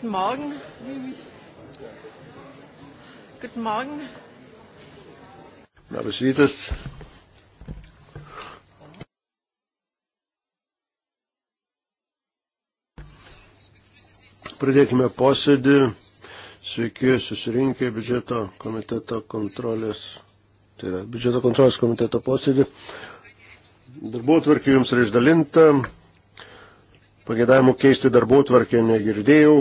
Guten Morgen. Guten Morgen. Labas rytas. Pradėkime posėdį. Sveiki susirinkę biudžeto komiteto kontrolės, tai yra biudžeto kontrolės komiteto posėdį. Darbuotvarkė jums yra išdalinta. Pagėdavimų keisti darbuotvarkę negirdėjau.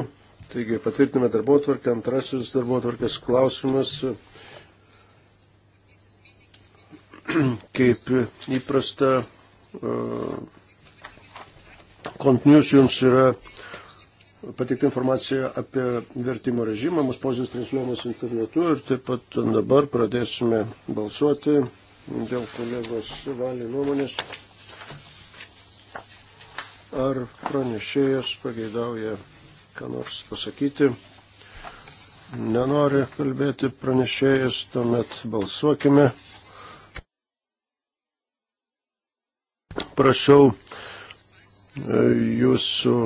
Taigi patvirtiname darbo tvarkę. Antrasis darbo tvarkės klausimas. Kaip įprasta, e, kontinius jums yra pateikta informacija apie vertimo režimą, mūsų pozicijas transliuojamas internetu ir taip pat dabar pradėsime balsuoti dėl kolegos valį nuomonės. Ar pranešėjas pageidauja ką nors pasakyti. Nenori kalbėti pranešėjas, tuomet balsuokime. Prašau e, jūsų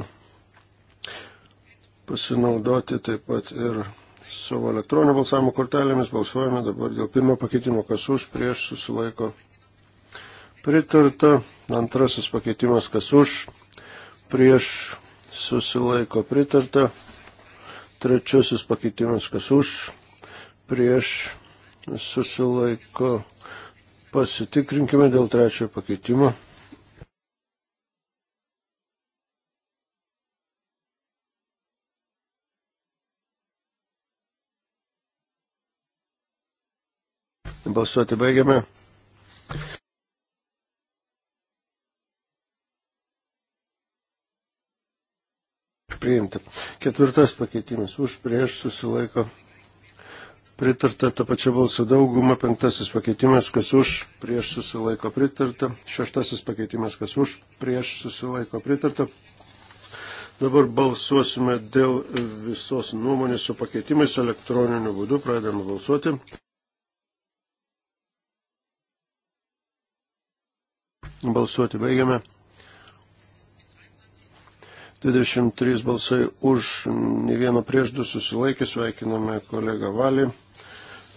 pasinaudoti taip pat ir savo elektroninio balsavimo kortelėmis. Balsuojame dabar dėl pirmo pakeitimo, kas už, prieš, susilaiko. Pritarta. Antrasis pakeitimas, kas už, prieš, susilaiko pritarta. Trečiasis pakeitimas, kas už, prieš susilaiko. Pasitikrinkime dėl trečiojo pakeitimo. Balsuoti baigiame. priimti. Ketvirtas pakeitimas už prieš susilaiko pritarta tą pačią balsų daugumą. Penktasis pakeitimas, kas už prieš susilaiko pritarta. Šeštasis pakeitimas, kas už prieš susilaiko pritarta. Dabar balsuosime dėl visos nuomonės su pakeitimais elektroniniu būdu. Pradedame balsuoti. Balsuoti baigiame. 23 balsai už, ne vieno prieš du susilaikė, sveikiname kolegą Valį.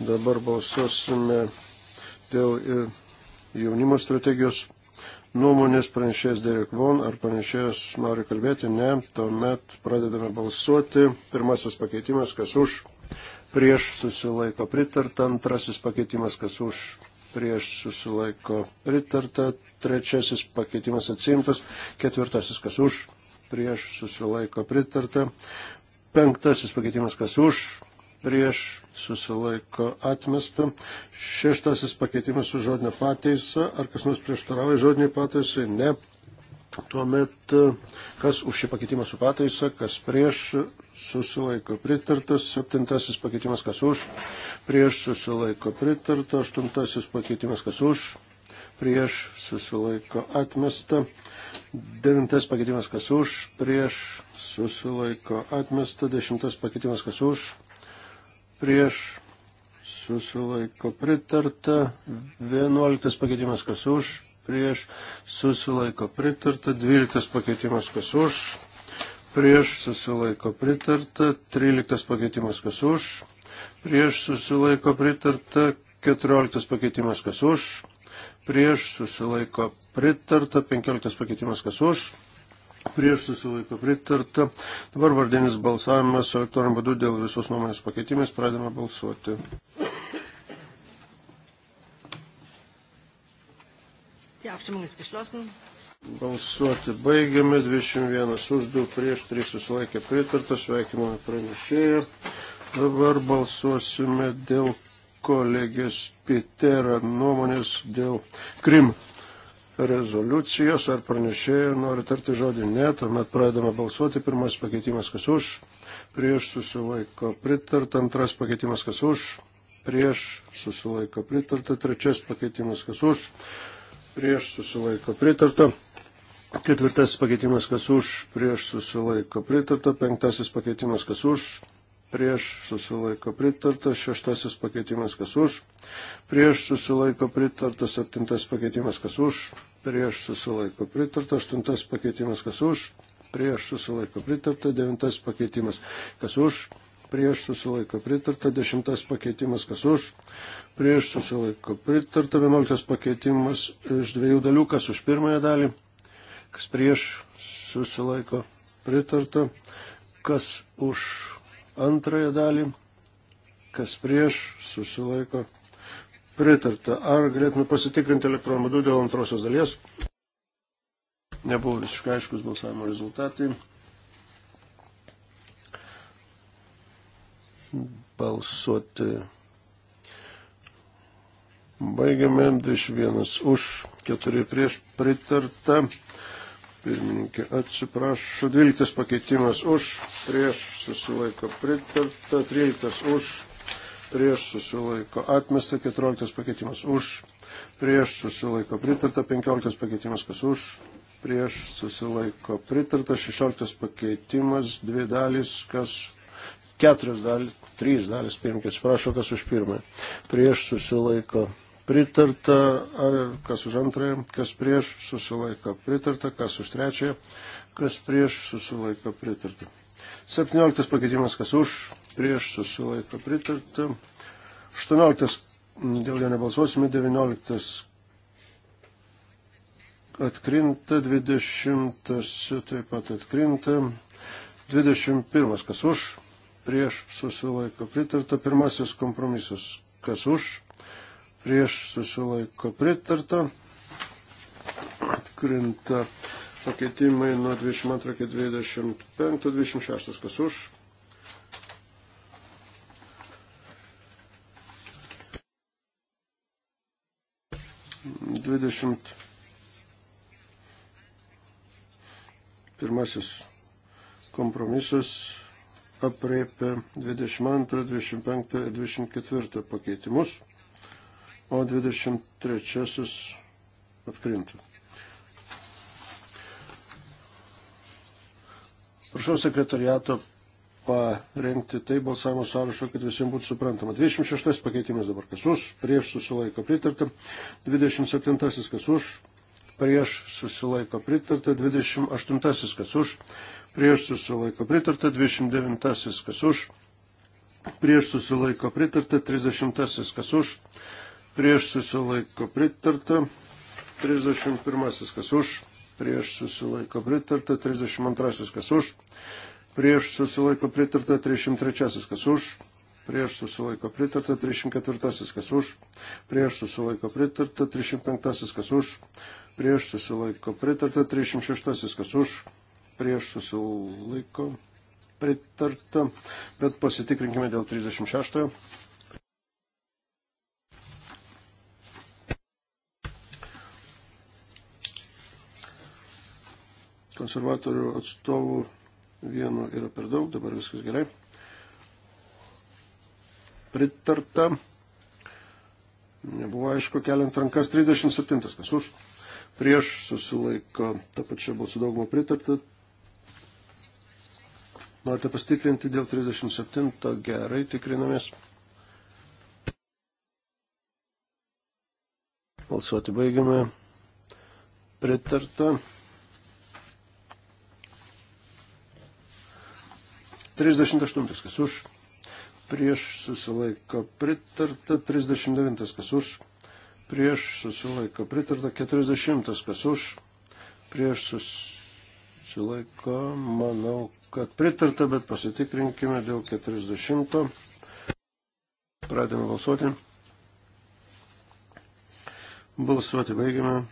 Dabar balsuosime dėl e, jaunimo strategijos nuomonės pranešėjas Derek Von, ar pranešėjas nori kalbėti, ne, tuomet pradedame balsuoti. Pirmasis pakeitimas, kas už, prieš susilaiko pritarta, antrasis pakeitimas, kas už, prieš susilaiko pritarta, trečiasis pakeitimas atsimtas, ketvirtasis, kas už, prieš susilaiko pritarta. Penktasis pakeitimas, kas už, prieš susilaiko atmesta. Šeštasis pakeitimas su žodinė pataisa. Ar kas nors prieštarauja žodiniai pataisai? Ne. Tuomet kas už šį pakeitimą su pataisa, kas prieš susilaiko pritartas. Septintasis pakeitimas, kas už, prieš susilaiko pritarta. Aštuntasis pakeitimas, kas už, prieš susilaiko atmesta. Devintas pakeitimas kas už, prieš, susilaiko atmesta. Dešimtas pakeitimas kas už, prieš, susilaiko pritarta. Vienuoliktas pakeitimas kas už, prieš, susilaiko pritarta. Dvyliktas pakeitimas kas už, prieš, susilaiko pritarta. Tryliktas pakeitimas kas už, prieš, susilaiko pritarta. Keturioliktas pakeitimas kas už prieš susilaiko pritarta, 15 pakeitimas kas už, prieš susilaiko pritarta. Dabar vardinis balsavimas elektroniniu būdu dėl visos nuomonės pakeitimais pradėme balsuoti. Balsuoti baigiame, 21 už 2 prieš 3 susilaikė pritarta, sveikiname pranešėją. Dabar balsuosime dėl kolegės Pitera nuomonės dėl Krim rezoliucijos ar pranešėjų nori tarti žodį ne, tuomet pradedame balsuoti. Pirmas pakeitimas kas už, prieš susilaiko pritart, antras pakeitimas kas už, prieš susilaiko pritarta, trečias pakeitimas kas už, prieš susilaiko pritarta. Ketvirtasis pakeitimas kas už, prieš susilaiko pritarta, penktasis pakeitimas kas už, prieš susilaiko pritartas, šeštasis pakeitimas kas už, prieš susilaiko pritartas, septintas pakeitimas kas už, prieš susilaiko pritartas, aštuntas pakeitimas kas už, prieš susilaiko pritarta, devintas pakeitimas kas už, prieš susilaiko pritarta, dešimtas pakeitimas kas už, prieš susilaiko pritarta, vienuoliktas pakeitimas iš dviejų dalių kas už pirmąją dalį, kas prieš susilaiko pritarta, kas už antrąją dalį, kas prieš susilaiko pritarta. Ar galėtume pasitikrinti elektroniniu būdu dėl antrosios dalies? Nebuvo visiškai aiškus balsavimo rezultatai. Balsuoti Baigiame 21 už, 4 prieš pritarta pirmininkė. Atsiprašau, 12 pakeitimas už, prieš susilaiko pritarta, 13 už, prieš susilaiko atmesta, 14 pakeitimas už, prieš susilaiko pritarta, 15 pakeitimas kas už, prieš susilaiko pritarta, 16 pakeitimas, dvi dalis, kas keturios dalis, trys dalis pirmininkė, atsiprašau, kas už pirmąją, prieš susilaiko pritarta pritarta, ar kas už antrąją, kas prieš susilaiko pritarta, kas už trečiąją, kas prieš susilaiko pritarta. 17 pakeitimas, kas už, prieš susilaiko pritarta. 18 dėl jo nebalsuosime, 19 atkrinta, 20 taip pat atkrinta, 21 kas už, prieš susilaiko pritarta, pirmasis kompromisas kas už, prieš susilaiko pritarta. Krinta pakeitimai nuo 22 iki 25, 26 kas už. Dvidešimt pirmasis kompromisas apriepia 22, 25 ir 24 pakeitimus o 23 atkrinta. Prašau sekretariato parengti tai balsavimo sąrašo, kad visiems būtų suprantama. 26 pakeitimas dabar kas už, prieš susilaiko pritarta. 27 kas už, prieš susilaiko pritarta. 28 kas už, prieš susilaiko pritarta. 29 kas už, prieš susilaiko pritarta. 30 kas už, prieš susilaiko pritarta, 31 kas už, prieš susilaiko pritarta, 32 kas už, prieš susilaiko pritarta, 303 kas už, prieš susilaiko pritarta 304 kas už, prieš susilaiko pritarta 305 kas už, prieš susilaiko pritarta 306 kas už, prieš susilaiko pritarta, bet pasitikrinkime dėl 36. -ojo. konservatorių atstovų vienu yra per daug, dabar viskas gerai. Pritarta. Nebuvo aišku, keliant rankas 37, kas už. Prieš susilaiko ta pačia balsų dauguma pritarta. Norite pastikrinti dėl 37, gerai, tikrinamės. Balsuoti baigiame. Pritarta. 38 kas už, prieš susilaiko pritarta, 39 kas už, prieš susilaiko pritarta, 40 kas už, prieš susilaiko, manau, kad pritarta, bet pasitikrinkime dėl 40. Pradėme balsuoti. Balsuoti baigiame.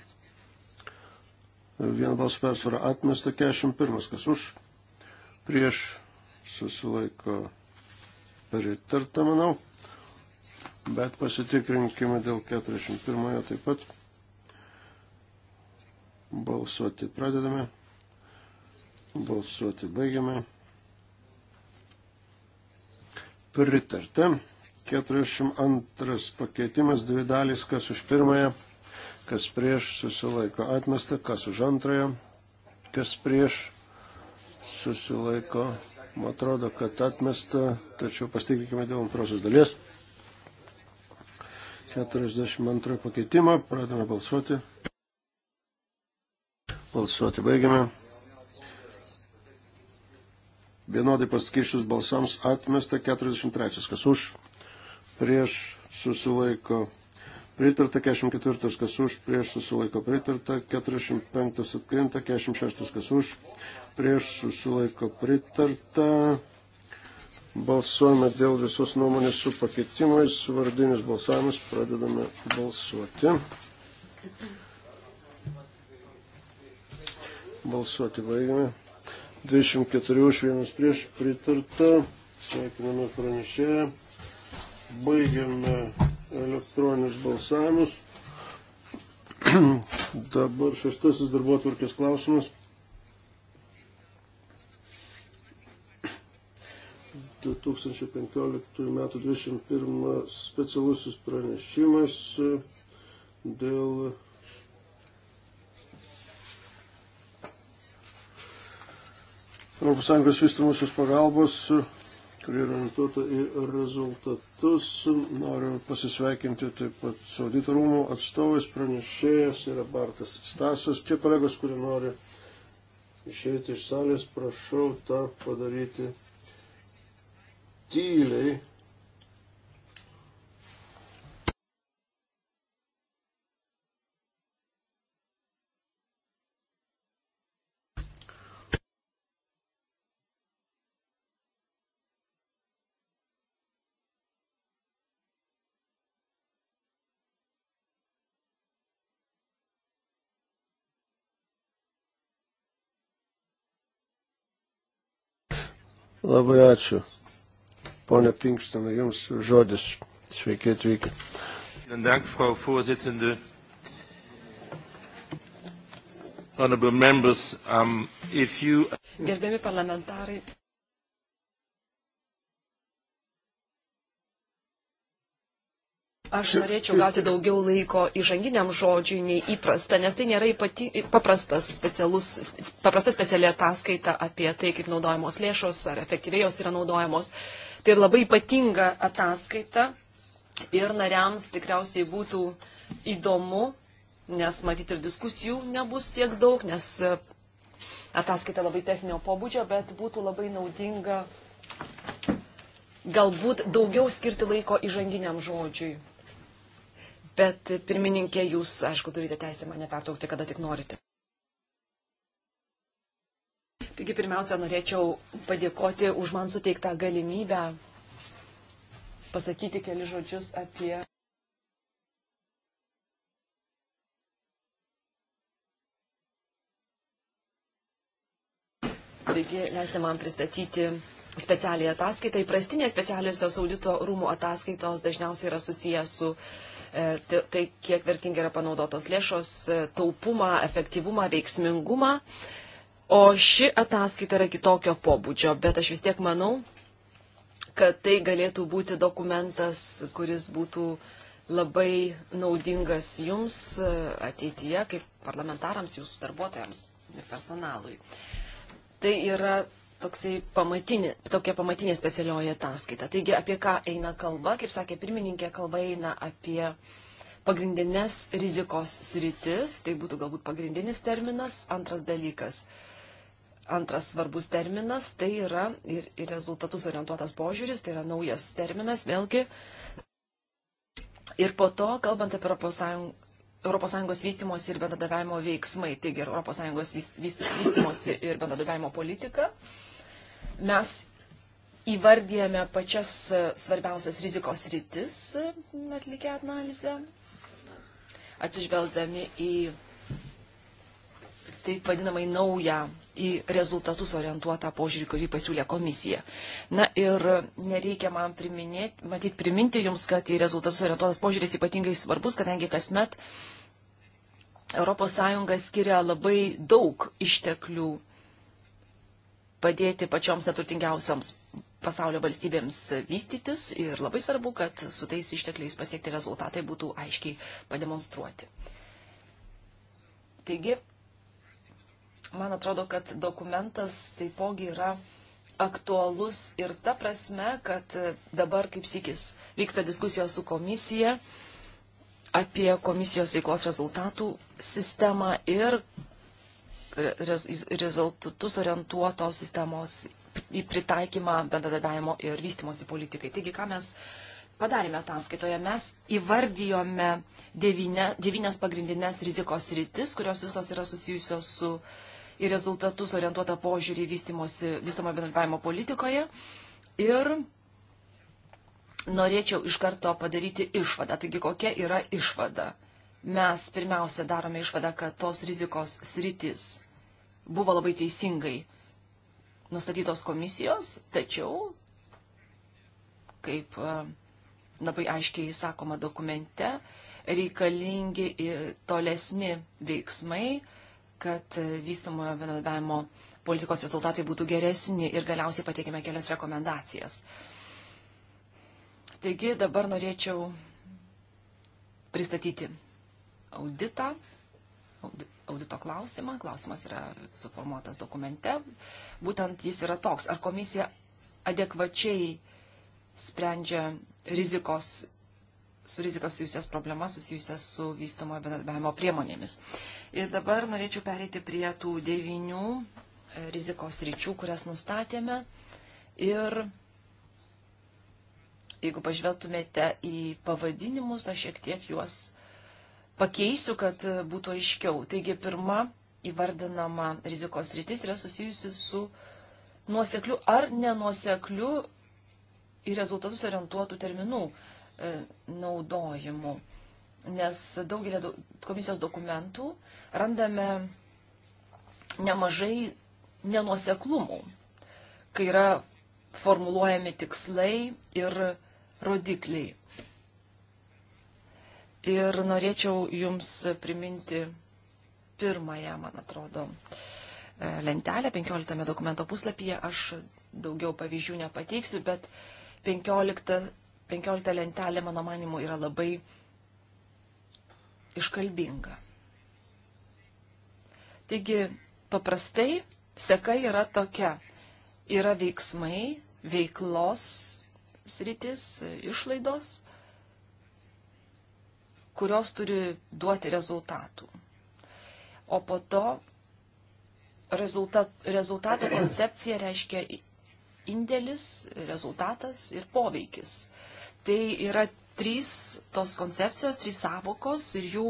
Vien balsų persvara atmesta 41, kas už, prieš susilaiko pritarta, manau. Bet pasitikrinkime dėl 41 taip pat. Balsuoti pradedame. Balsuoti baigiame. Pritarta. 42 pakeitimas, dvi dalys, kas už pirmąją, kas prieš, susilaiko atmesta, kas už antrąją, kas prieš, susilaiko atmesta Man atrodo, kad atmesta, tačiau pastikrinkime dėl antrosios dalies. 42 pakeitimą, pradame balsuoti. Balsuoti baigiame. Vienodai paskiršus balsams atmesta 43. Kas už? Prieš susilaiko Pritarta 44, kas už, prieš susilaiko pritarta, 45 atkrinta, 46, kas už, prieš susilaiko pritarta. Balsuojame dėl visos nuomonės su pakeitimais, vardinis balsavimas, pradedame balsuoti. Balsuoti baigiame. 24 už, 1 prieš pritarta. Sveikiname pranešėją. Baigiame elektroninius balsavimus. Dabar šeštasis darbo atvarkės klausimas. 2015 m. 21 specialusis pranešimas dėl ES vystymusios pagalbos kuri orientuota į rezultatus. Noriu pasisveikinti taip pat su auditorumų atstovais, pranešėjas yra Bartas Stasas. Tie kolegos, kurie nori išeiti iš salės, prašau tą padaryti tyliai, Labai ačiū. Pone Pinkstonai, jums žodis. Sveiki atvykę. Dank, Frau Vorsitzende. Honorable members, um, if you... Gerbiami parlamentarai, Aš norėčiau gauti daugiau laiko įžanginiam žodžiui nei įprasta, nes tai nėra ypati, paprastas specialus, paprasta speciali ataskaita apie tai, kaip naudojamos lėšos, ar efektyviai jos yra naudojamos. Tai labai ypatinga ataskaita ir nariams tikriausiai būtų įdomu, nes matyt ir diskusijų nebus tiek daug, nes ataskaita labai techninio pobūdžio, bet būtų labai naudinga galbūt daugiau skirti laiko įžanginiam žodžiui Bet pirmininkė, jūs, aišku, turite teisę mane pertraukti, kada tik norite. Taigi pirmiausia, norėčiau padėkoti už man suteiktą galimybę pasakyti keli žodžius apie. Taigi, leiskite man pristatyti specialiai ataskaitą. Įprastinės specialiosios audito rūmų ataskaitos dažniausiai yra susijęs su uh, E, tai, tai kiek vertingai yra panaudotos lėšos, e, taupumą, efektyvumą, veiksmingumą. O ši ataskaita yra kitokio pobūdžio, bet aš vis tiek manau, kad tai galėtų būti dokumentas, kuris būtų labai naudingas jums e, ateityje, kaip parlamentarams, jūsų darbuotojams ir personalui. Tai yra toksai pamatinė, tokia pamatinė specialioji ataskaita. Taigi, apie ką eina kalba, kaip sakė pirmininkė, kalba eina apie pagrindinės rizikos sritis, tai būtų galbūt pagrindinis terminas. Antras dalykas, antras svarbus terminas, tai yra ir, ir rezultatus orientuotas požiūris, tai yra naujas terminas vėlgi. Ir po to, kalbant apie Europos Sąjungą, ES vystimosi ir bendradarbiavimo veiksmai, taigi ES vystimosi ir bendradarbiavimo politika, mes įvardijame pačias svarbiausias rizikos rytis atlikę analizę, atsižvelgdami į taip vadinamai naują, į rezultatus orientuotą požiūrį, kurį pasiūlė komisija. Na ir nereikia man priminėti, matyt, priminti jums, kad į rezultatus orientuotas požiūris ypatingai svarbus, kadangi kasmet ES skiria labai daug išteklių padėti pačioms neturtingiausioms pasaulio valstybėms vystytis ir labai svarbu, kad su tais ištekliais pasiekti rezultatai būtų aiškiai pademonstruoti. Taigi, man atrodo, kad dokumentas taipogi yra aktualus ir ta prasme, kad dabar kaip sykis vyksta diskusijos su komisija apie komisijos veiklos rezultatų sistemą ir rezultatus orientuotos sistemos į pritaikymą bendradarbiavimo ir vystimosi politikai. Taigi, ką mes padarėme ataskaitoje? Mes įvardijome devynė, devynės pagrindinės rizikos rytis, kurios visos yra susijusios su į rezultatus orientuotą požiūrį vystimosi, vystimo bendradarbiavimo politikoje. Ir norėčiau iš karto padaryti išvadą. Taigi, kokia yra išvada? Mes pirmiausia darome išvadą, kad tos rizikos sritis buvo labai teisingai nustatytos komisijos, tačiau, kaip e, labai aiškiai sakoma dokumente, reikalingi tolesni veiksmai, kad vystamojo bendradarbiavimo politikos rezultatai būtų geresni ir galiausiai pateikime kelias rekomendacijas. Taigi dabar norėčiau pristatyti auditą mandato klausimą. Klausimas yra suformuotas dokumente. Būtent jis yra toks. Ar komisija adekvačiai sprendžia rizikos, su rizikos susijusias problemas, susijusias su vystomo bendradarbiavimo priemonėmis. Ir dabar norėčiau pereiti prie tų devinių e, rizikos ryčių, kurias nustatėme. Ir jeigu pažvelgtumėte į pavadinimus, aš šiek tiek juos pakeisiu, kad būtų aiškiau. Taigi pirma įvardinama rizikos rytis yra susijusi su nuosekliu ar nenuosekliu į rezultatus orientuotų terminų e, naudojimu. Nes daugelį komisijos dokumentų randame nemažai nenuoseklumų, kai yra formuluojami tikslai ir rodikliai. Ir norėčiau Jums priminti pirmąją, man atrodo, e, lentelę, 15 dokumento puslapyje. Aš daugiau pavyzdžių nepateiksiu, bet 15, 15 lentelė, mano manimu, yra labai iškalbinga. Taigi, paprastai seka yra tokia. Yra veiksmai, veiklos sritis, išlaidos kurios turi duoti rezultatų. O po to rezultat, rezultato koncepcija reiškia indėlis, rezultatas ir poveikis. Tai yra trys tos koncepcijos, trys savokos ir jų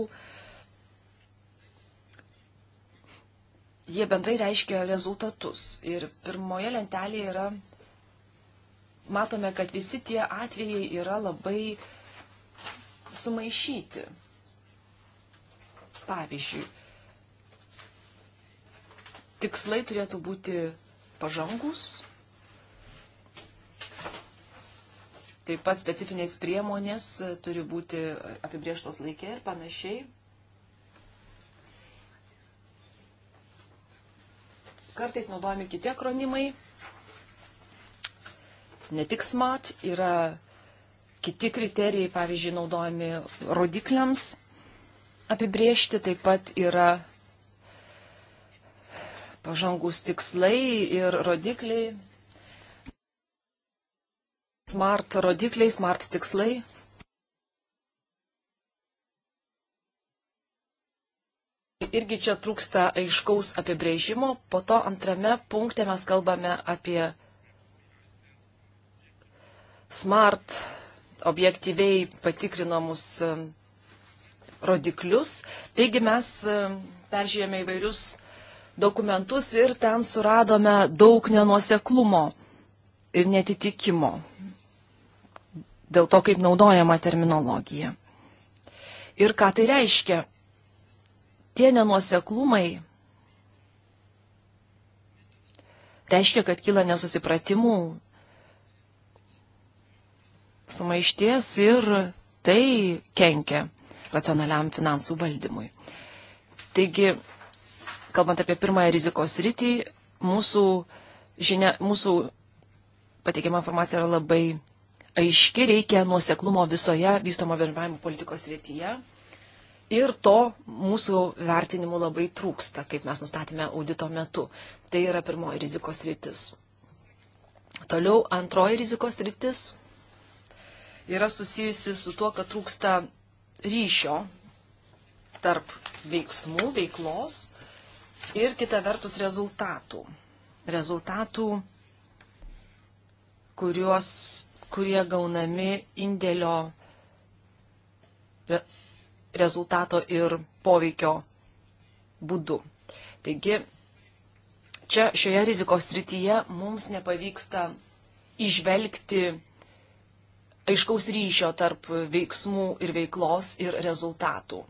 jie bendrai reiškia rezultatus. Ir pirmoje lentelėje yra, matome, kad visi tie atvejai yra labai uh, sumaišyti. Pavyzdžiui, tikslai turėtų būti pažangus, taip pat specifinės priemonės turi būti apibrieštos laikė ir panašiai. Kartais naudojami kiti akronimai. Ne tik SMART yra kiti kriterijai, pavyzdžiui, naudojami rodikliams apibriežti, taip pat yra pažangus tikslai ir rodikliai, smart rodikliai, smart tikslai. Irgi čia trūksta aiškaus apibrėžimo. Po to antrame punkte mes kalbame apie smart objektyviai patikrinomus um, rodiklius. Taigi mes um, peržėjome įvairius dokumentus ir ten suradome daug nenuoseklumo ir netitikimo dėl to, kaip naudojama terminologija. Ir ką tai reiškia? Tie nenuoseklumai reiškia, kad kyla nesusipratimų, sumaišties ir tai kenkia racionaliam finansų valdymui. Taigi, kalbant apie pirmąją rizikos rytį, mūsų, žinia, mūsų pateikiama informacija yra labai aiški, reikia nuoseklumo visoje vystomo bendravimo politikos rytyje. Ir to mūsų vertinimu labai trūksta, kaip mes nustatėme audito metu. Tai yra pirmoji rizikos rytis. Toliau antroji rizikos rytis yra susijusi su tuo, kad trūksta ryšio tarp veiksmų, veiklos ir kita vertus rezultatų. Rezultatų, kuriuos, kurie gaunami indėlio re, rezultato ir poveikio būdu. Taigi, čia šioje rizikos srityje mums nepavyksta išvelgti aiškaus ryšio tarp veiksmų ir veiklos ir rezultatų.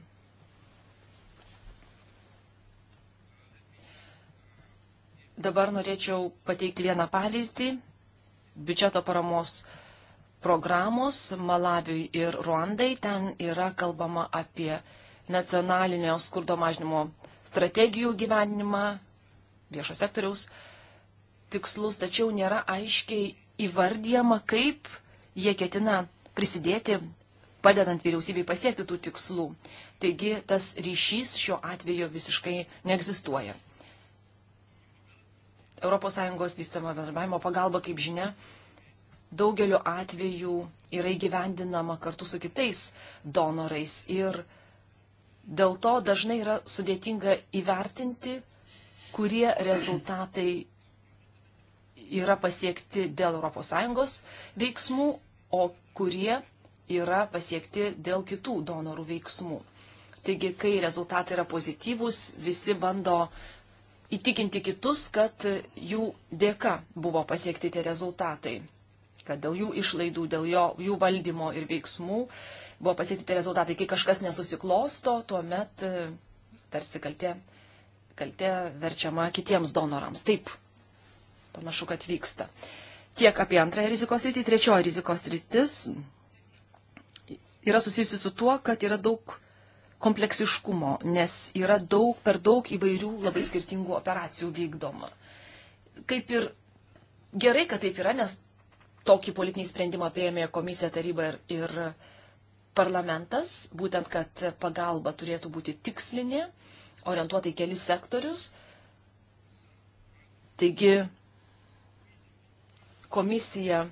Dabar norėčiau pateikti vieną pavyzdį biudžeto paramos programos Malaviui ir Ruandai. Ten yra kalbama apie nacionalinio skurdo mažinimo strategijų gyvenimą, viešo sektoriaus tikslus, tačiau nėra aiškiai įvardyjama, kaip jie ketina prisidėti, padedant vyriausybei pasiekti tų tikslų. Taigi tas ryšys šiuo atveju visiškai neegzistuoja. ES vystomo bendradarbiavimo pagalba, kaip žinia, daugeliu atveju yra įgyvendinama kartu su kitais donorais ir dėl to dažnai yra sudėtinga įvertinti, kurie rezultatai yra pasiekti dėl ES veiksmų, o kurie yra pasiekti dėl kitų donorų veiksmų. Taigi, kai rezultatai yra pozityvūs, visi bando įtikinti kitus, kad jų dėka buvo pasiekti tie rezultatai, kad dėl jų išlaidų, dėl jo, jų valdymo ir veiksmų buvo pasiekti tie rezultatai. Kai kažkas nesusiklosto, tuomet e, tarsi kaltė, kaltė verčiama kitiems donorams. Taip, panašu, kad vyksta. Tiek apie antrąją rizikos rytį. Trečioji rizikos rytis yra susijusi su tuo, kad yra daug kompleksiškumo, nes yra daug, per daug įvairių labai skirtingų operacijų vykdoma. Kaip ir gerai, kad taip yra, nes tokį politinį sprendimą prieėmė komisija, taryba ir, ir parlamentas, būtent, kad pagalba turėtų būti tikslinė, orientuota į kelis sektorius. Taigi komisija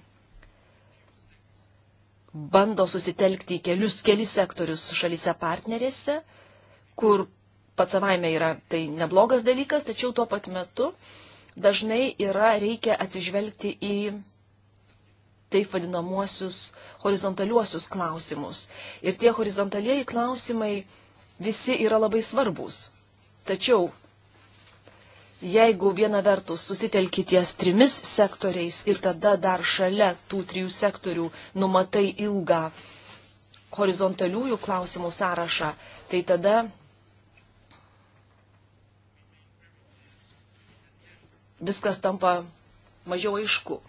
bando susitelkti į kelius, kelis sektorius šalyse partnerėse, kur pats savaime yra tai neblogas dalykas, tačiau tuo pat metu dažnai yra reikia atsižvelgti į taip vadinamuosius horizontaliuosius klausimus. Ir tie horizontalieji klausimai visi yra labai svarbus. Tačiau jeigu viena vertus susitelki ties trimis sektoriais ir tada dar šalia tų trijų sektorių numatai ilgą horizontaliųjų klausimų sąrašą, tai tada viskas tampa mažiau aišku.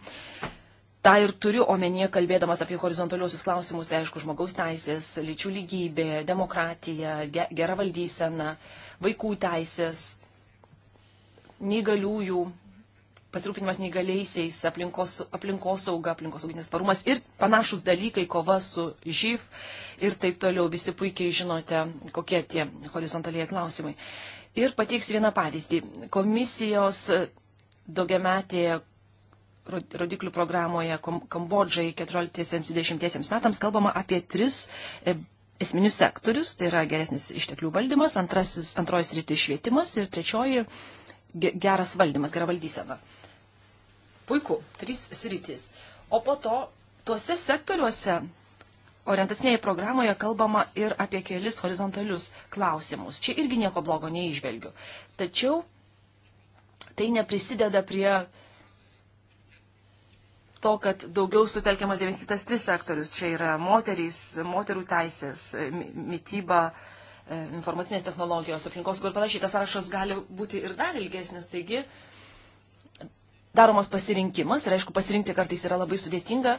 Ta ir turiu omenyje, kalbėdamas apie horizontaliuosius klausimus, tai aišku, žmogaus teisės, lyčių lygybė, demokratija, gera valdysena, vaikų teisės, neįgaliųjų, pasirūpinimas neįgaliaisiais, aplinkos, aplinkosauga, aplinkosauginis tvarumas ir panašus dalykai, kova su živ ir taip toliau. Visi puikiai žinote, kokie tie horizontaliai klausimai. Ir pateiksiu vieną pavyzdį. Komisijos daugiametėje rodiklių programoje Kambodžai 14-20 metams kalbama apie tris e, esminius sektorius, tai yra geresnis išteklių valdymas, antrasis, antroji sritis švietimas ir trečioji geras valdymas, gera valdysena. Puiku, trys sritys. O po to tuose sektoriuose orientacinėje programoje kalbama ir apie kelis horizontalius klausimus. Čia irgi nieko blogo neižvelgiu. Tačiau tai neprisideda prie to, kad daugiau sutelkiamas dėmesys tas tris sektorius. Čia yra moterys, moterų teisės, mytyba, my E, informacinės technologijos, aplinkos ir panašiai. Tas sąrašas gali būti ir dar ilgesnis, taigi daromas pasirinkimas ir aišku, pasirinkti kartais yra labai sudėtinga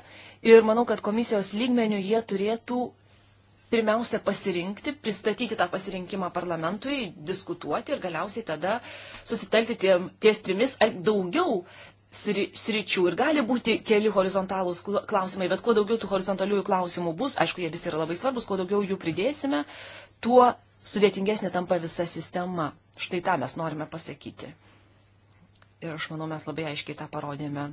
ir manau, kad komisijos lygmenių jie turėtų pirmiausia pasirinkti, pristatyti tą pasirinkimą parlamentui, diskutuoti ir galiausiai tada susitelkti tiem, ties trimis ar daugiau sričių. Ir gali būti keli horizontalūs klausimai, bet kuo daugiau tų horizontaliųjų klausimų bus, aišku, jie visi yra labai svarbus, kuo daugiau jų pridėsime, tuo sudėtingesnė tampa visa sistema. Štai tą mes norime pasakyti. Ir aš manau, mes labai aiškiai tą parodėme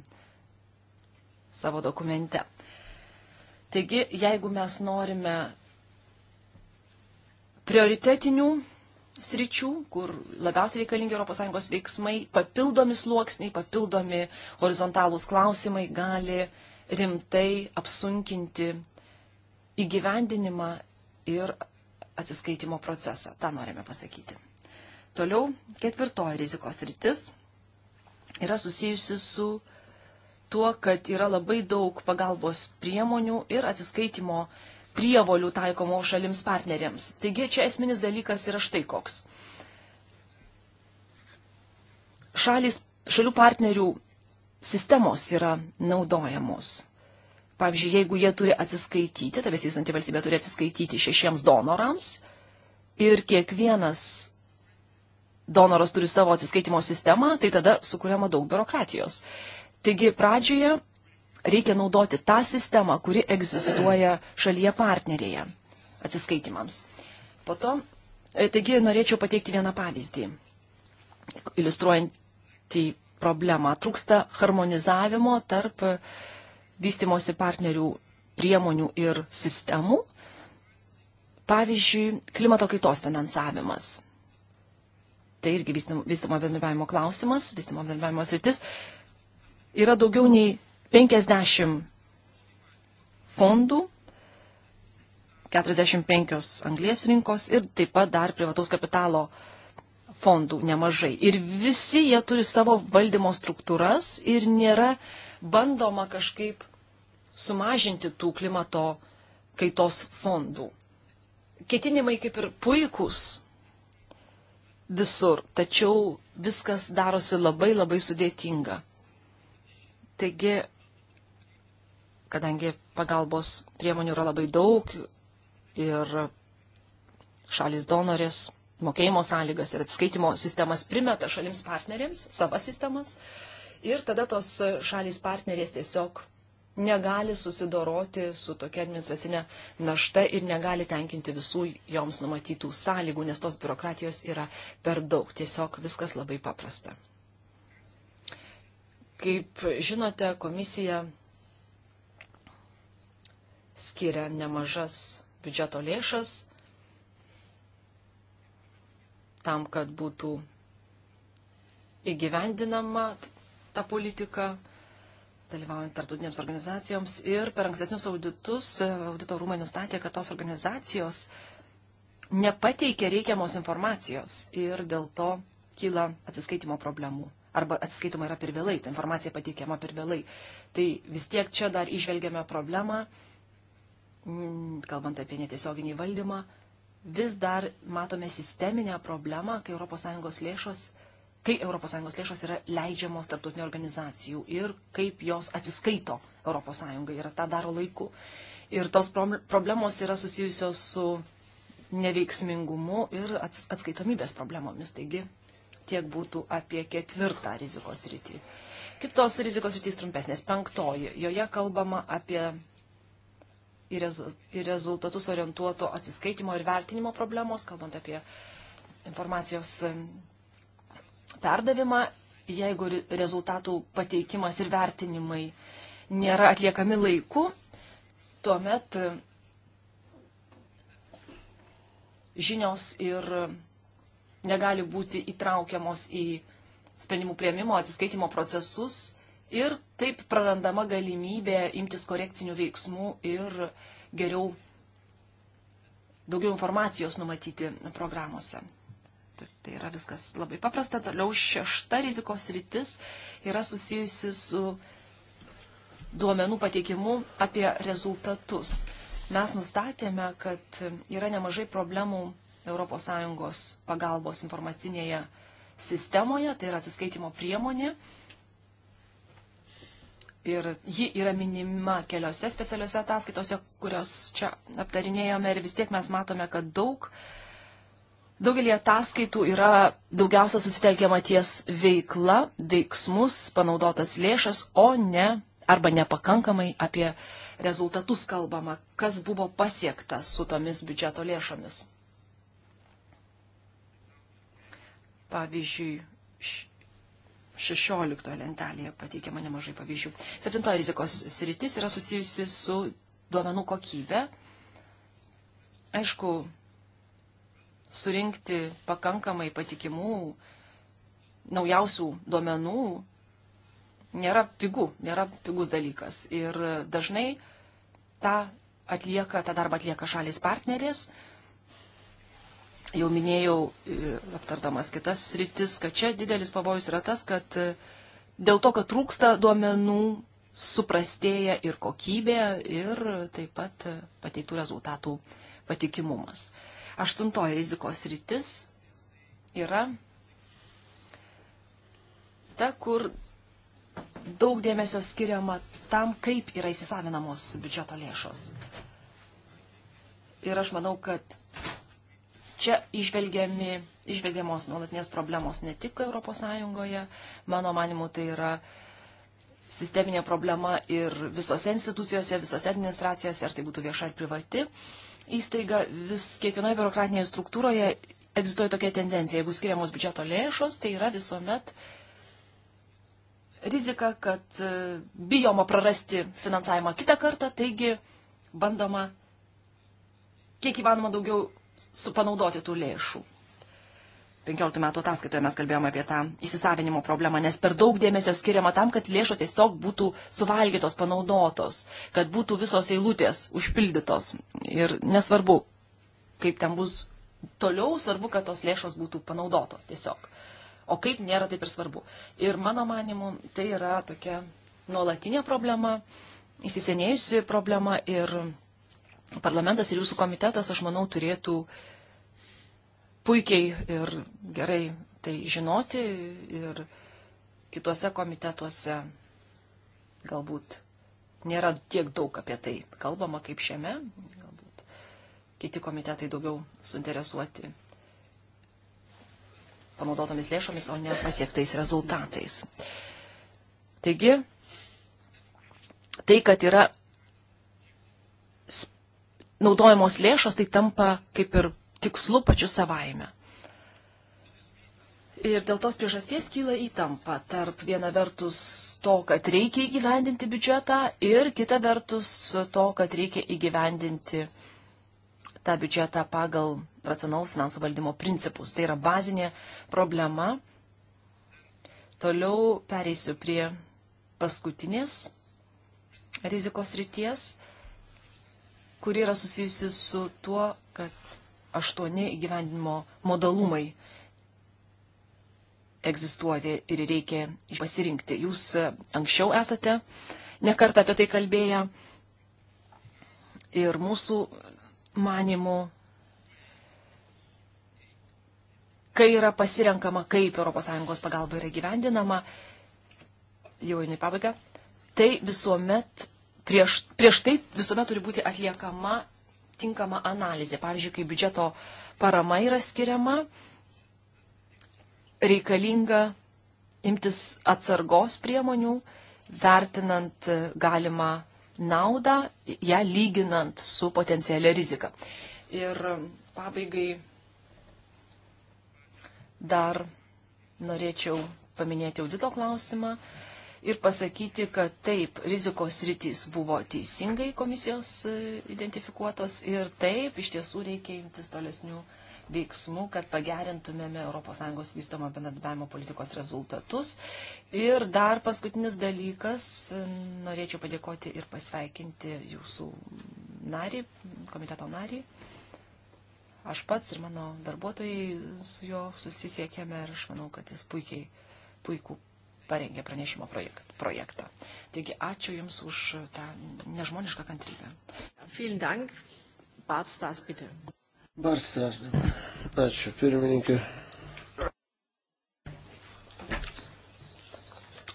savo dokumente. Taigi, jeigu mes norime prioritetinių sričių, kur labiausiai reikalingi ES veiksmai, papildomi sluoksniai, papildomi horizontalūs klausimai gali rimtai apsunkinti įgyvendinimą ir atsiskaitimo procesą. Ta norime pasakyti. Toliau, ketvirtoji rizikos rytis yra susijusi su tuo, kad yra labai daug pagalbos priemonių ir atsiskaitimo prievolių taikomo šalims partneriams. Taigi čia esminis dalykas yra štai koks. Šalis, šalių partnerių sistemos yra naudojamos Pavyzdžiui, jeigu jie turi atsiskaityti, ta besistanti valstybė turi atsiskaityti šešiems donorams ir kiekvienas donoras turi savo atsiskaitimo sistemą, tai tada sukūriama daug biurokratijos. Taigi pradžioje reikia naudoti tą sistemą, kuri egzistuoja šalyje partnerėje atsiskaitimams. Po to, e, taigi norėčiau pateikti vieną pavyzdį, iliustruojantį problemą. Trūksta harmonizavimo tarp uh, vystimosi partnerių priemonių ir sistemų. Pavyzdžiui, klimato kaitos finansavimas. Tai irgi vystimo bendradarbiavimo klausimas, vystimo bendradarbiavimo sritis. Yra daugiau nei 50 fondų, 45 anglės rinkos ir taip pat dar privataus kapitalo fondų nemažai. Ir visi jie turi savo valdymo struktūras ir nėra bandoma kažkaip sumažinti tų klimato kaitos fondų. Ketinimai kaip ir puikūs visur, tačiau viskas darosi labai labai sudėtinga. Taigi, kadangi pagalbos priemonių yra labai daug ir šalis donorės mokėjimo sąlygas ir atskaitimo sistemas primeta šalims partneriams, savo sistemas, ir tada tos šalis partnerės tiesiog negali susidoroti su tokia administracinė našta ir negali tenkinti visų joms numatytų sąlygų, nes tos biurokratijos yra per daug. Tiesiog viskas labai paprasta. Kaip žinote, komisija skiria nemažas biudžeto lėšas tam, kad būtų įgyvendinama ta politika dalyvaujant tarptautinėms organizacijoms. Ir per ankstesnius auditus e, audito rūmai nustatė, kad tos organizacijos nepateikė reikiamos informacijos ir dėl to kyla atsiskaitimo problemų. Arba atsiskaitoma yra per vėlai, ta informacija pateikiama per vėlai. Tai vis tiek čia dar išvelgiame problemą, mm, kalbant apie netiesioginį valdymą, vis dar matome sisteminę problemą, kai ES lėšos kai ES lėšos yra leidžiamos tarptautinių organizacijų ir kaip jos atsiskaito ES ir tą daro laiku. Ir tos problemos yra susijusios su neveiksmingumu ir atskaitomybės problemomis. Taigi tiek būtų apie ketvirtą rizikos rytį. Kitos rizikos rytys trumpesnės, penktoji. Joje kalbama apie į rezultatus orientuoto atsiskaitimo ir vertinimo problemos, kalbant apie informacijos perdavimą, jeigu rezultatų pateikimas ir vertinimai nėra atliekami laiku, tuomet e, žinios ir negali būti įtraukiamos į sprendimų prieimimo, atsiskaitimo procesus ir taip prarandama galimybė imtis korekcinių veiksmų ir geriau daugiau informacijos numatyti programuose. Tai, tai yra viskas labai paprasta. Toliau šešta rizikos rytis yra susijusi su duomenų pateikimu apie rezultatus. Mes nustatėme, kad yra nemažai problemų ES pagalbos informacinėje sistemoje, tai yra atsiskaitimo priemonė. Ir ji yra minima keliose specialiuose ataskaitose, kurios čia aptarinėjome ir vis tiek mes matome, kad daug uh, Daugelį ataskaitų yra daugiausia susitelkiama ties veikla, veiksmus, panaudotas lėšas, o ne arba nepakankamai apie rezultatus kalbama, kas buvo pasiekta su tomis biudžeto lėšomis. Pavyzdžiui, 16 lentelėje pateikiama nemažai pavyzdžių. Septintoji rizikos sritis yra susijusi su duomenų kokybė. Aišku, surinkti pakankamai patikimų, naujausių duomenų nėra pigu, nėra pigus dalykas. Ir dažnai tą, atlieka, tą darbą atlieka šalis partnerės. Jau minėjau, e, aptardamas kitas rytis, kad čia didelis pavojus yra tas, kad e, dėl to, kad trūksta duomenų, suprastėja ir kokybė, ir taip pat e, pateiktų rezultatų patikimumas. Aštuntoji rizikos rytis yra ta, kur daug dėmesio skiriama tam, kaip yra įsisavinamos biudžeto lėšos. Ir aš manau, kad čia išvelgiamos nuolatinės problemos ne tik ES, mano manimu, tai yra sisteminė problema ir visose institucijose, visose administracijose, ar tai būtų vieša ar privati. Uh, įstaiga, vis kiekvienoje biurokratinėje struktūroje egzistuoja tokia tendencija. Jeigu skiriamos biudžeto lėšos, tai yra visuomet rizika, kad e, bijoma prarasti finansavimą kitą kartą, taigi bandoma kiek įmanoma daugiau supanaudoti tų lėšų. 15 metų ataskaitoje mes kalbėjome apie tą įsisavinimo problemą, nes per daug dėmesio skiriama tam, kad lėšos tiesiog būtų suvalgytos, panaudotos, kad būtų visos eilutės užpildytos. Ir nesvarbu, kaip ten bus toliau, svarbu, kad tos lėšos būtų panaudotos tiesiog. O kaip nėra, taip ir svarbu. Ir mano manimu, tai yra tokia nuolatinė problema, įsisenėjusi problema ir parlamentas ir jūsų komitetas, aš manau, turėtų uh, puikiai ir gerai tai žinoti ir kitose komitetuose galbūt nėra tiek daug apie tai kalbama kaip šiame, galbūt kiti komitetai daugiau suinteresuoti panaudotomis lėšomis, o ne pasiektais rezultatais. Taigi, tai, kad yra naudojamos lėšos, tai tampa kaip ir tikslu pačiu savaime. Ir dėl tos priežasties kyla įtampa tarp viena vertus to, kad reikia įgyvendinti biudžetą ir kita vertus to, kad reikia įgyvendinti tą biudžetą pagal racionalus finansų valdymo principus. Tai yra bazinė problema. Toliau pereisiu prie paskutinės rizikos ryties, kuri yra susijusi su tuo, kad aštuoni įgyvendinimo modalumai egzistuoti ir reikia pasirinkti. Jūs e, anksčiau esate nekartą apie tai kalbėję ir mūsų manimų, kai yra pasirenkama, kaip ES pagalba yra gyvendinama, jau einu į pabaigą, tai visuomet, prieš, prieš tai visuomet turi būti atliekama tinkama analizė. Pavyzdžiui, kai biudžeto parama yra skiriama, reikalinga imtis atsargos priemonių, vertinant galimą naudą, ją lyginant su potencialia rizika. Ir pabaigai dar norėčiau paminėti audito klausimą ir pasakyti, kad taip, rizikos rytis buvo teisingai komisijos e, identifikuotos ir taip, iš tiesų reikia imtis tolesnių veiksmų, kad pagerintumėme ES vystomo bendradarbiavimo politikos rezultatus. Ir dar paskutinis dalykas, e, norėčiau padėkoti ir pasveikinti jūsų narį, komiteto narį aš pats ir mano darbuotojai su juo susisiekėme ir aš manau, kad jis puikiai, puikų parengė pranešimo projektą. Taigi ačiū Jums už tą nežmonišką kantrybę. Vielen Dank. Bartstas, bitte. Bartstas. Ačiū, pirmininkė.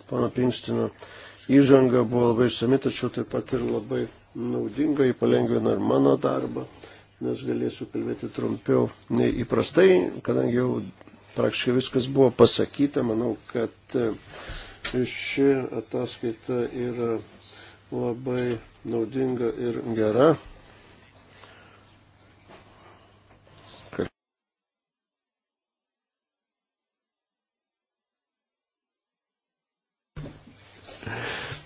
Pana Pinstino įžanga buvo labai išsami, tačiau taip pat ir labai naudinga, jį palengvina ir mano darbą, nes galėsiu kalbėti trumpiau nei įprastai, kadangi jau praktiškai viskas buvo pasakyta. Manau, kad e, ši ataskaita yra labai naudinga ir gera.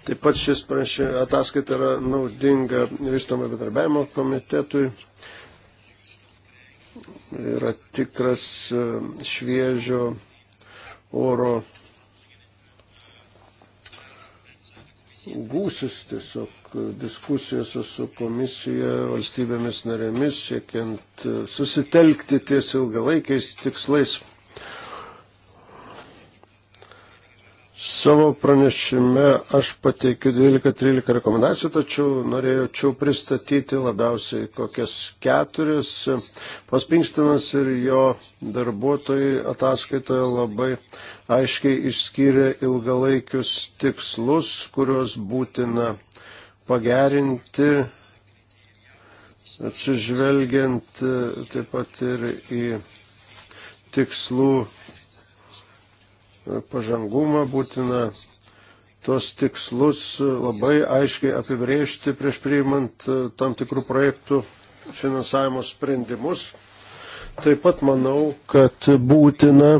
Taip pat šis pranešė ataskaita yra naudinga vystomai bedarbiavimo komitetui yra tikras e, šviežio oro gūsis tiesiog diskusijose su komisija, valstybėmis narėmis, siekiant e, susitelkti ties ilgalaikiais tikslais. Savo pranešime aš pateikiu 12-13 rekomendacijų, tačiau norėjau pristatyti labiausiai kokias keturis. Paspingstinas ir jo darbuotojai ataskaitoje labai aiškiai išskyrė ilgalaikius tikslus, kuriuos būtina pagerinti, atsižvelgiant e, taip pat ir į tikslų pažangumą, būtina tos tikslus labai aiškiai apibrėžti prieš priimant e, tam tikrų projektų finansavimo sprendimus. Taip pat manau, kad būtina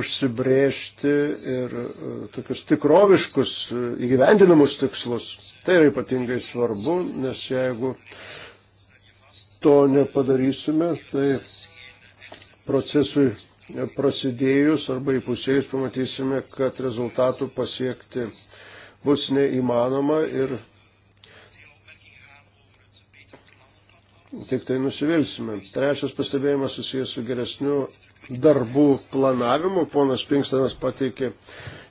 užsibrėžti ir e, tokius tikroviškus e, įgyvendinamus tikslus. Tai yra ypatingai svarbu, nes jeigu to nepadarysime, tai procesui prasidėjus arba įpusėjus pamatysime, kad rezultatų pasiekti bus neįmanoma ir tik tai nusivilsime. Trečias pastebėjimas susijęs su geresniu darbų planavimu. Ponas Pinkstanas pateikė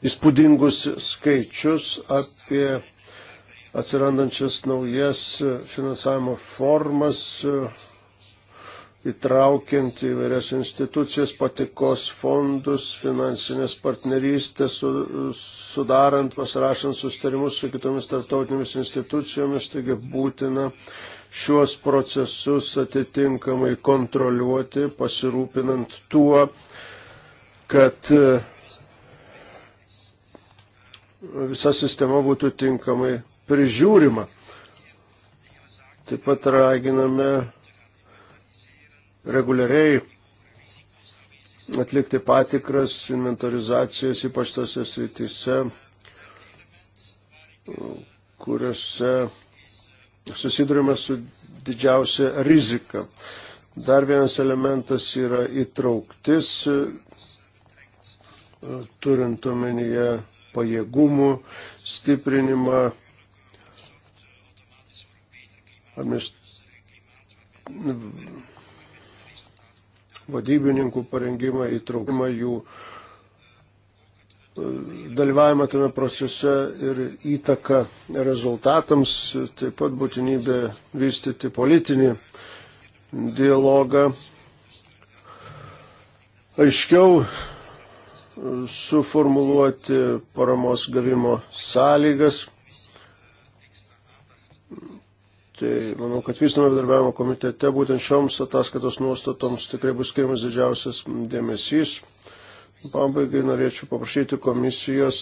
įspūdingus skaičius apie atsirandančias naujas finansavimo formas įtraukiant įvairias institucijas, patikos fondus, finansinės partnerystės, su, sudarant, pasirašant sustarimus su kitomis tarptautinėmis institucijomis, taigi būtina šiuos procesus atitinkamai kontroliuoti, pasirūpinant tuo, kad e, visa sistema būtų tinkamai prižiūrima. Taip pat raginame reguliariai atlikti patikras, inventorizacijas, ypač tose srityse, kuriuose susidurime su didžiausia rizika. Dar vienas elementas yra įtrauktis, turint omenyje pajėgumų stiprinimą, vadybininkų parengimą, įtraukimą jų e, dalyvavimą tame procese ir įtaką rezultatams, taip pat būtinybė vystyti politinį dialogą, aiškiau e, suformuluoti paramos gavimo sąlygas Tai manau, kad vystymo bendarbiavimo komitete būtent šioms ataskaitos nuostatoms tikrai bus skiriamas didžiausias dėmesys. Pabaigai norėčiau paprašyti komisijos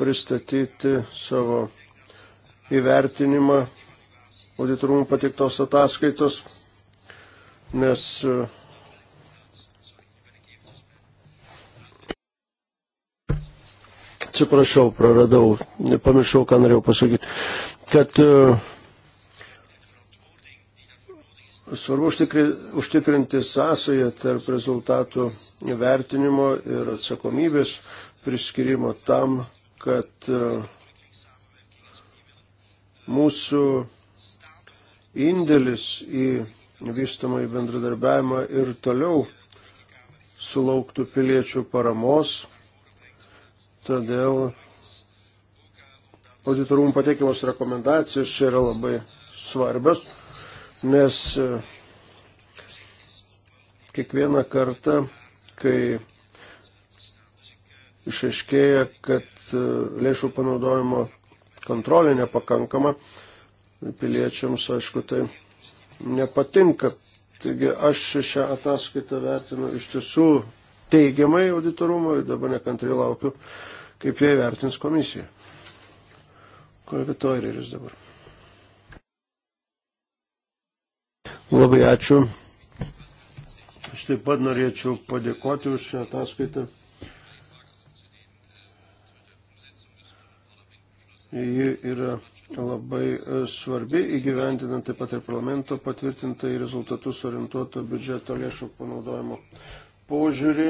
pristatyti savo įvertinimą auditorumų pateiktos ataskaitos, nes atsiprašau, praradau, pamiršau, ką norėjau pasakyti, kad e, svarbu užtikrinti sąsąją tarp rezultatų vertinimo ir atsakomybės priskirimo tam, kad e, mūsų indėlis į vystamą į bendradarbiavimą ir toliau sulauktų piliečių paramos Todėl auditorumų pateikiamos rekomendacijos čia yra labai svarbios, nes e, kiekvieną kartą, kai išaiškėja, kad e, lėšų panaudojimo kontrolė nepakankama, piliečiams, aišku, tai nepatinka. Taigi aš šią ataskaitą vertinu iš tiesų teigiamai auditorumo ir dabar nekantrai laukiu, kaip jie vertins komisiją. Kolega Toireris dabar. Labai ačiū. Aš taip pat norėčiau padėkoti už šią ataskaitą. Ji yra labai e, svarbi įgyvendinant taip pat ir parlamento patvirtintą į rezultatus orientuoto biudžeto lėšų panaudojimo požiūrį.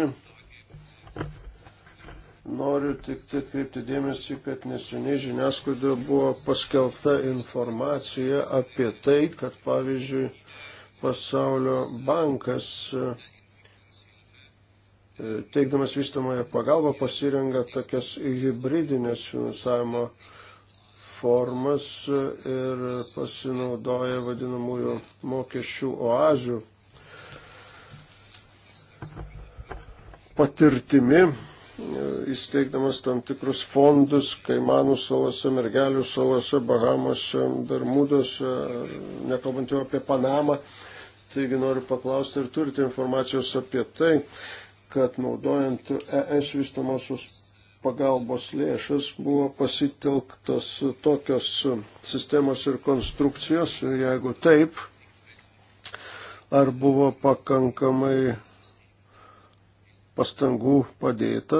Noriu tik tai atkreipti dėmesį, kad neseniai žiniasklaidoje buvo paskelbta informacija apie tai, kad pavyzdžiui pasaulio bankas e, teikdamas vystamąją pagalbą pasirenga tokias hybridinės finansavimo formas e, ir pasinaudoja vadinamųjų mokesčių oazių patirtimi, e, įsteigdamas tam tikrus fondus Kaimanų salose, Mergelių salose, Bahamose, Darmudose, nekalbant jau apie Panamą. Taigi noriu paklausti, ar turite informacijos apie tai, kad naudojant ES vystamosius pagalbos lėšas buvo pasitelktos tokios sistemos ir konstrukcijos, jeigu taip, ar buvo pakankamai pastangų padėta,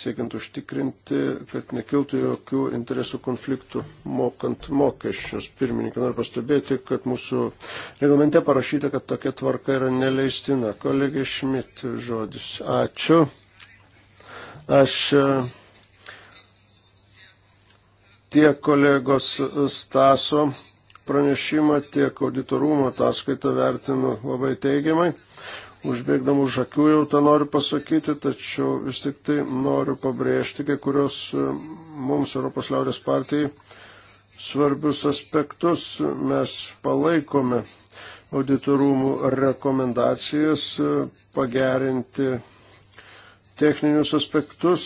siekiant užtikrinti, kad nekiltų jokių interesų konfliktų mokant mokesčius. Pirmininkai, noriu pastebėti, kad mūsų reglamente parašyta, kad tokia tvarka yra neleistina. Kolegė Šmit žodis. Ačiū. Aš e, tiek kolegos Staso pranešimą, tiek auditorumo ataskaitą vertinu labai teigiamai užbėgdam už akių jau tą noriu pasakyti, tačiau vis tik tai noriu pabrėžti kai kurios e, mums Europos liaudės partijai svarbius aspektus. Mes palaikome auditorumų rekomendacijas e, pagerinti techninius aspektus,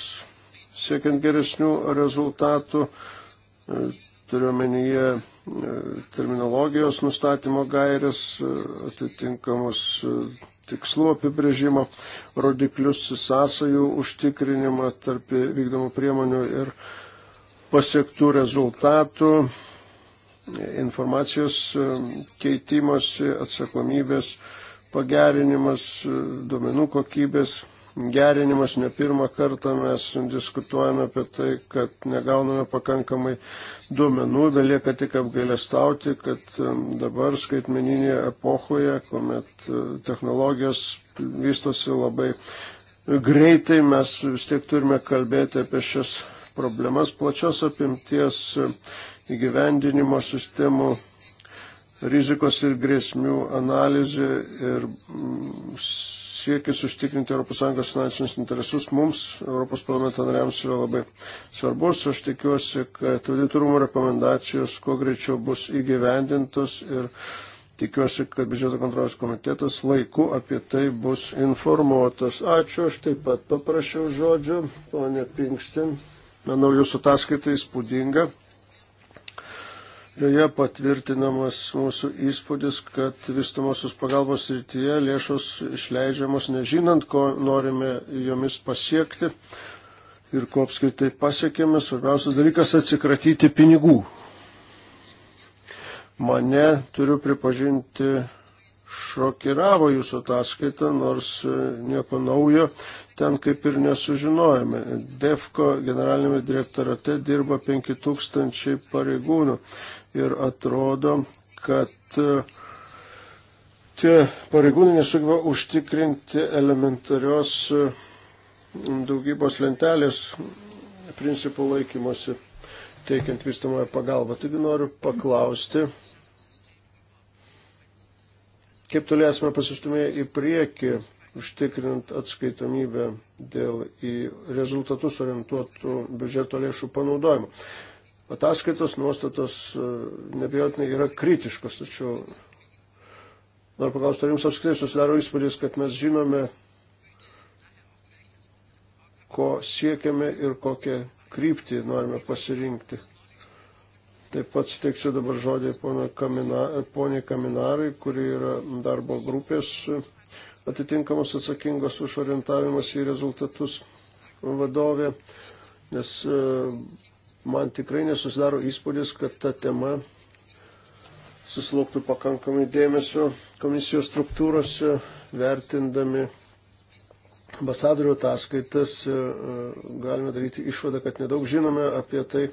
siekiant geresnių rezultatų, e, turiuomenyje terminologijos nustatymo gairės, atitinkamus tikslumo apibrėžimo, rodiklius, sąsajų užtikrinimą tarp vykdomų priemonių ir pasiektų rezultatų, informacijos keitimas, atsakomybės pagerinimas, duomenų kokybės gerinimas. Ne pirmą kartą mes diskutuojame apie tai, kad negauname pakankamai duomenų, belieka tik apgailestauti, kad dabar skaitmeninėje epochoje, kuomet e, technologijos vystosi labai greitai, mes vis tiek turime kalbėti apie šias problemas plačios apimties e, įgyvendinimo sistemų rizikos ir grėsmių analizė ir siekis užtikrinti ES finansinius interesus mums, ES parlamento nariams, yra labai svarbus. Aš tikiuosi, kad auditorumo rekomendacijos kuo greičiau bus įgyvendintos ir tikiuosi, kad biudžeto kontrolės komitetas laiku apie tai bus informuotas. Ačiū, aš taip pat paprašiau žodžio, ponė Pinkstin. Manau, jūsų ataskaita įspūdinga. Joje patvirtinamas mūsų įspūdis, kad vystamosios pagalbos rytyje lėšos išleidžiamos nežinant, ko norime jomis pasiekti ir ko apskritai pasiekėme. Svarbiausias dalykas - atsikratyti pinigų. Mane, turiu pripažinti, šokiravo jūsų ataskaita, nors e, nieko naujo ten kaip ir nesužinojame. DEFCO generalinėme direktorate dirba 5000 pareigūnų ir atrodo, kad e, tie pareigūnai nesugeba užtikrinti elementarios e, daugybos lentelės principų laikymosi, teikiant vystamąją pagalbą. Taigi noriu paklausti, kaip tolėsime pasistumėję į priekį, užtikrinant atskaitomybę dėl į rezultatus orientuotų biudžeto lėšų panaudojimo. Ataskaitos nuostatos e, nebejotinai yra kritiškos, tačiau noriu paklausti, ar jums apskritai susidaro įspūdis, kad mes žinome, ko siekiame ir kokią kryptį norime pasirinkti. Taip pat suteiksiu dabar žodį poniai Kaminarai, kuri yra darbo grupės atitinkamos atsakingos už orientavimas į rezultatus vadovė, nes e, man tikrai nesusidaro įspūdis, kad ta tema susilauktų pakankamai dėmesio komisijos struktūrose, vertindami ambasadorių ataskaitas, e, e, galime daryti išvadą, kad nedaug žinome apie tai,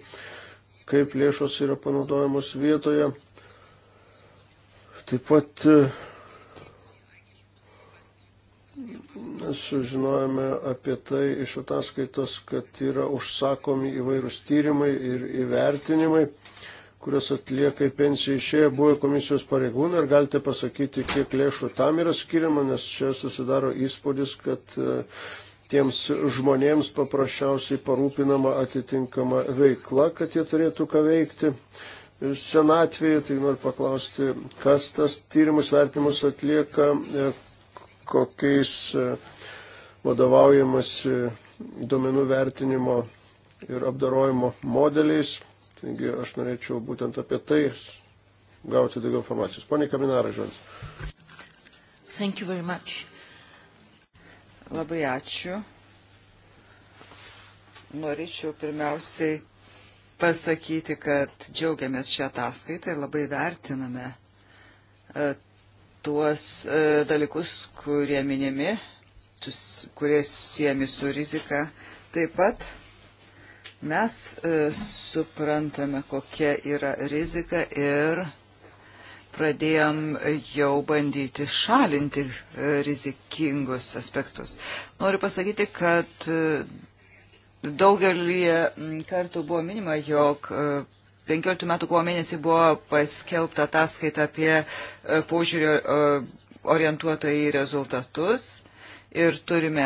kaip lėšos yra panaudojamos vietoje. Taip pat e, sužinojome apie tai iš ataskaitos, kad yra užsakomi įvairūs tyrimai ir įvertinimai, kurias atlieka į pensiją išėję buvę komisijos pareigūnai. Ar galite pasakyti, kiek lėšų tam yra skiriama, nes čia susidaro įspūdis, kad e, tiems žmonėms paprasčiausiai parūpinama atitinkama veikla, kad jie turėtų ką veikti senatvėje. Tai noriu paklausti, kas tas tyrimus vertimus atlieka, e, kokiais e, vadovaujamasi duomenų vertinimo ir apdarojimo modeliais. Taigi aš norėčiau būtent apie tai gauti daugiau informacijos. Pone Kaminarai, žodis. Labai ačiū. Norėčiau pirmiausiai pasakyti, kad džiaugiamės šią ataskaitą ir labai vertiname e, tuos e, dalykus, kurie minimi, tus, kurie siemi su rizika. Taip pat mes e, suprantame, kokia yra rizika ir pradėjom jau bandyti šalinti e, rizikingus aspektus. Noriu pasakyti, kad e, daugelį kartų buvo minima, jog e, 15 metų kovo mėnesį buvo paskelbta ataskaita apie e, požiūrį e, orientuotą į rezultatus ir turime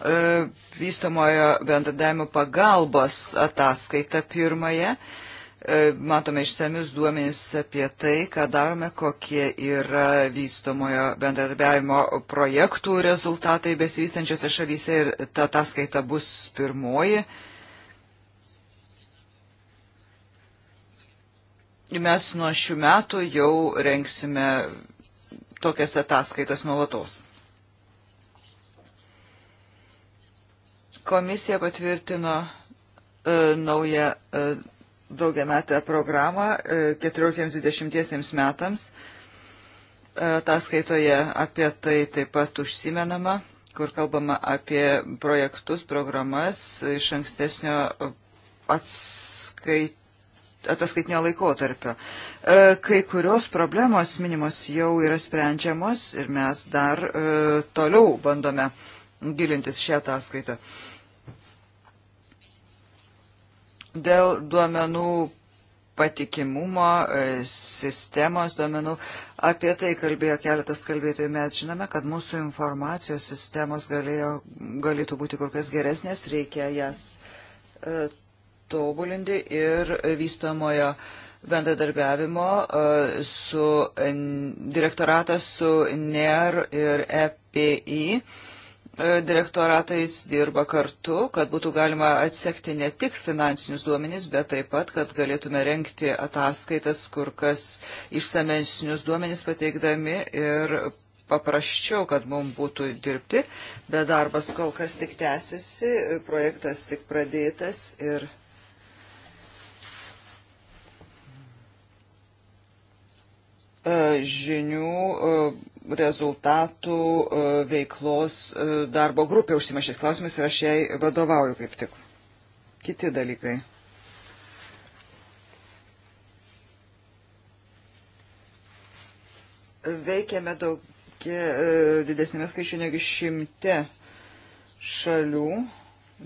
e, vystomojo bendradavimo pagalbos ataskaitą pirmąją. Matome išsamius duomenys apie tai, ką darome, kokie yra vystomojo bendradarbiavimo projektų rezultatai besivystančiose šalyse ir ta ataskaita bus pirmoji. Uh, mes nuo šių metų jau rengsime tokias ataskaitas nuolatos. Komisija patvirtino e, naują e, daugiametę programą e, 14-20 metams. E, taskaitoje apie tai taip pat užsimenama, kur kalbama apie projektus, programas iš ankstesnio atskaitimo ataskaitinio laikotarpio. E, kai kurios problemos minimos jau yra sprendžiamos ir mes dar e, toliau bandome gilintis šią ataskaitą. Dėl duomenų patikimumo, e, sistemos duomenų. Apie tai kalbėjo keletas kalbėtojų. Mes žinome, kad mūsų informacijos sistemos galėjo, galėtų būti kur kas geresnės, reikia jas tobulinti ir vystomojo bendradarbiavimo e, su direktoratas su NER ir EPI e, direktoratais dirba kartu, kad būtų galima atsekti ne tik finansinius duomenys, bet taip pat, kad galėtume renkti ataskaitas kur kas išsamesnius duomenys pateikdami ir paprasčiau, kad mums būtų dirbti, bet darbas kol kas tik tęsiasi, projektas tik pradėtas ir E, žinių, e, rezultatų, e, veiklos darbo grupė užsima šis klausimas ir aš jai vadovauju kaip tik. Kiti dalykai. Veikiame daug didesnėme skaičiu negi šimte šalių.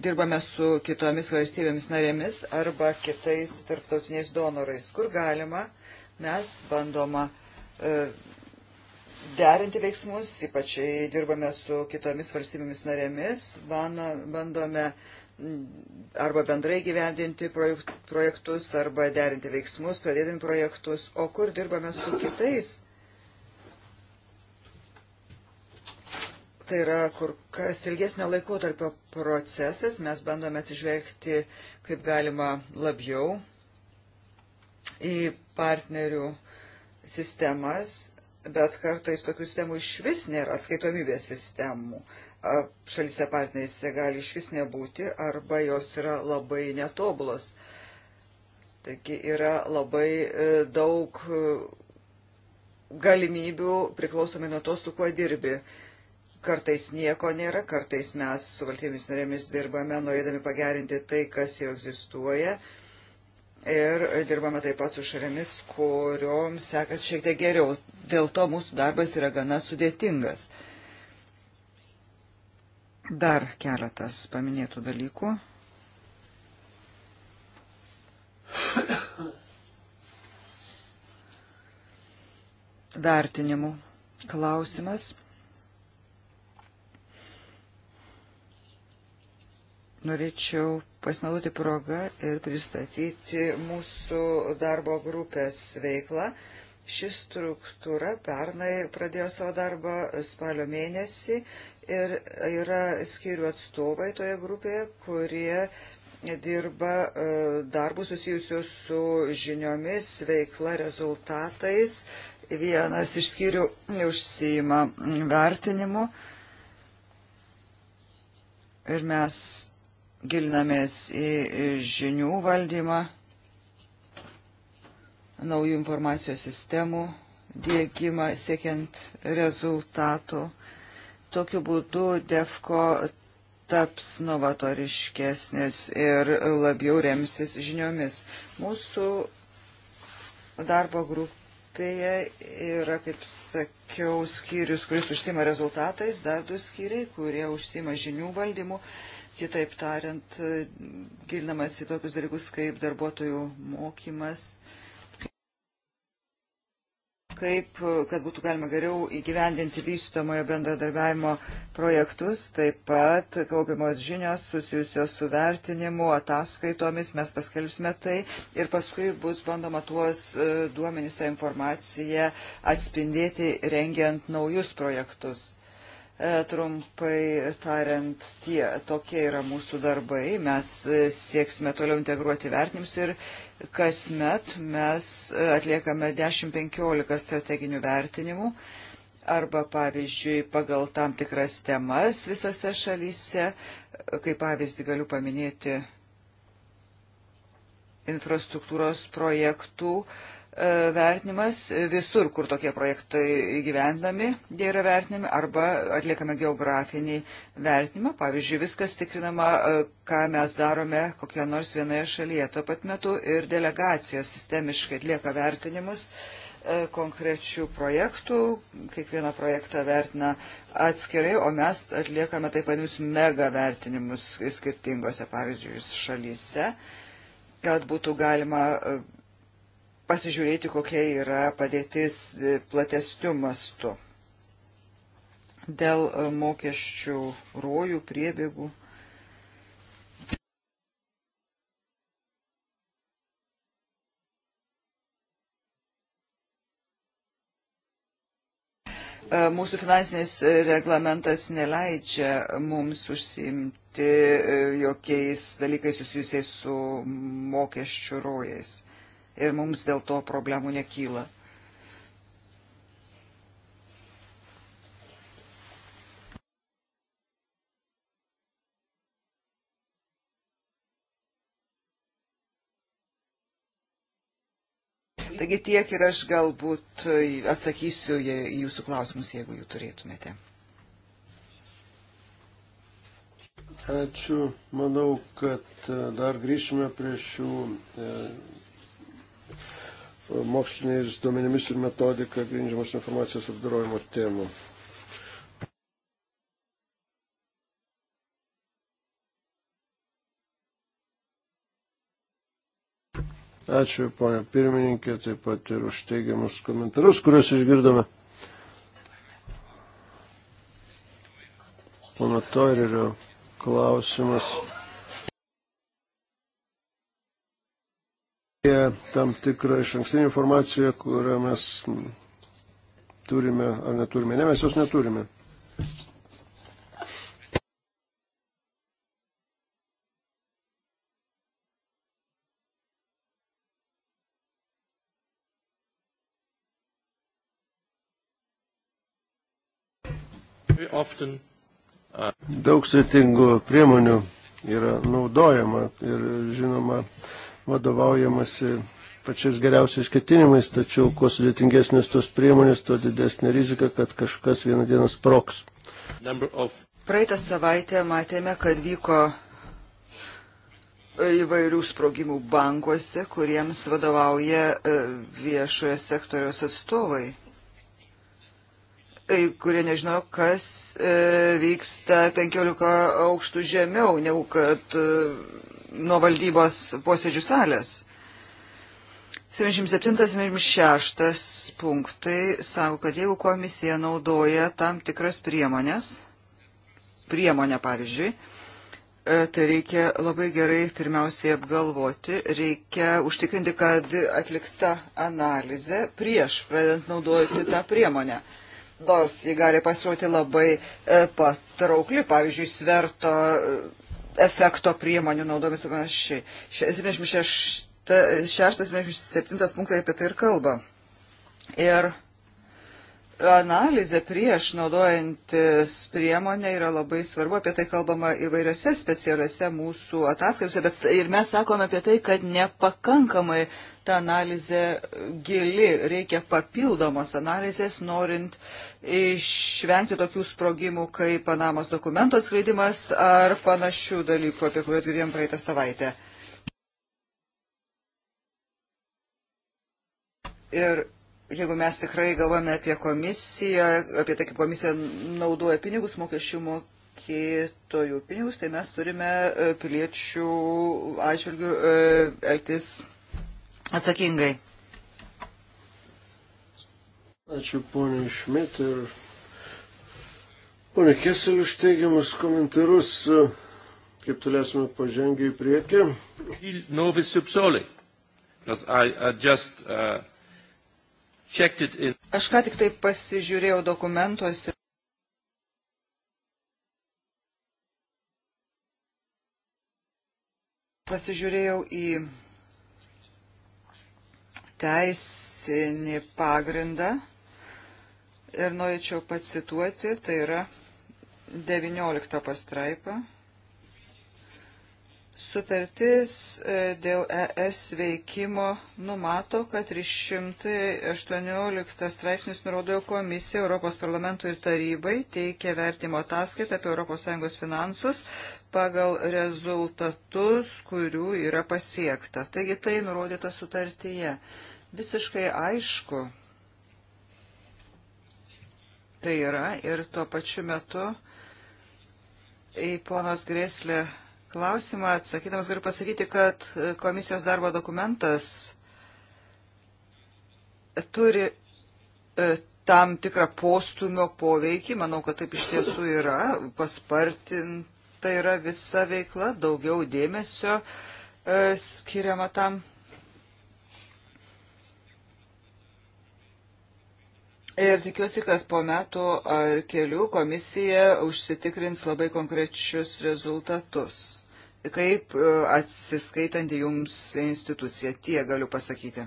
Dirbame su kitomis valstybėmis narėmis arba kitais tarptautiniais donorais, kur galima mes bandoma E, derinti veiksmus, ypač dirbame su kitomis valstybėmis narėmis, bandome arba bendrai gyvendinti projektus, arba derinti veiksmus, pradėdami projektus, o kur dirbame su kitais. Tai yra kur kas ilgesnio laikotarpio procesas, mes bandome atsižvelgti kaip galima labiau į partnerių uh, sistemas, bet kartais tokių sistemų iš vis nėra, atskaitomybės sistemų. Šalise partnerėse gali iš vis nebūti arba jos yra labai netoblos. Taigi yra labai e, daug e, galimybių priklausomai nuo to, su kuo dirbi. Kartais nieko nėra, kartais mes su valstybėmis narėmis dirbame, norėdami pagerinti tai, kas jau egzistuoja. Uh, ir dirbame taip pat su šalimis, kurioms sekas šiek tiek geriau. Dėl to mūsų darbas yra gana sudėtingas. Dar keletas paminėtų dalykų. Vertinimų klausimas. Norėčiau pasinaudoti progą ir pristatyti mūsų darbo grupės veiklą. Ši struktūra pernai pradėjo savo darbą spalio mėnesį ir yra skirių atstovai toje grupėje, kurie dirba e, darbų susijusius su žiniomis, veikla, rezultatais. Vienas iš skirių užsijima vertinimu. Ir mes gilinamės į žinių valdymą, naujų informacijos sistemų dėgymą siekiant rezultatų. Tokiu būdu DEFCO taps novatoriškesnis ir labiau remsis žiniomis. Mūsų darbo grupėje yra, kaip sakiau, skyrius, kuris užsima rezultatais, dar du skyriai, kurie užsima žinių valdymu. Uh, Kitaip tariant, gilinamas į tokius dalykus kaip darbuotojų mokymas, kaip, kad būtų galima geriau įgyvendinti vystomojo bendradarbiavimo projektus, taip pat kaupiamos žinios susijusios su vertinimu, ataskaitomis, mes paskelbsime tai ir paskui bus bandoma tuos e, duomenys, tą informaciją atspindėti rengiant naujus projektus E, trumpai tariant, tie, tokie yra mūsų darbai. Mes e, sieksime toliau integruoti vertinimus ir kasmet mes e, atliekame 10-15 strateginių vertinimų arba, pavyzdžiui, pagal tam tikras temas visose šalyse. Kaip pavyzdį galiu paminėti infrastruktūros projektų uh, E, vertinimas e, visur, kur tokie projektai gyvendami, jie yra vertinami arba atliekame geografinį vertinimą. Pavyzdžiui, viskas tikrinama, e, ką mes darome kokio nors vienoje šalyje. Tuo pat metu ir delegacijos sistemiškai atlieka vertinimus konkrečių projektų, kiekvieną projektą vertina atskirai, o mes atliekame taip vadinimus mega vertinimus skirtingose, pavyzdžiui, šalyse, kad būtų galima pasižiūrėti, kokia yra padėtis e, platesnių mastų dėl e, mokesčių rojų, priebėgų. E, mūsų finansinis reglamentas neleidžia mums užsiimti jokiais dalykais susijusiais su mokesčių rojais ir mums dėl to problemų nekyla. Taigi tiek ir aš galbūt atsakysiu į jūsų klausimus, jeigu jų turėtumėte. Ačiū. Manau, kad e, dar grįšime prie šių e, moksliniais duomenimis ir metodika grindžiamos informacijos apdarojimo temų. Ačiū, ponia pirmininkė, taip pat ir už teigiamus komentarus, kuriuos išgirdome. Pono Toirerio klausimas. tam tikrą iš ankstinį informaciją, kurią mes turime ar neturime. Ne, mes jos neturime. Uh, Daug sėtingų priemonių yra naudojama ir žinoma, vadovaujamasi pačiais geriausiais ketinimais, tačiau kuo sudėtingesnės tos priemonės, tuo didesnė rizika, kad kažkas vieną dieną sproks. Of... Praeitą savaitę matėme, kad vyko įvairių sprogimų bankuose, kuriems vadovauja e, viešojo sektoriaus atstovai. E, kurie nežino, kas e, vyksta 15 aukštų žemiau, negu kad e, nuo valdybos posėdžių salės. 77-76 punktai sako, kad jeigu komisija naudoja tam tikras priemonės, priemonę pavyzdžiui, tai reikia labai gerai pirmiausiai apgalvoti, reikia užtikrinti, kad atlikta analizė prieš pradedant naudoti tą priemonę nors jį gali pasirodyti labai e, patraukli, pavyzdžiui, sverto e, efekto priemonių naudomis ir panašiai. 76-77 punktai apie tai ir kalba. Ir analizė prieš naudojantis priemonę yra labai svarbu, apie tai kalbama įvairiose specialiuose mūsų ataskaitose, bet ir mes sakome apie tai, kad nepakankamai ta analizė gili, reikia papildomos analizės, norint išvengti tokių sprogimų kaip Panamos dokumentų atskleidimas ar panašių dalykų, apie kuriuos girdėjom praeitą savaitę. Ir jeigu mes tikrai galvojame apie komisiją, apie tai, kaip komisija naudoja pinigus, mokesčių mokėtojų pinigus, tai mes turime e, piliečių atžvilgių e, elgtis atsakingai. Ačiū poniai Šmit ir poniai Kesel už teigiamus komentarus, kaip turėsime pažengę į priekį. Novi subsolai. Uh, Aš ką tik tai pasižiūrėjau dokumentuose. Pasižiūrėjau į teisinį pagrindą ir norėčiau pacituoti, tai yra 19 pastraipa. Sutartis e, dėl ES veikimo numato, kad 318 straipsnis nurodo komisija Europos parlamentų ir tarybai teikia vertimo ataskaitą apie ES finansus pagal rezultatus, kurių yra pasiekta. Taigi tai nurodyta sutartyje visiškai aišku. Tai yra ir tuo pačiu metu į ponos grėslę klausimą atsakydamas galiu pasakyti, kad komisijos darbo dokumentas turi e, tam tikrą postumio poveikį, manau, kad taip iš tiesų yra, paspartinta yra visa veikla, daugiau dėmesio e, skiriama tam Ir tikiuosi, kad po metų ar kelių komisija užsitikrins labai konkrečius rezultatus. Kaip e, atsiskaitanti jums institucija, tie galiu pasakyti.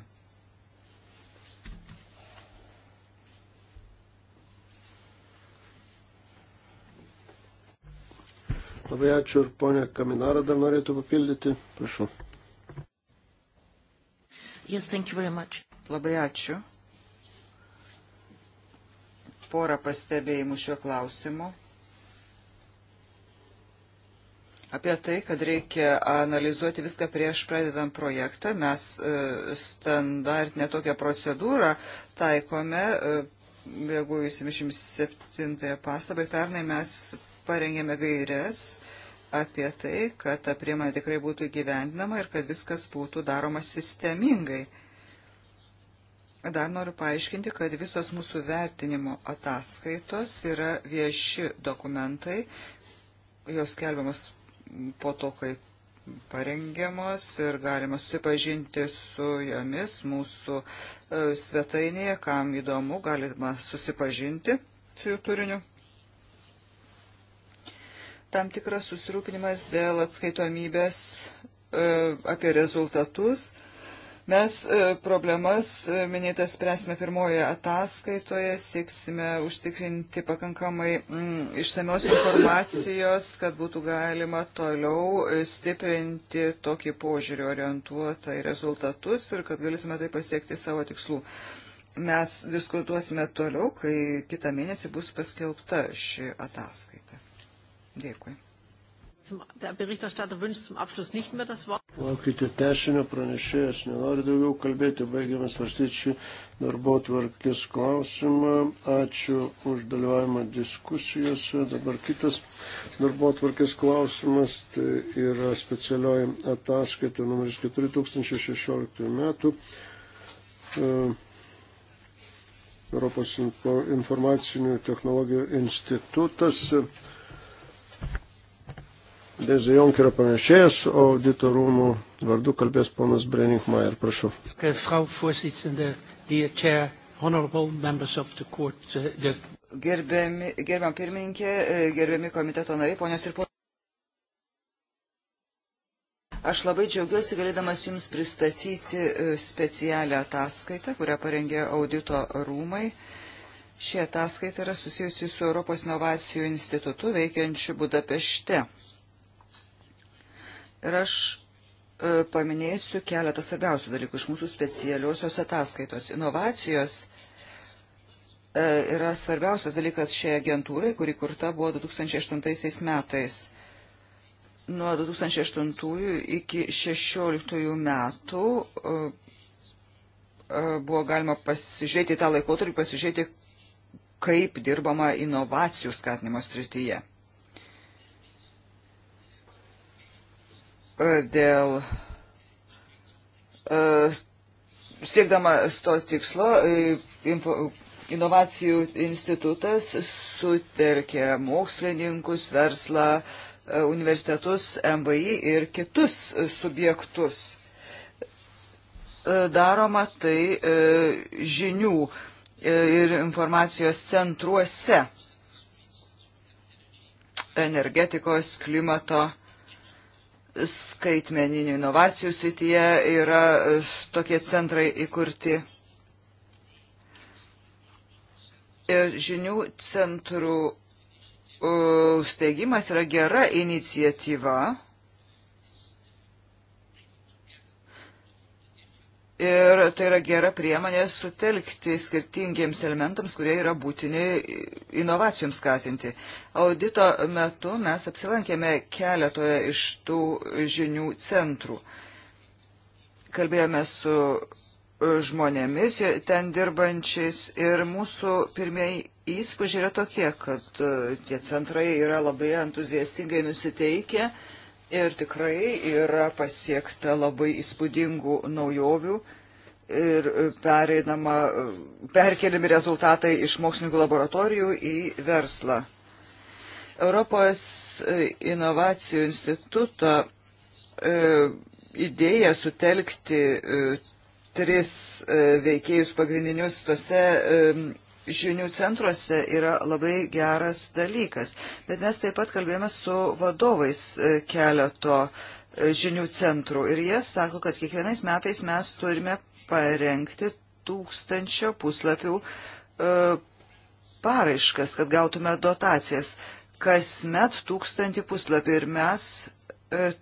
Labai ačiū ir ponė Kaminara dar norėtų papildyti. Prašau. Yes, thank you very much. Labai ačiū porą pastebėjimų šiuo klausimu. Apie tai, kad reikia analizuoti viską prieš pradedant projektą, mes e, standartinę tokią procedūrą taikome, e, jeigu jūs 77 pastabą, pernai mes parengėme gairias apie tai, kad ta priemonė tikrai būtų gyvendinama ir kad viskas būtų daroma sistemingai. Dar noriu paaiškinti, kad visos mūsų vertinimo ataskaitos yra vieši dokumentai, jos skelbiamos po to, kai parengiamos ir galima susipažinti su jomis mūsų e, svetainėje, kam įdomu, galima susipažinti su jų turiniu. Tam tikras susirūpinimas dėl atskaitomybės e, apie rezultatus Mes e, problemas e, minėtas spręsime pirmoje ataskaitoje, sieksime užtikrinti pakankamai mm, išsamios informacijos, kad būtų galima toliau e, stiprinti tokį požiūrį orientuotą į rezultatus ir kad galėtume tai pasiekti savo tikslų mes diskutuosime toliau, kai kitą mėnesį bus paskelbta ši ataskaita. Dėkui. Laukite tešinio pranešėjas, nenori daugiau kalbėti, baigiame svarstyti šį darbo tvarkės klausimą. Ačiū už dalyvavimą diskusijose. Dabar kitas darbo tvarkės klausimas tai yra specialioji ataskaita numeris 4016 metų. E, Europos informacinių technologijų institutas. Uh, Dezijonk yra panašėjęs, o auditorumų vardu kalbės ponas Breninkmajer, prašau. Uh, gerbiami, gerbiam pirmininkė, e, gerbiami komiteto nariai, ponios ir ponai. Aš labai džiaugiuosi galėdamas Jums pristatyti e, specialią ataskaitą, kurią parengė audito rūmai. Ši ataskaita yra susijusi su Europos inovacijų institutu veikiančiu Budapešte. Ir aš e, paminėsiu keletą svarbiausių dalykų iš mūsų specialiosios ataskaitos. Inovacijos e, yra svarbiausias dalykas šiai agentūrai, kuri kurta buvo 2008 metais. Nuo 2008 iki 2016 metų e, buvo galima pasižiūrėti tą laikotarpį, pasižiūrėti, kaip dirbama inovacijų skatinimo srityje. E, dėl e, siekdama to tikslo e, inovacijų institutas sutelkė mokslininkus, verslą, universitetus, MVI ir kitus subjektus. Daroma tai žinių ir informacijos centruose energetikos, klimato skaitmeninių inovacijų sityje yra e, tokie centrai įkurti. Ir žinių centrų e, steigimas yra gera iniciatyva Ir tai yra gera priemonė sutelkti skirtingiems elementams, kurie yra būtini inovacijoms skatinti. Audito metu mes apsilankėme keletoje iš tų žinių centrų. Kalbėjome su žmonėmis ten dirbančiais ir mūsų pirmieji įspūdžiai yra tokie, kad e, tie centrai yra labai entuziastingai nusiteikę Ir tikrai yra pasiekta labai įspūdingų naujovių ir pereinama, perkeliami rezultatai iš mokslininkų laboratorijų į verslą. Europos inovacijų instituto e, idėja sutelkti e, tris e, veikėjus pagrindinius tose žinių centruose yra labai geras dalykas. Bet mes taip pat kalbėjome su vadovais e, keleto e, žinių centrų ir jie sako, kad kiekvienais metais mes turime parengti tūkstančio puslapių e, paraiškas, kad gautume dotacijas. Kasmet tūkstantį puslapį ir mes e,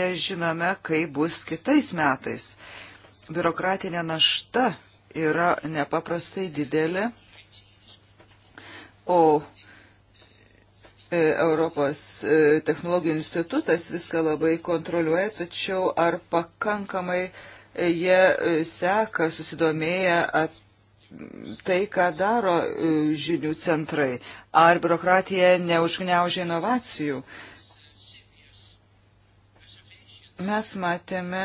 nežinome, kaip bus kitais metais. Biurokratinė našta yra nepaprastai didelė O e, Europos e, technologijų institutas viską labai kontroliuoja, tačiau ar pakankamai e, jie seka susidomėję apie tai, ką daro žinių centrai, ar biurokratija neužgniaužia inovacijų. Mes matėme,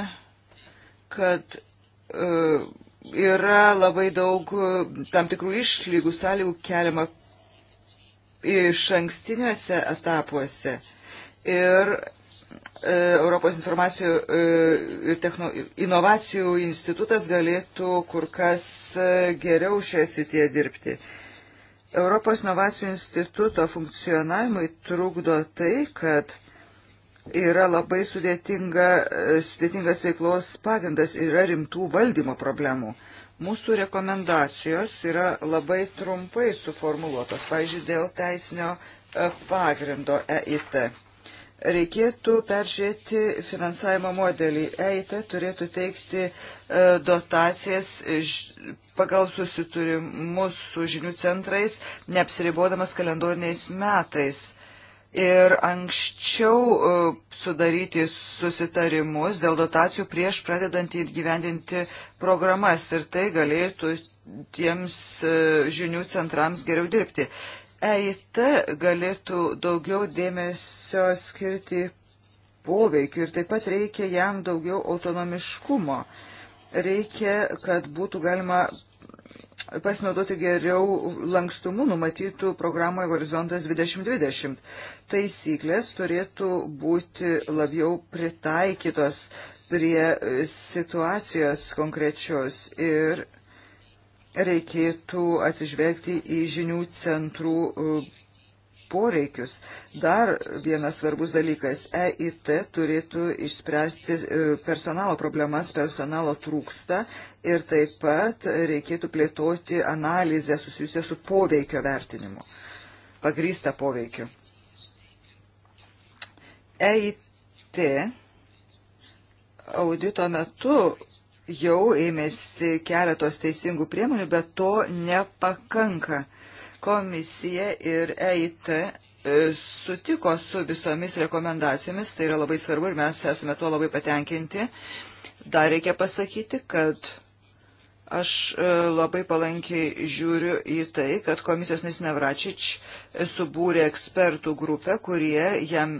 kad yra labai daug tam tikrų išlygų sąlygų keliama iš ankstiniuose etapuose ir e, Europos informacijų e, ir techno, inovacijų institutas galėtų kur kas e, geriau šioje srityje dirbti. Europos inovacijų instituto funkcionavimui trukdo tai, kad yra labai sudėtinga, sudėtingas veiklos pagrindas ir yra rimtų valdymo problemų. Mūsų rekomendacijos yra labai trumpai suformuluotos, pavyzdžiui, dėl teisinio e, pagrindo EIT. Reikėtų peržiūrėti finansavimo modelį. EIT turėtų teikti e, dotacijas pagal susiturimus su žinių centrais, neapsiribodamas kalendoriniais metais ir anksčiau e, sudaryti susitarimus dėl dotacijų prieš pradedant įgyvendinti programas ir tai galėtų tiems e, žinių centrams geriau dirbti. EIT galėtų daugiau dėmesio skirti poveikiu ir taip pat reikia jam daugiau autonomiškumo. Reikia, kad būtų galima pasinaudoti geriau lankstumu numatytų programoje Horizontas 2020. Taisyklės turėtų būti labiau pritaikytos prie e, situacijos konkrečios ir reikėtų atsižvelgti į žinių centrų e, poreikius. Dar vienas svarbus dalykas e - EIT turėtų išspręsti e, personalo problemas, personalo trūksta ir taip pat reikėtų plėtoti analizę susijusią su poveikio vertinimu, pagrįsta poveikiu. EIT audito metu jau ėmėsi keletos teisingų priemonių, bet to nepakanka Komisija ir EIT e, sutiko su visomis rekomendacijomis, tai yra labai svarbu ir mes esame tuo labai patenkinti. Dar reikia pasakyti, kad aš e, labai palankiai žiūriu į tai, kad komisijos nes Navračič e, subūrė ekspertų grupę, kurie jam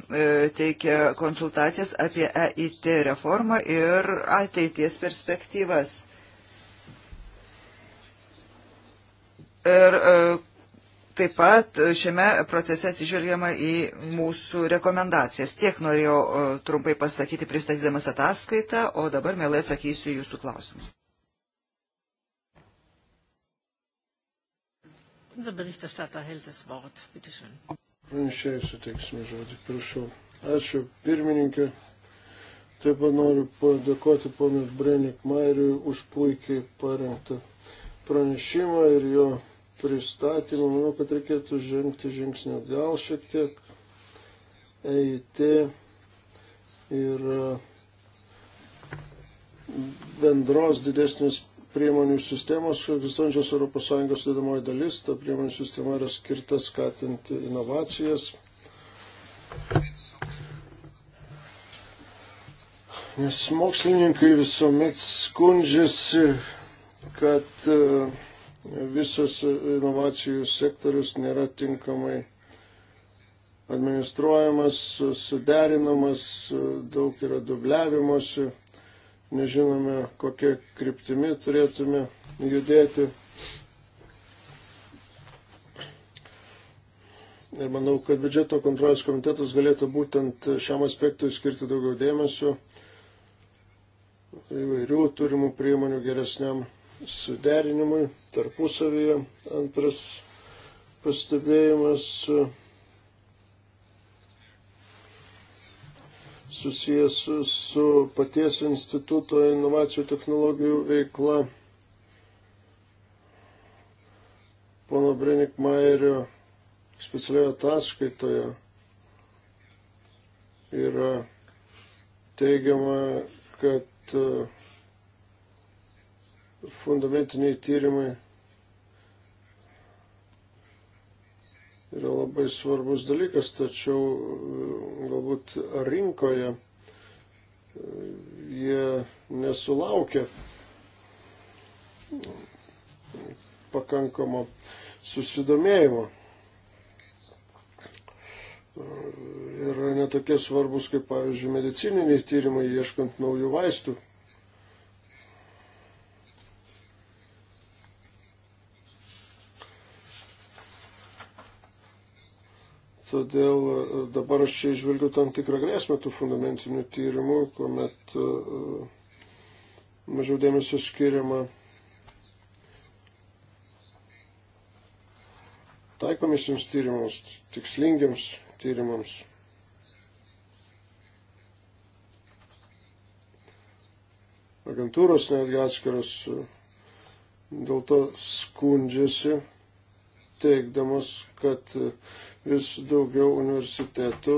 teikia konsultacijas apie EIT reformą ir ateities perspektyvas. Ir taip pat e, šiame procese atsižvelgiama į mūsų rekomendacijas. Tiek norėjau e, trumpai pasakyti pristatydamas ataskaitą, o dabar mielai atsakysiu jūsų klausimus. Unser Berichterstatter hält das Wort. Bitte schön. Pranešėjai suteiksime žodį, prašau. Ačiū pirmininkė. Taip pat noriu padėkoti ponui Brenik Mairiui už puikiai parengtą pranešimą ir jo pristatymą, manau, kad reikėtų žengti žingsnį atgal šiek tiek, eiti ir bendros didesnės priemonių sistemos, egzistuojančios ES sudėdamoji dalis, ta priemonių sistema yra skirta skatinti inovacijas. Nes mokslininkai visuomet skundžiasi, kad uh, visas inovacijų sektorius nėra tinkamai administruojamas, suderinamas, daug yra dubliavimuose, nežinome, kokie kryptimi turėtume judėti. Ir manau, kad biudžeto kontrolės komitetas galėtų būtent šiam aspektui skirti daugiau dėmesio įvairių turimų priemonių geresniam suderinimui tarpusavyje. Antras pastebėjimas e, susijęs su paties instituto inovacijų technologijų veikla. Pono Brenikmajerio specialioje ataskaitoje yra teigiama, kad uh, fundamentiniai tyrimai yra labai svarbus dalykas, tačiau e, galbūt rinkoje e, jie nesulaukia pakankamo susidomėjimo. E, yra netokie svarbus kaip, pavyzdžiui, medicininiai tyrimai ieškant naujų vaistų. Todėl e, dabar aš čia išvelgiu tam tikrą grėsmę tų fundamentinių tyrimų, kuomet e, mažiau dėmesio skiriama taikomisiams tyrimams, tikslingiams tyrimams. Agentūros netgi atskiras e, dėl to skundžiasi teikdamas, kad vis daugiau universitetų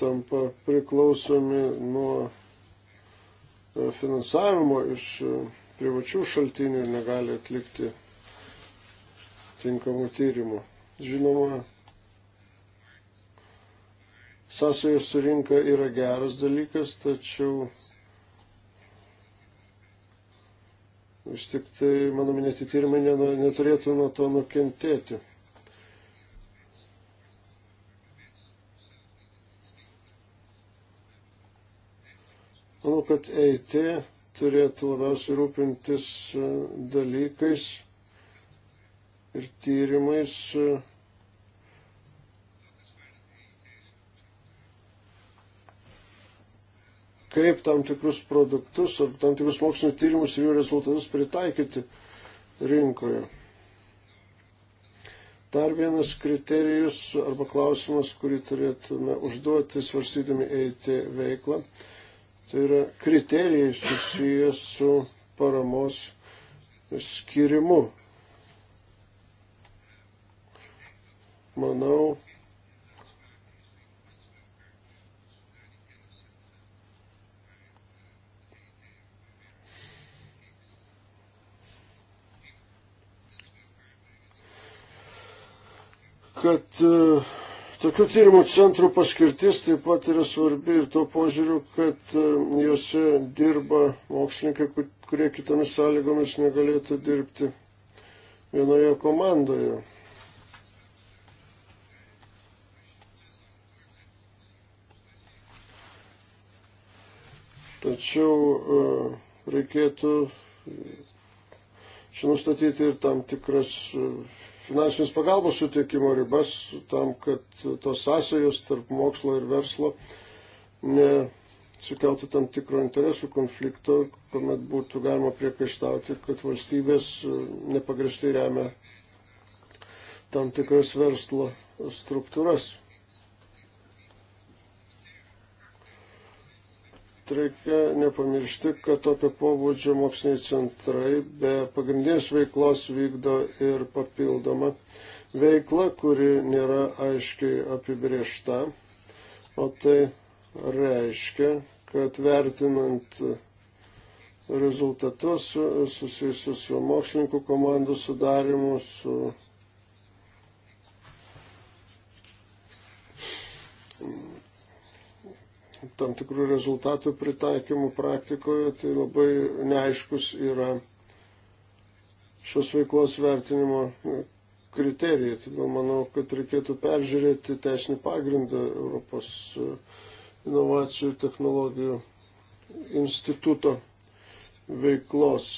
tampa priklausomi nuo e, finansavimo iš e, privačių šaltinių ir negali atlikti tinkamų tyrimų. Žinoma, sąsajos su rinka yra geras dalykas, tačiau Vis tik tai mano minėti tyrimai neturėtų nuo to nukentėti. Manau, kad EIT turėtų labiausiai rūpintis e, dalykais ir tyrimais, e, kaip tam tikrus produktus ar tam tikrus mokslinių tyrimus ir jų rezultatus pritaikyti rinkoje. Dar vienas kriterijus arba klausimas, kurį turėtume užduoti svarstydami eiti veiklą, tai yra kriterijai susijęs su paramos skirimu. Manau, kad e, tokių tyrimų centrų paskirtis taip pat yra svarbi ir tuo požiūriu, kad e, juose dirba mokslininkai, kurie kitomis sąlygomis negalėtų dirbti vienoje komandoje. Tačiau e, reikėtų čia nustatyti ir tam tikras finansinės pagalbos suteikimo ribas tam, kad tos sąsajos tarp mokslo ir verslo nesukeltų tam tikro interesų konflikto, kuomet būtų galima priekaištauti, kad valstybės e, nepagristai remia tam tikras verslo struktūras. reikia nepamiršti, kad tokio pobūdžio moksliniai centrai be pagrindinės veiklos vykdo ir papildomą veiklą, kuri nėra aiškiai apibriešta. O tai reiškia, kad vertinant rezultatus susijusius su mokslininkų komandų sudarimu, su tam tikrų rezultatų pritaikymų praktikoje, tai labai neaiškus yra šios veiklos vertinimo kriterijai. Todėl manau, kad reikėtų peržiūrėti teisinį pagrindą Europos e, inovacijų ir technologijų instituto veiklos.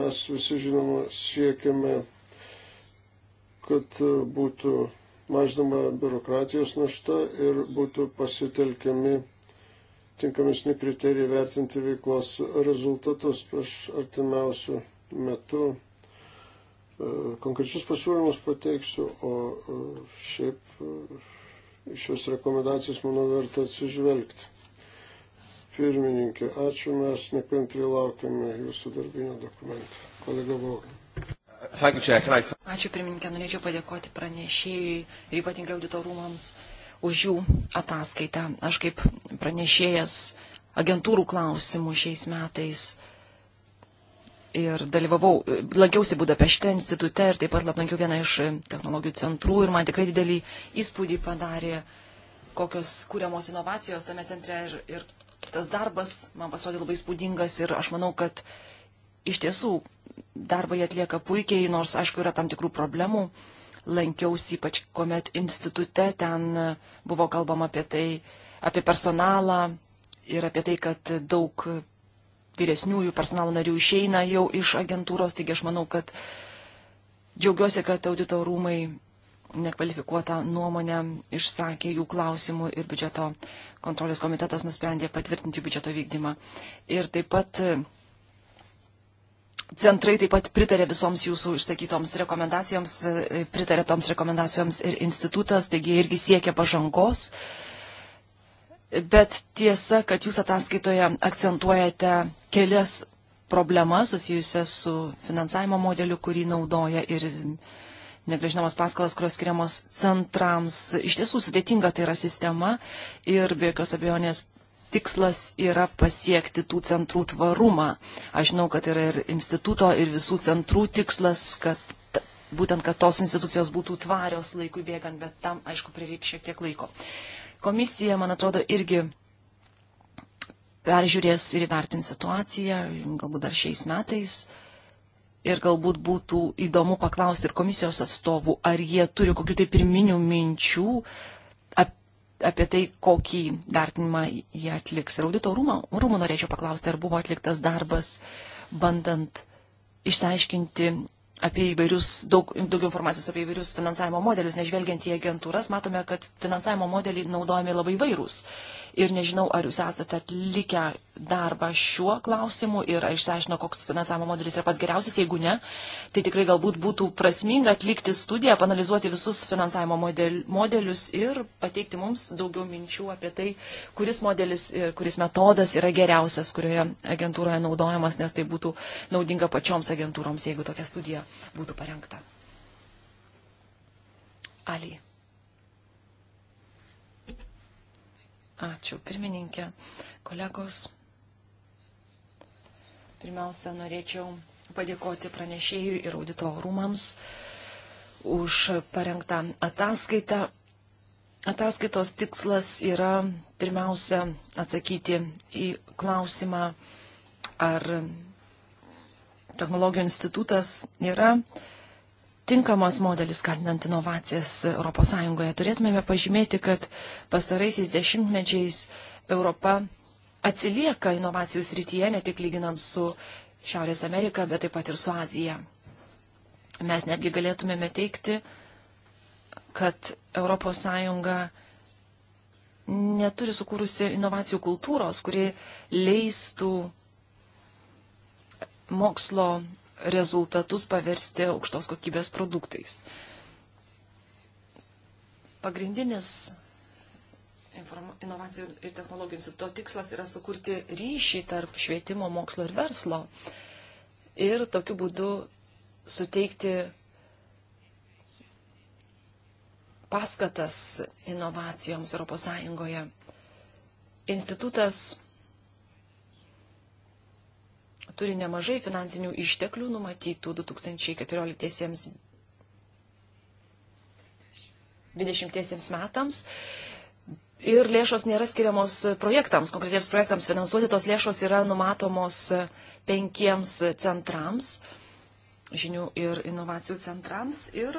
Mes visi žinoma siekiame, kad būtų mažinama biurokratijos našta ir būtų pasitelkiami tinkamesni kriterijai vertinti veiklos rezultatus. Aš artimiausių metų e, konkrečius pasiūlymus pateiksiu, o e, šiaip e, šios rekomendacijos, manau, verta atsižvelgti. Pirmininkė, ačiū, mes nekantriai laukiame jūsų darbinio dokumento. Kolega Vogai. Ačiū pirmininkė, norėčiau padėkoti pranešėjai ir ypatingai auditorumams už jų ataskaitą. Aš kaip pranešėjas agentūrų klausimų šiais metais ir dalyvavau, lankiausi Budapešte institute ir taip pat aplankiau vieną iš technologijų centrų ir man tikrai didelį įspūdį padarė, kokios kūriamos inovacijos tame centre ir, ir tas darbas man pasirodė labai įspūdingas ir aš manau, kad iš tiesų darbą jie atlieka puikiai, nors aišku yra tam tikrų problemų. Uh, lankiausi, ypač kuomet institute ten buvo kalbama apie tai, apie personalą ir apie tai, kad daug vyresniųjų personalo narių išeina jau iš agentūros, taigi aš manau, kad džiaugiuosi, kad audito rūmai nekvalifikuotą nuomonę išsakė jų klausimų ir biudžeto kontrolės komitetas nusprendė patvirtinti biudžeto vykdymą. Ir taip pat Centrai taip pat pritarė visoms jūsų išsakytoms rekomendacijoms, e, pritarė toms rekomendacijoms ir institutas, taigi irgi siekia pažangos. Bet tiesa, kad jūs ataskaitoje akcentuojate kelias problemas susijusias su finansavimo modeliu, kurį naudoja ir negražinamas paskalas, kurios skiriamos centrams. Iš tiesų sudėtinga tai yra sistema ir be jokios abejonės tikslas yra pasiekti tų centrų tvarumą. Aš žinau, kad yra ir instituto, ir visų centrų tikslas, kad būtent, kad tos institucijos būtų tvarios laikui bėgant, bet tam, aišku, prireiks šiek tiek laiko. Komisija, man atrodo, irgi peržiūrės ir įvertins situaciją, galbūt dar šiais metais. Ir galbūt būtų įdomu paklausti ir komisijos atstovų, ar jie turi kokių tai pirminių minčių, ap, apie tai, kokį vertinimą jie atliks. Ir audito rūmų, rūmų norėčiau paklausti, ar buvo atliktas darbas, bandant išsiaiškinti apie įvairius, daug, daug informacijos apie įvairius finansavimo modelius, nežvelgiant į agentūras, matome, kad finansavimo modeliai naudojami labai vairūs. Ir nežinau, ar jūs esate atlikę darbą šiuo klausimu ir išsiaiškino, koks finansavimo modelis yra pats geriausias. Jeigu ne, tai tikrai galbūt būtų prasminga atlikti studiją, panalizuoti visus finansavimo model, modelius ir pateikti mums daugiau minčių apie tai, kuris modelis ir kuris metodas yra geriausias, kurioje agentūroje naudojamas, nes tai būtų naudinga pačioms agentūroms, jeigu tokia studija būtų parengta. Ali. Ačiū, pirmininkė, kolegos. Pirmiausia, norėčiau padėkoti pranešėjui ir audito rūmams už parengtą ataskaitą. Ataskaitos tikslas yra pirmiausia atsakyti į klausimą, ar technologijų institutas yra tinkamas modelis skatinant inovacijas ES. Turėtumėme pažymėti, kad pastaraisiais dešimtmečiais Europa atsilieka inovacijų srityje, ne tik lyginant su Šiaurės Amerika, bet taip pat ir su Azija. Mes netgi galėtumėme teikti, kad ES neturi sukūrusi inovacijų kultūros, kuri leistų mokslo rezultatus paversti aukštos kokybės produktais. Pagrindinis inovacijų ir technologijų instituto tikslas yra sukurti ryšį tarp švietimo, mokslo ir verslo ir tokiu būdu suteikti paskatas inovacijoms ES. Institutas turi nemažai finansinių išteklių numatytų 2014-2020 metams ir lėšos nėra skiriamos projektams, konkretiems projektams finansuoti, tos lėšos yra numatomos penkiems centrams, žinių ir inovacijų centrams. Ir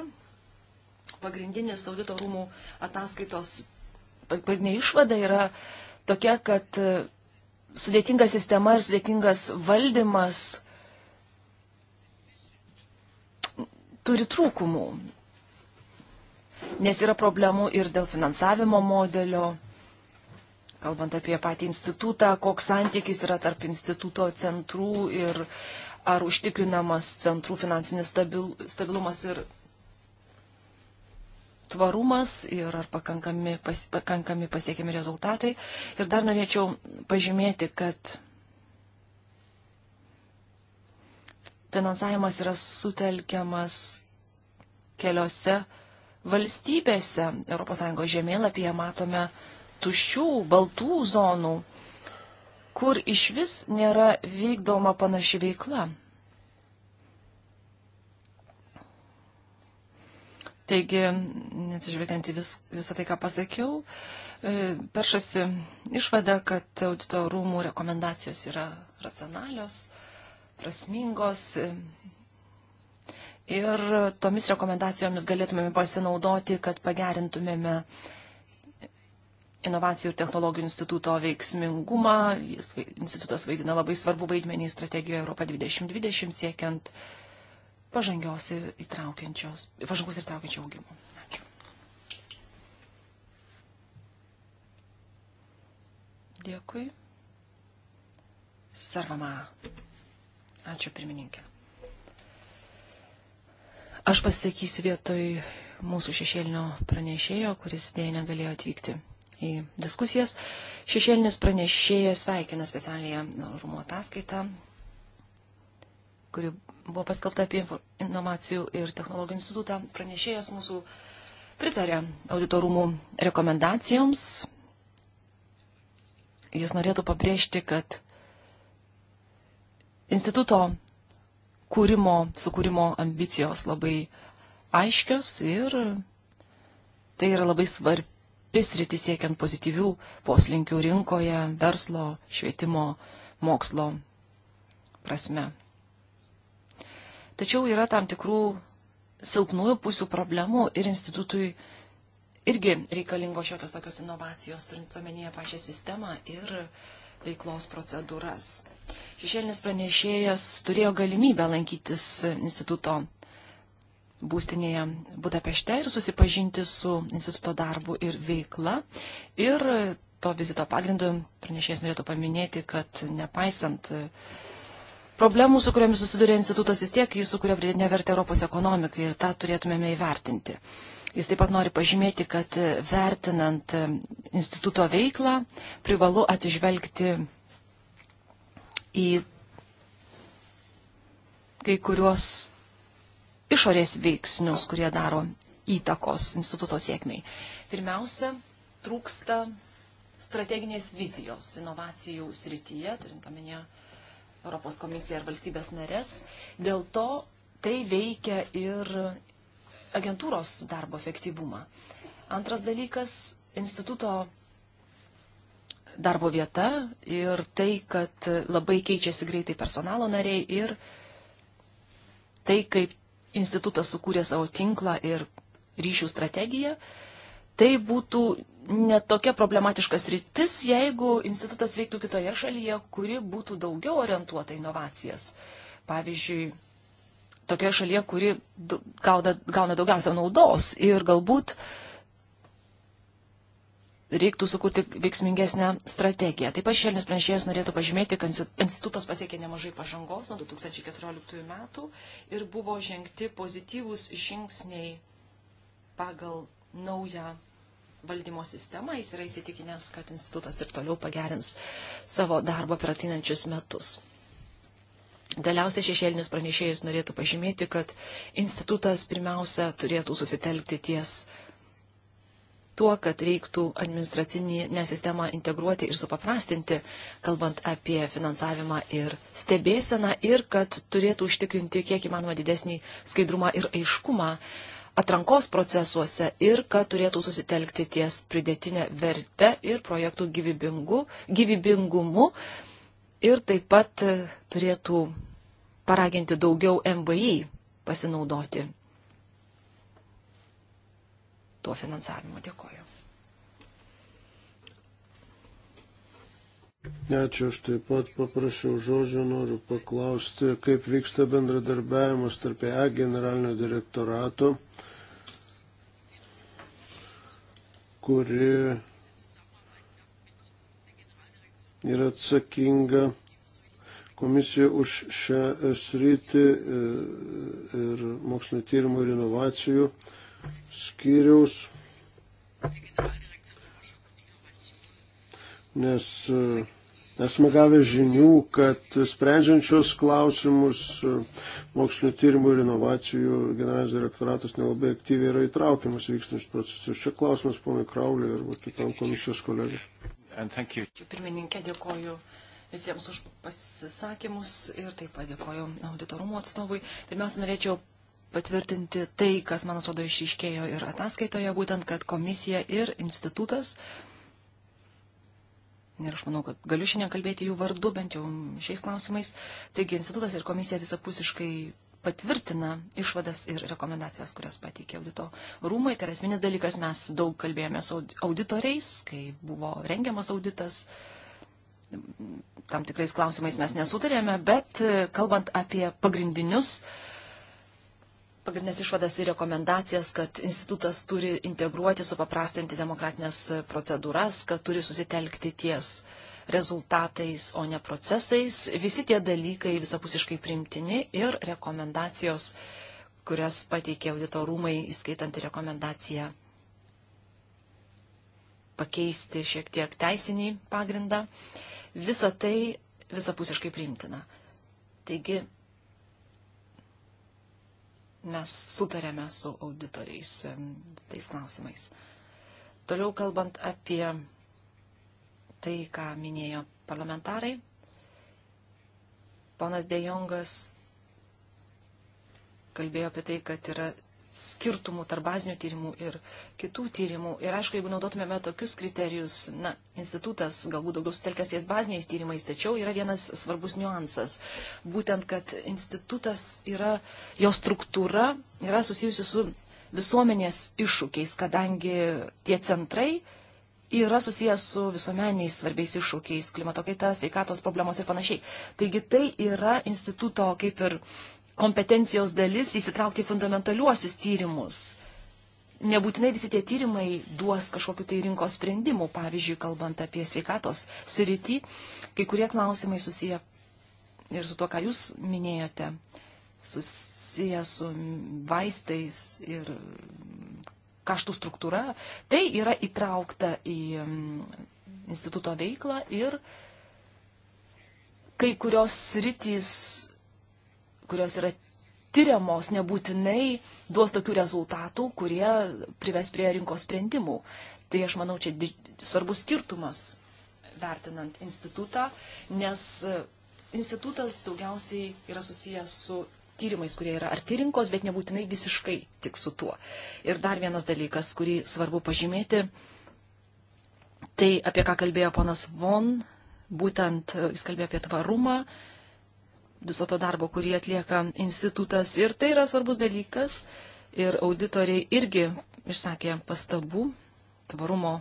pagrindinis audito rūmų ataskaitos pagrindinė išvada yra tokia, kad sudėtinga sistema ir sudėtingas valdymas turi trūkumų nes yra problemų ir dėl finansavimo modelio, kalbant apie patį institutą, koks santykis yra tarp instituto centrų ir ar užtikrinamas centrų finansinis stabil, stabilumas ir tvarumas ir ar pakankami, pas, pakankami pasiekiami rezultatai. Ir dar norėčiau pažymėti, kad finansavimas yra sutelkiamas keliose valstybėse. ES žemėlapyje matome tuščių, baltų zonų, kur iš vis nėra vykdoma panaši veikla. Taigi, neatsižvelgiant į vis, visą tai, ką pasakiau, e, peršasi išvada, kad audito rūmų rekomendacijos yra racionalios, prasmingos, e, ir tomis rekomendacijomis galėtumėme pasinaudoti, kad pagerintumėme inovacijų ir technologijų instituto veiksmingumą. Jis, institutas vaidina labai svarbu vaidmenį strategijoje Europa 2020 siekiant pažangios ir įtraukiančios, pažangos ir įtraukiančio augimo. Ačiū. Dėkui. Sarvama. Ačiū pirmininkė. Aš pasisakysiu vietoj mūsų šešėlinio pranešėjo, kuris dėja negalėjo atvykti į diskusijas. Šešėlinis pranešėjas sveikina specialiją rūmų ataskaitą, kuri buvo paskelbta apie inovacijų ir technologijų institutą. Pranešėjas mūsų pritarė auditorumų rekomendacijoms. Jis norėtų pabrėžti, kad instituto kūrimo, sukūrimo ambicijos labai aiškios ir tai yra labai svarbi sritis siekiant pozityvių poslinkių rinkoje, verslo, švietimo, mokslo prasme. Tačiau yra tam tikrų silpnųjų pusių problemų ir institutui irgi reikalingos šiokios tokios inovacijos, turint omenyje pačią sistemą ir veiklos procedūras šešėlinis pranešėjas turėjo galimybę lankytis instituto būstinėje Budapešte ir susipažinti su instituto darbu ir veikla. Ir to vizito pagrindu pranešėjas norėtų paminėti, kad nepaisant problemų, su kuriomis susiduria institutas, vis tiek jis sukuria pridėtinę vertę Europos ekonomikai ir tą turėtumėme įvertinti. Jis taip pat nori pažymėti, kad vertinant instituto veiklą privalu atsižvelgti į kai kuriuos išorės veiksnius, kurie daro įtakos instituto sėkmiai. Pirmiausia, trūksta strateginės vizijos inovacijų srityje, turint omenyje Europos komisiją ir valstybės narės. Dėl to tai veikia ir agentūros darbo efektyvumą. Antras dalykas - instituto darbo vieta ir tai, kad labai keičiasi greitai personalo nariai ir tai, kaip institutas sukūrė savo tinklą ir ryšių strategiją, tai būtų netokia problematiška sritis, jeigu institutas veiktų kitoje šalyje, kuri būtų daugiau orientuota inovacijas. Pavyzdžiui, tokioje šalyje, kuri gauna, gauna daugiausia naudos ir galbūt uh, reiktų sukurti veiksmingesnę strategiją. Taip pat šėlinis pranešėjas norėtų pažymėti, kad institutas pasiekė nemažai pažangos nuo 2014 metų ir buvo žengti pozityvūs žingsniai pagal naują valdymo sistemą. Jis yra įsitikinęs, kad institutas ir toliau pagerins savo darbą per atinančius metus. Galiausiai šešėlinis pranešėjas norėtų pažymėti, kad institutas pirmiausia turėtų susitelkti ties tuo, kad reiktų administracinį sistemą integruoti ir supaprastinti, kalbant apie finansavimą ir stebėseną, ir kad turėtų užtikrinti kiek įmanoma didesnį skaidrumą ir aiškumą atrankos procesuose ir kad turėtų susitelkti ties pridėtinę vertę ir projektų gyvybingu, gyvybingumu ir taip pat turėtų paraginti daugiau MVI pasinaudoti tuo finansavimu. Dėkoju. Ačiū, aš taip pat paprašiau žodžio, noriu paklausti, kaip vyksta bendradarbiavimas tarp E generalinio direktorato, kuri yra atsakinga komisija už šią sritį e, ir mokslinio tyrimų ir inovacijų skyriaus, nes e, esame gavę žinių, kad sprendžiančios klausimus e, mokslinio tyrimų ir inovacijų generalinis direktoratas nelabai aktyviai yra įtraukiamas vykstančius procesus. Čia klausimas ponui Krauliui arba kitam komisijos kolegai. Pirmininkė, dėkoju visiems už pasisakymus ir taip pat dėkoju auditorumo atstovui. Pirmiausia, norėčiau patvirtinti tai, kas, man atrodo, išiškėjo ir ataskaitoje, būtent, kad komisija ir institutas, ir aš manau, kad galiu šiandien kalbėti jų vardu, bent jau šiais klausimais, taigi institutas ir komisija visapusiškai patvirtina išvadas ir rekomendacijas, kurias pateikė audito rūmai. Tai yra esminis dalykas, mes daug kalbėjome su auditoriais, kai buvo rengiamas auditas. Tam tikrais klausimais mes nesutarėme, bet kalbant apie pagrindinius uh, pagrindinės išvadas ir rekomendacijas, kad institutas turi integruoti, supaprastinti demokratinės procedūras, kad turi susitelkti ties rezultatais, o ne procesais. Visi tie dalykai visapusiškai primtini ir rekomendacijos, kurias pateikė auditorumai, įskaitant rekomendaciją pakeisti šiek tiek teisinį pagrindą. Visa tai visapusiškai priimtina. Taigi mes sutarėme su auditoriais tais klausimais. Toliau kalbant apie tai, ką minėjo parlamentarai, ponas Dejongas kalbėjo apie tai, kad yra skirtumų tarp bazinių tyrimų ir kitų tyrimų. Ir aišku, jeigu naudotumėme tokius kriterijus, na, institutas galbūt daugiau sutelkęs ties baziniais tyrimais, tačiau yra vienas svarbus niuansas. Būtent, kad institutas yra, jo struktūra yra susijusi su visuomenės iššūkiais, kadangi tie centrai yra susijęs su visuomeniais svarbiais iššūkiais, klimato kaita, sveikatos problemos ir panašiai. Taigi tai yra instituto kaip ir kompetencijos dalis įsitraukti į fundamentaliuosius tyrimus. Nebūtinai visi tie tyrimai duos kažkokiu tai rinkos sprendimu, pavyzdžiui, kalbant apie sveikatos sritį, kai kurie klausimai susiję ir su tuo, ką jūs minėjote, susiję su vaistais ir kaštų struktūra, tai yra įtraukta į mm, instituto veiklą ir kai kurios sritys kurios yra tyriamos, nebūtinai duos tokių rezultatų, kurie prives prie rinkos sprendimų. Tai aš manau, čia svarbus skirtumas vertinant institutą, nes e, institutas daugiausiai yra susijęs su tyrimais, kurie yra arti rinkos, bet nebūtinai visiškai tik su tuo. Ir dar vienas dalykas, kurį svarbu pažymėti, tai apie ką kalbėjo ponas Von, būtent e, jis kalbėjo apie tvarumą, viso to darbo, kurį atlieka institutas. Ir tai yra svarbus dalykas. Ir auditoriai irgi išsakė pastabų. Tvarumo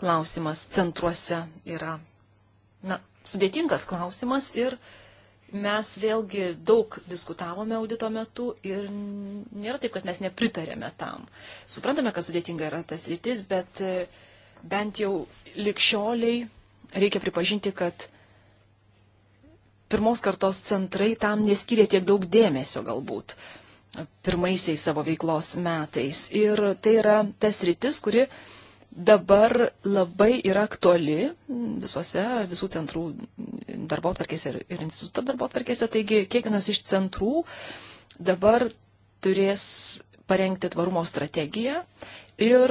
klausimas centruose yra na, sudėtingas klausimas ir mes vėlgi daug diskutavome audito metu ir nėra taip, kad mes nepritarėme tam. Suprantame, kad sudėtinga yra tas rytis, bet bent jau likščioliai reikia pripažinti, kad pirmos kartos centrai tam neskyrė tiek daug dėmesio galbūt pirmaisiais savo veiklos metais. Ir tai yra tas rytis, kuri dabar labai yra aktuali visose, visų centrų darbo atvarkėse ir, ir instituto darbo atvarkėse. Taigi kiekvienas iš centrų dabar turės parengti tvarumo strategiją ir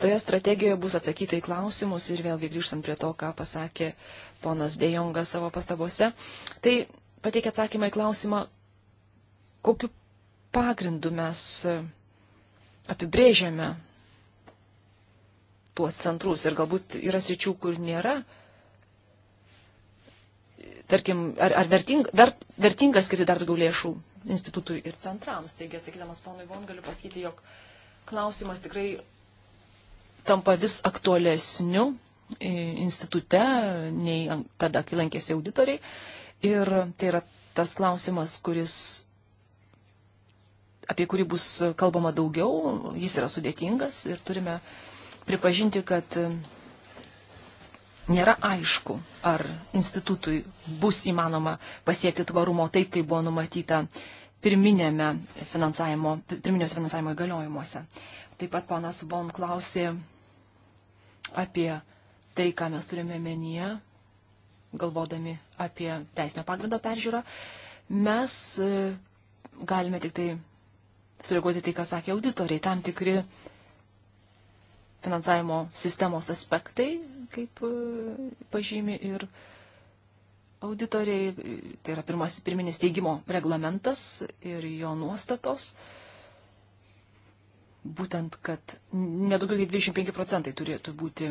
toje strategijoje bus atsakyta į klausimus ir vėlgi grįžtant prie to, ką pasakė ponas Dejongas savo pastabose, tai pateikia atsakymą į klausimą, kokiu pagrindu mes apibrėžiame tuos centrus ir galbūt yra sričių, kur nėra tarkim, ar, ar verting, ver, vertinga skirti dar daugiau lėšų institutui ir centrams. Taigi, atsakydamas ponui Von, galiu pasakyti, jog klausimas tikrai tampa vis aktualesniu e, institute, nei tada, kai lankėsi auditoriai. Ir tai yra tas klausimas, kuris apie kurį bus kalbama daugiau, jis yra sudėtingas ir turime pripažinti, kad nėra aišku, ar institutui bus įmanoma pasiekti tvarumo taip, kaip buvo numatyta finansavimo, pirminės finansavimo įgaliojimuose. Taip pat ponas Bon klausė apie tai, ką mes turime menyje, galvodami apie teisinio pagrindo peržiūrą. Mes e, galime tik tai sureaguoti tai, ką sakė auditoriai. Tam tikri finansavimo sistemos aspektai kaip e, pažymi ir auditoriai, tai yra pirmasis pirminis teigimo reglamentas ir jo nuostatos. Būtent, kad nedaugiau kaip 25 procentai turėtų būti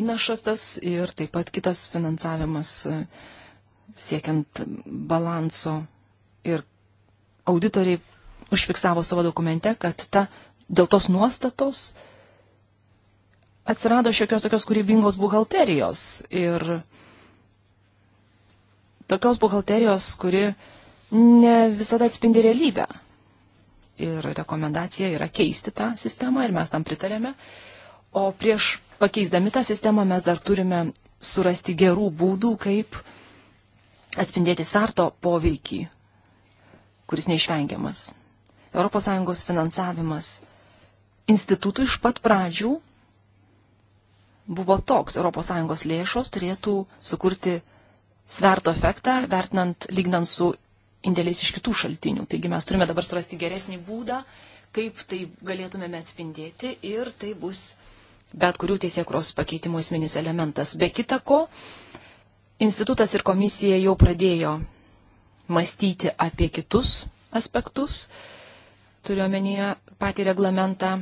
įnašas tas ir taip pat kitas finansavimas e, siekiant balanso. Ir auditoriai užfiksavo savo dokumente, kad ta, dėl tos nuostatos atsirado šiokios tokios kūrybingos buhalterijos ir tokios buhalterijos, kuri ne visada atspindi realybę. Ir rekomendacija yra keisti tą sistemą ir mes tam pritarėme. O prieš pakeisdami tą sistemą mes dar turime surasti gerų būdų, kaip atspindėti starto poveikį, kuris neišvengiamas. ES finansavimas institutų iš pat pradžių buvo toks. ES lėšos turėtų sukurti sverto efektą, vertinant, lygnant su indėliais iš kitų šaltinių. Taigi mes turime dabar surasti geresnį būdą, kaip tai galėtumėme atspindėti ir tai bus bet kurių teisėkros pakeitimo esminis elementas. Be kita ko, institutas ir komisija jau pradėjo mąstyti apie kitus aspektus, turiuomenyje patį reglamentą.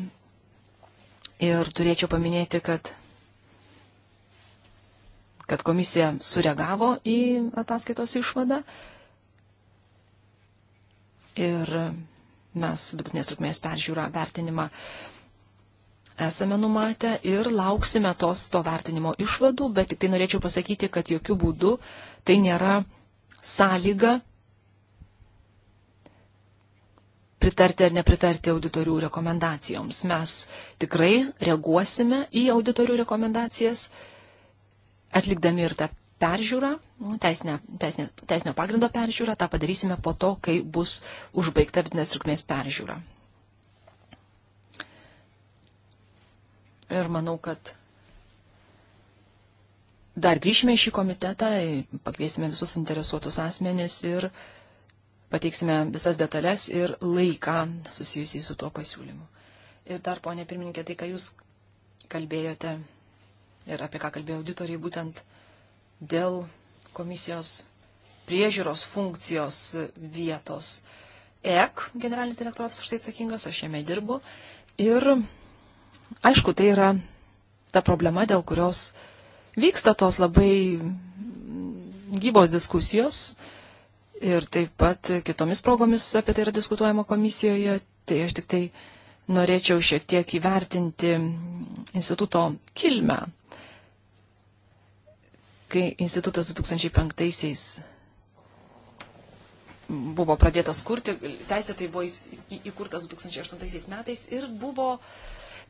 Ir turėčiau paminėti, kad kad komisija sureagavo į ataskaitos išvadą. Ir mes vidutinės trukmės peržiūrą vertinimą esame numatę ir lauksime tos to vertinimo išvadų, bet tik tai norėčiau pasakyti, kad jokių būdų tai nėra sąlyga pritarti ar nepritarti auditorių rekomendacijoms. Mes tikrai reaguosime į auditorių rekomendacijas atlikdami ir tą peržiūrą, nu, teisinę, teisinę, teisinio pagrindo peržiūrą, tą padarysime po to, kai bus užbaigta vidinės trukmės peržiūra. Ir manau, kad dar grįšime į šį komitetą, pakviesime visus interesuotus asmenis ir pateiksime visas detalės ir laiką susijusį su tuo pasiūlymu. Ir dar, ponė pirmininkė, tai, ką jūs kalbėjote ir apie ką kalbėjo auditoriai, būtent dėl komisijos priežiūros funkcijos vietos. EK generalinis direktoras už tai atsakingas, aš jame dirbu. Ir aišku, tai yra ta problema, dėl kurios vyksta tos labai gyvos diskusijos. Ir taip pat kitomis progomis apie tai yra diskutuojama komisijoje. Tai aš tik tai norėčiau šiek tiek įvertinti instituto kilmę. Kai institutas 2005-aisiais buvo pradėtas kurti, teisė tai buvo įkurtas 2008 metais ir buvo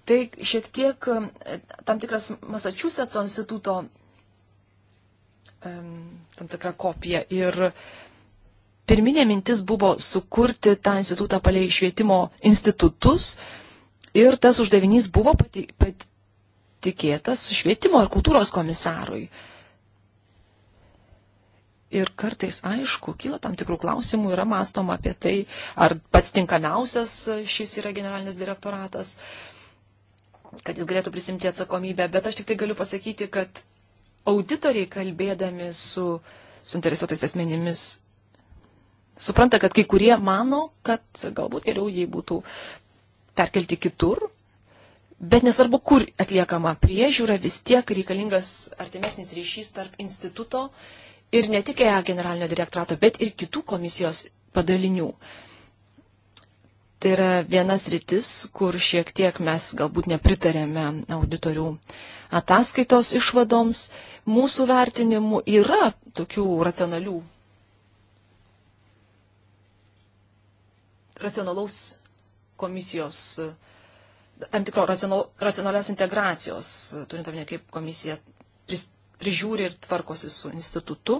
tai šiek tiek e, tam tikras Massachusetts instituto tam tikra kopija. Ir pirminė mintis buvo sukurti tą institutą palei švietimo institutus ir tas uždavinys buvo patikėtas švietimo ir kultūros komisarui. Uh, Ir kartais, aišku, kyla tam tikrų klausimų, yra mąstoma apie tai, ar pats tinkamiausias šis yra generalinis direktoratas, kad jis galėtų prisimti atsakomybę. Bet aš tik tai galiu pasakyti, kad auditoriai kalbėdami su suinteresuotais asmenimis supranta, kad kai kurie mano, kad galbūt geriau jį būtų perkelti kitur, Bet nesvarbu, kur atliekama priežiūra, vis tiek reikalingas artimesnis ryšys tarp instituto ir ne tik EA generalinio direktorato, bet ir kitų komisijos padalinių. Tai yra vienas rytis, kur šiek tiek mes galbūt nepritarėme auditorių ataskaitos išvadoms. Mūsų vertinimu yra tokių racionalių, racionalaus komisijos, tam tikro racional, racionalios integracijos, turint omenyje, kaip komisija prist, prižiūri ir tvarkosi su institutu.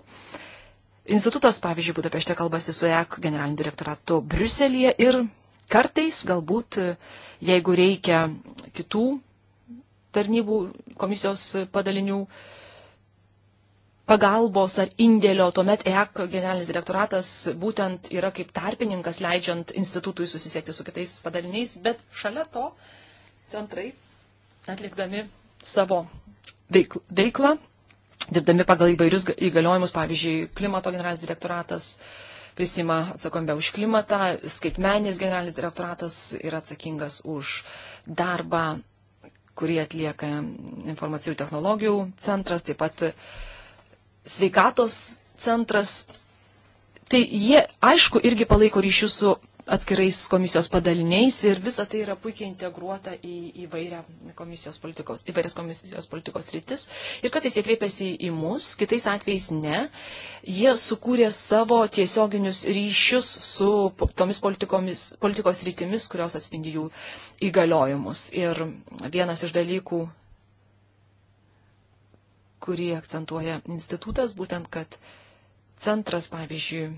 Institutas, pavyzdžiui, Budapešte kalbasi su EK generaliniu direktoratu Briuselėje ir kartais, galbūt, jeigu reikia kitų tarnybų komisijos padalinių pagalbos ar indėlio, tuomet EAK generalinis direktoratas būtent yra kaip tarpininkas, leidžiant institutui susisiekti su kitais padaliniais, bet šalia to centrai atlikdami savo veiklą dirbdami pagal įvairius įgaliojimus, pavyzdžiui, klimato generalinis direktoratas prisima atsakomybę už klimatą, skaitmenės generalinis direktoratas yra atsakingas už darbą, kurį atlieka informacijų technologijų centras, taip pat sveikatos centras. Tai jie, aišku, irgi palaiko ryšius su atskirais komisijos padaliniais ir visa tai yra puikiai integruota į įvairią komisijos politikos, įvairias komisijos politikos rytis. Ir kartais jie kreipiasi į mus, kitais atvejais ne. Jie sukūrė savo tiesioginius ryšius su tomis politikos rytimis, kurios atspindi jų įgaliojimus. Ir vienas iš dalykų kurį akcentuoja institutas, būtent, kad centras, pavyzdžiui,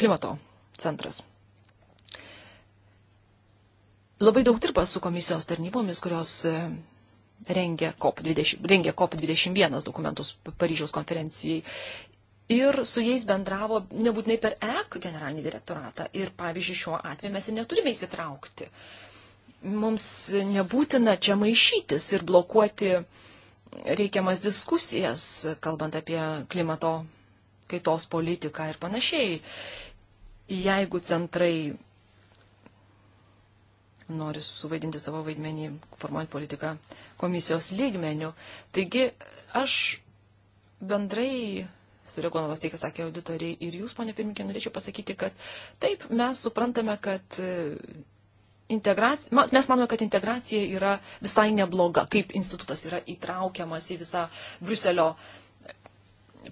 klimato centras labai daug dirba su komisijos tarnybomis, kurios rengia COP21 rengia COP dokumentus Paryžiaus konferencijai. Ir su jais bendravo nebūtinai per EK generalinį direktoratą. Ir pavyzdžiui, šiuo atveju mes ir neturime įsitraukti. Mums nebūtina čia maišytis ir blokuoti reikiamas diskusijas, kalbant apie klimato kaitos politiką ir panašiai. Jeigu centrai nori suvaidinti savo vaidmenį, formuojant politiką komisijos lygmenių. Taigi aš bendrai sureaguodamas tai, ką sakė auditoriai ir jūs, ponė pirmininkė, norėčiau pasakyti, kad taip, mes suprantame, kad e, integracija, mes manome, kad integracija yra visai nebloga, kaip institutas yra įtraukiamas į visą Bruselio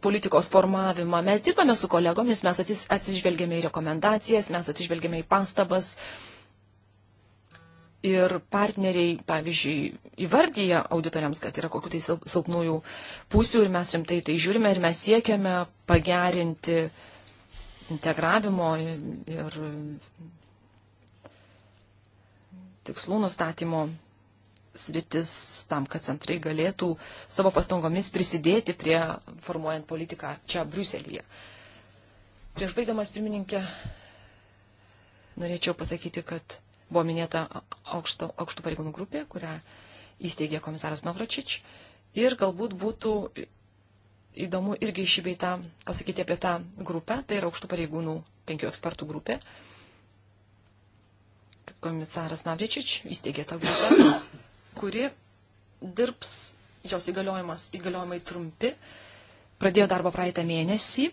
politikos formavimą. Mes dirbame su kolegomis, mes atsižvelgėme į rekomendacijas, mes atsižvelgėme į pastabas, ir partneriai, pavyzdžiui, įvardyja auditoriams, kad yra kokių tai silpnųjų pusių ir mes rimtai tai žiūrime ir mes siekiame pagerinti integravimo ir tikslų nustatymo sritis tam, kad centrai galėtų savo pastangomis prisidėti prie formuojant politiką čia Briuselėje. Prieš baigdamas pirmininkę norėčiau pasakyti, kad Buvo minėta aukšto, aukštų pareigūnų grupė, kurią įsteigė komisaras Novračič. Ir galbūt būtų įdomu irgi išibėtą pasakyti apie tą grupę. Tai yra aukštų pareigūnų penkių ekspertų grupė. Komisaras Navričič įsteigė tą grupę, kuri dirbs, jos įgaliojimai trumpi. Pradėjo darbą praeitą mėnesį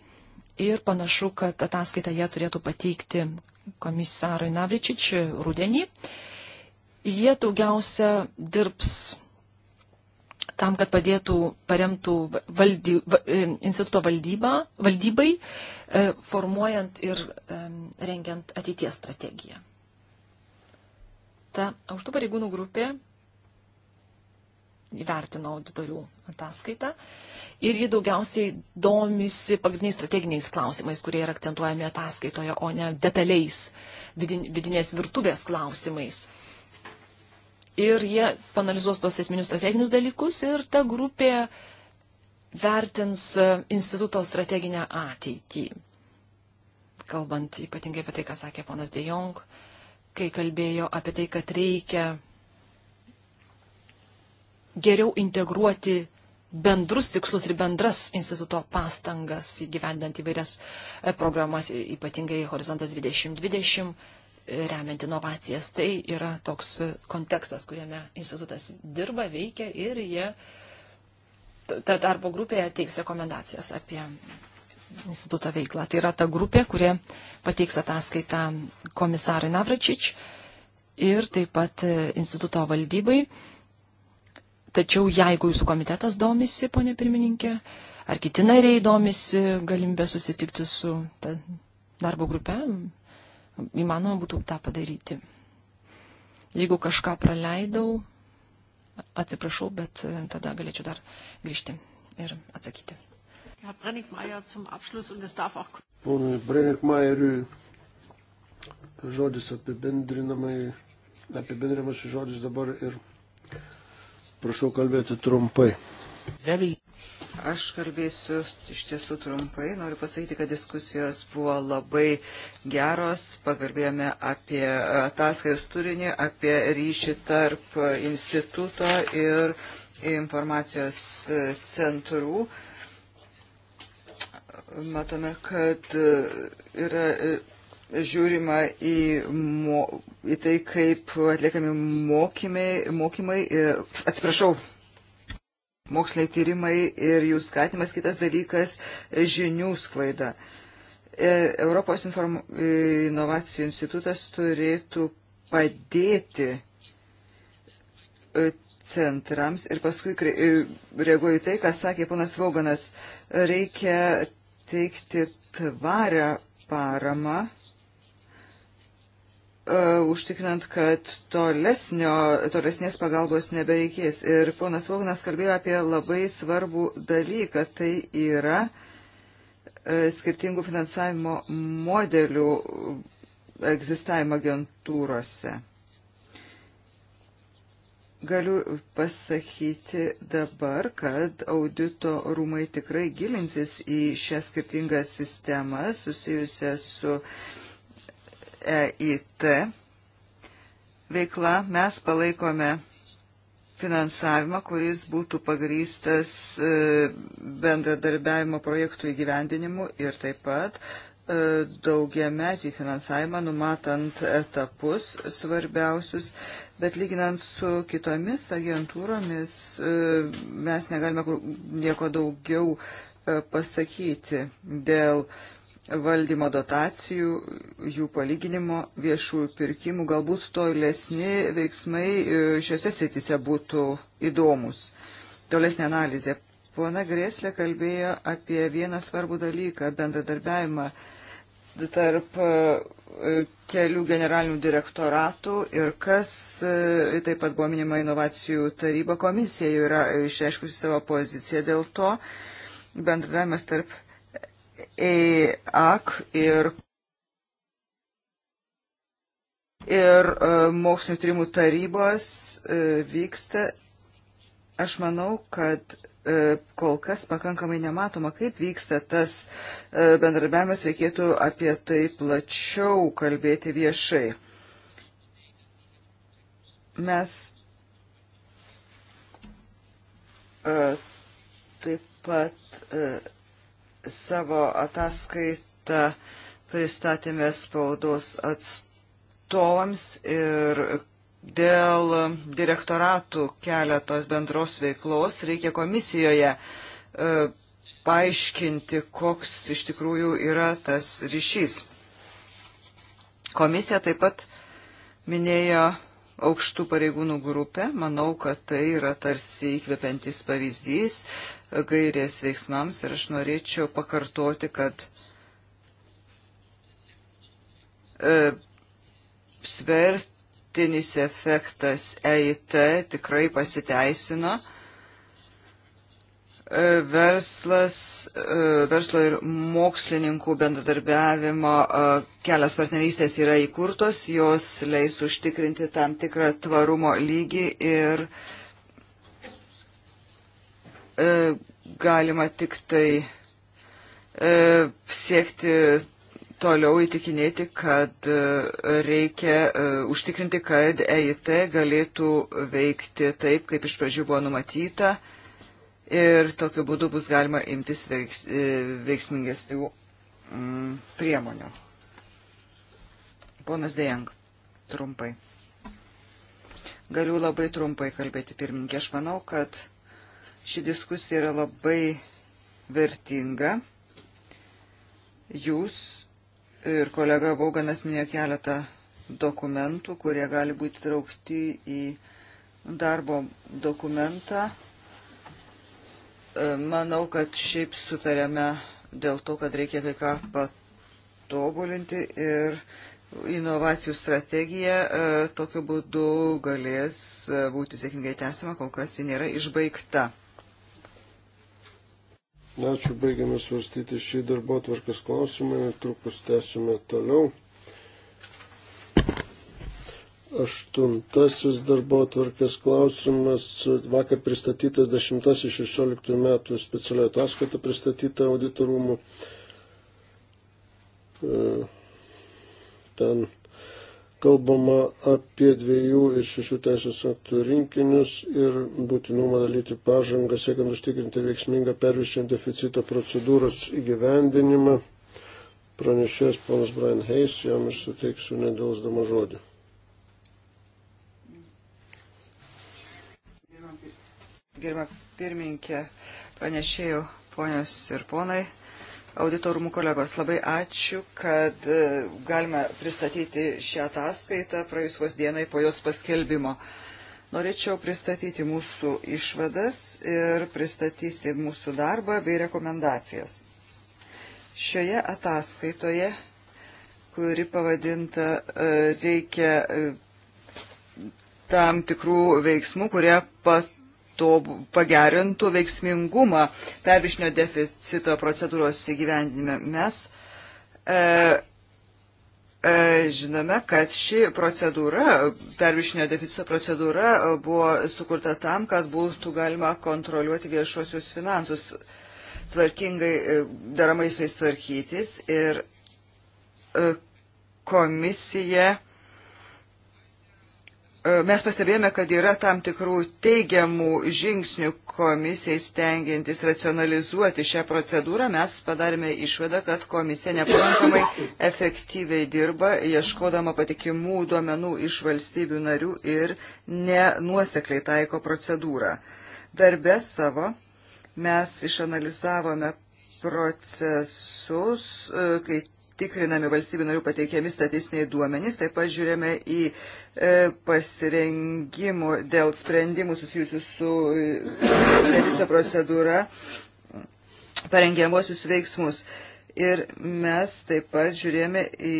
ir panašu, kad ataskaitą jie turėtų pateikti komisarui Navričič rudenį. Jie daugiausia dirbs tam, kad padėtų, paremtų valdy, e, instituto valdybą, valdybai, e, formuojant ir e, rengiant ateities strategiją. Ta aukštų pareigūnų grupė įvertino auditorių ataskaitą. Ir ji daugiausiai domisi pagrindiniais strateginiais klausimais, kurie yra akcentuojami ataskaitoje, o ne detaliais vidinės virtuvės klausimais. Ir jie panalizuos tuos esminius strateginius dalykus ir ta grupė vertins instituto strateginę ateitį. Kalbant ypatingai apie tai, ką sakė ponas Dejong, kai kalbėjo apie tai, kad reikia geriau integruoti bendrus tikslus ir bendras instituto pastangas įgyvendant įvairias e, programas, ypatingai Horizontas 2020, e, remiant inovacijas. Tai yra toks e, kontekstas, kuriame institutas dirba, veikia ir jie, ta darbo grupė teiks rekomendacijas apie instituto veiklą. Tai yra ta grupė, kurie pateiks ataskaitą komisarui Navračič ir taip pat instituto valdybai Tačiau jeigu jūsų komitetas domisi, ponė pirmininkė, ar kiti nariai domisi galimybę susitikti su ta darbo grupe, įmanoma būtų tą padaryti. Jeigu kažką praleidau, atsiprašau, bet e, tada galėčiau dar grįžti ir atsakyti. Ponui Brenikmajeriui žodis apibendrinamas žodis dabar ir Prašau kalbėti trumpai. Aš kalbėsiu iš tiesų trumpai. Noriu pasakyti, kad diskusijos buvo labai geros. Pakalbėjome apie ataskaitos turinį, apie ryšį tarp instituto ir informacijos centrų. Matome, kad yra žiūrima į, mo, į tai, kaip atliekami mokymai, mokymai e, atsiprašau, moksliniai tyrimai ir jų skatimas, kitas dalykas - žinių sklaida. E, Europos inform... E, inovacijų institutas turėtų padėti centrams ir paskui reaguoju tai, ką sakė ponas Voganas, reikia teikti tvarę paramą E, užtikrinant, kad tolesnio, tolesnės pagalbos nebereikės. Ir ponas Vognas kalbėjo apie labai svarbų dalyką, tai yra e, skirtingų finansavimo modelių egzistavimo agentūrose. Galiu pasakyti dabar, kad audito rūmai tikrai gilinsis į šią skirtingą sistemą susijusią su uh, EIT veikla mes palaikome finansavimą, kuris būtų pagrystas e, bendradarbiavimo projektų įgyvendinimu ir taip pat e, daugiametį finansavimą, numatant etapus svarbiausius, bet lyginant su kitomis agentūromis e, mes negalime nieko daugiau pasakyti dėl uh, valdymo dotacijų, jų palyginimo, viešųjų pirkimų, galbūt tolesni veiksmai e, šiuose sritise būtų įdomus. Tolesnė analizė. Pona Grėslė kalbėjo apie vieną svarbų dalyką - bendradarbiavimą tarp e, kelių generalinių direktoratų ir kas e, taip pat buvo minima inovacijų taryba komisija jau yra išreiškusi savo poziciją dėl to bendravimas tarp EAC ir, ir e, mokslinio tyrimų tarybos e, vyksta. Aš manau, kad e, kol kas pakankamai nematoma, kaip vyksta tas bendradarbiavimas, reikėtų apie tai plačiau kalbėti viešai. Mes taip pat savo ataskaitą pristatėme spaudos atstovams ir dėl direktoratų keletos bendros veiklos reikia komisijoje e, paaiškinti, koks iš tikrųjų yra tas ryšys. Komisija taip pat minėjo aukštų pareigūnų grupę. Manau, kad tai yra tarsi įkvepiantis pavyzdys gairės veiksmams ir aš norėčiau pakartoti, kad e, svertinis efektas EIT tikrai pasiteisino. E, E, verslas, e, verslo ir mokslininkų bendradarbiavimo e, kelias partnerystės yra įkurtos, jos leis užtikrinti tam tikrą tvarumo lygį ir galima tik tai siekti toliau įtikinėti, kad reikia užtikrinti, kad EIT galėtų veikti taip, kaip iš pradžių buvo numatyta ir tokiu būdu bus galima imtis veiks, e, veiksmingesnių mm, priemonių. Ponas Dejang, trumpai. Galiu labai trumpai kalbėti pirmininkė. Aš manau, kad ši diskusija yra labai vertinga. Jūs ir kolega Vauganas minėjo keletą dokumentų, kurie gali būti traukti į darbo dokumentą Manau, kad šiaip sutarėme dėl to, kad reikia kai ką patobulinti ir inovacijų strategija e, tokiu būdu galės e, būti sėkmingai tęsiama, kol kas ji nėra išbaigta. Ačiū, baigiame svarstyti šį darbo tvarkės klausimą ir trukus tęsime toliau. Aštuntasis darbo tvarkės klausimas. Vakar pristatytas 10-16 metų specialioje ataskaita pristatyta auditorumų. E, ten kalbama apie dviejų ir šešių teisės aktų rinkinius ir būtinumą dalyti pažangą, siekiant užtikrinti veiksmingą pervišinio deficito procedūros įgyvendinimą. Pranešės ponas Brian Hayes, jam ir suteiksiu nedėlsdama žodį. Gerima pirmininkė, pranešėjų, ponios ir ponai, auditorumų kolegos, labai ačiū, kad e, galime pristatyti šią ataskaitą praėjus vos dienai po jos paskelbimo. Norėčiau pristatyti mūsų išvadas ir pristatysi mūsų darbą bei rekomendacijas. Šioje ataskaitoje, kuri pavadinta e, reikia e, tam tikrų veiksmų, kurie pat to pagerintų veiksmingumą pervišnio deficito procedūros įgyvendinime. Mes e, e, žinome, kad ši procedūra, pervišnio deficito procedūra buvo sukurta tam, kad būtų galima kontroliuoti viešuosius finansus, tvarkingai, e, deramai su jais tvarkytis ir e, komisija E, mes pastebėjome, kad yra tam tikrų teigiamų žingsnių komisijai stengiantis racionalizuoti šią procedūrą. Mes padarėme išvadą, kad komisija nepakankamai efektyviai dirba, ieškodama patikimų duomenų iš valstybių narių ir nenuosekliai taiko procedūrą. Darbę savo mes išanalizavome procesus, e, kai tikrinami valstybių narių pateikiami statistiniai duomenys, taip pat žiūrėjome į e, pasirengimų dėl sprendimų susijusių su kredicio procedūra parengiamuosius veiksmus. Ir mes taip pat žiūrėjome į.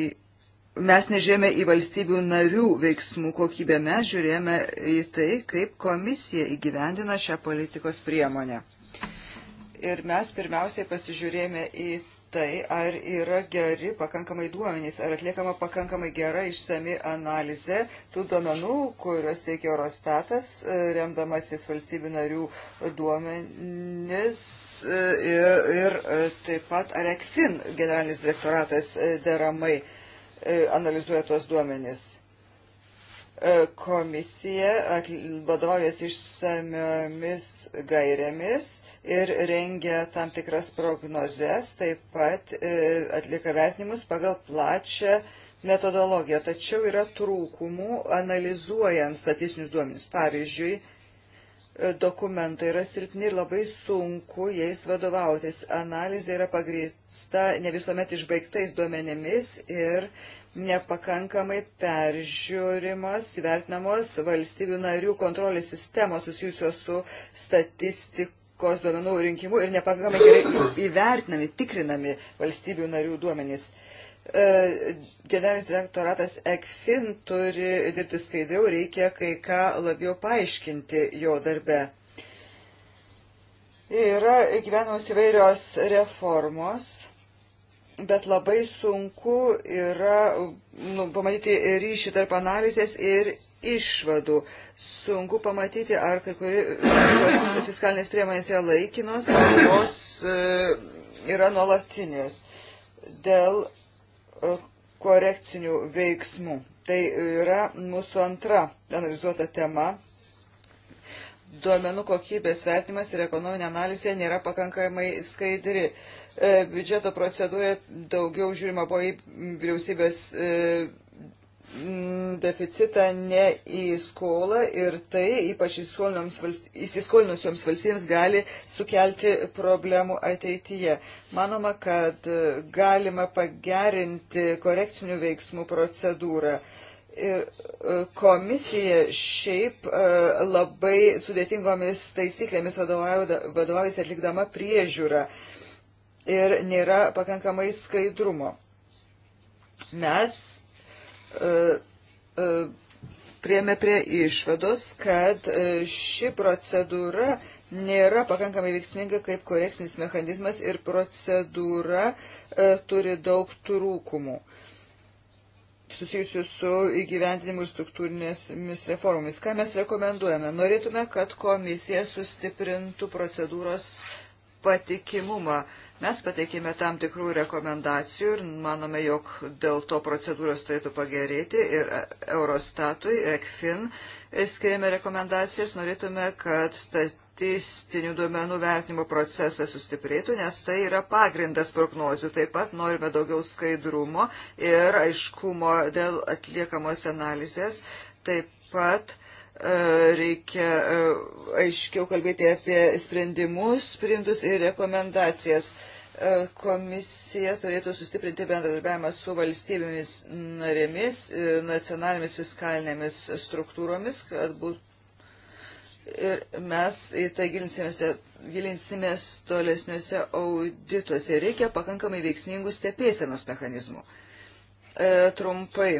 Mes nežiūrėjome į valstybių narių veiksmų kokybę, mes žiūrėjome į tai, kaip komisija įgyvendina šią politikos priemonę. Ir mes pirmiausiai pasižiūrėjome į tai, ar yra geri pakankamai duomenys, ar atliekama pakankamai gera išsami analizė tų duomenų, kuriuos teikia Eurostatas, e, remdamasis valstybių narių duomenys e, ir, ir e, taip pat ar ECFIN generalinis direktoratas deramai analizuoja tuos duomenys. E, komisija vadovaujasi išsamiomis gairėmis ir rengia tam tikras prognozes, taip pat e, atlieka vertinimus pagal plačią metodologiją. Tačiau yra trūkumų analizuojant statistinius duomenis. Pavyzdžiui, e, dokumentai yra silpni ir labai sunku jais vadovautis. Analizė yra pagrįsta ne visuomet išbaigtais duomenimis ir nepakankamai peržiūrimos, vertinamos valstybių narių kontrolės sistemos susijusios su statistikos duomenų rinkimu ir nepakankamai gerai įvertinami, tikrinami valstybių narių duomenys. E, generalinis direktoratas ECFIN turi dirbti skaidriau, reikia kai ką labiau paaiškinti jo darbe. Yra gyvenamos įvairios reformos bet labai sunku yra nu, pamatyti ryšį tarp analizės ir išvadų. Sunku pamatyti, ar kai kurios fiskalinės priemonės yra laikinos, ar jos e, yra nuolatinės dėl e, korekcinių veiksmų. Tai yra mūsų antra analizuota tema duomenų kokybės vertimas ir ekonominė analizė nėra pakankamai skaidri. E, biudžeto procedūroje daugiau žiūrima buvo į vyriausybės e, deficitą, ne į skolą ir tai ypač įsiskolinusioms valstybėms gali sukelti problemų ateityje. Manoma, kad e, galima pagerinti korekcinių veiksmų procedūrą. Ir komisija šiaip labai sudėtingomis taisyklėmis vadovaujasi atlikdama priežiūrą. Uh, ir nėra pakankamai skaidrumo. Mes uh, e, uh, e, prieme prie išvados, kad uh, ši procedūra nėra pakankamai veiksminga kaip korekcinis mechanizmas ir procedūra uh, turi daug trūkumų susijusių su įgyventinimu struktūrinėmis reformomis. Ką mes rekomenduojame? Norėtume, kad komisija sustiprintų procedūros patikimumą. Uh, Mes pateikėme tam tikrų rekomendacijų ir manome, jog dėl to procedūros turėtų pagerėti ir Eurostatui, ECFIN skiriame rekomendacijas, norėtume, kad statistinių duomenų vertinimo procesas sustiprėtų, nes tai yra pagrindas prognozių. Taip pat norime daugiau skaidrumo ir aiškumo dėl atliekamos analizės. Taip pat E, reikia e, aiškiau kalbėti apie sprendimus priimtus ir rekomendacijas. E, komisija turėtų sustiprinti bendradarbiavimą su valstybėmis narėmis, nacionalinėmis fiskalinėmis struktūromis, kad būtų. Ir mes į tai gilinsimės tolesniuose audituose. Reikia pakankamai veiksmingų stebėsenos mechanizmų. E, trumpai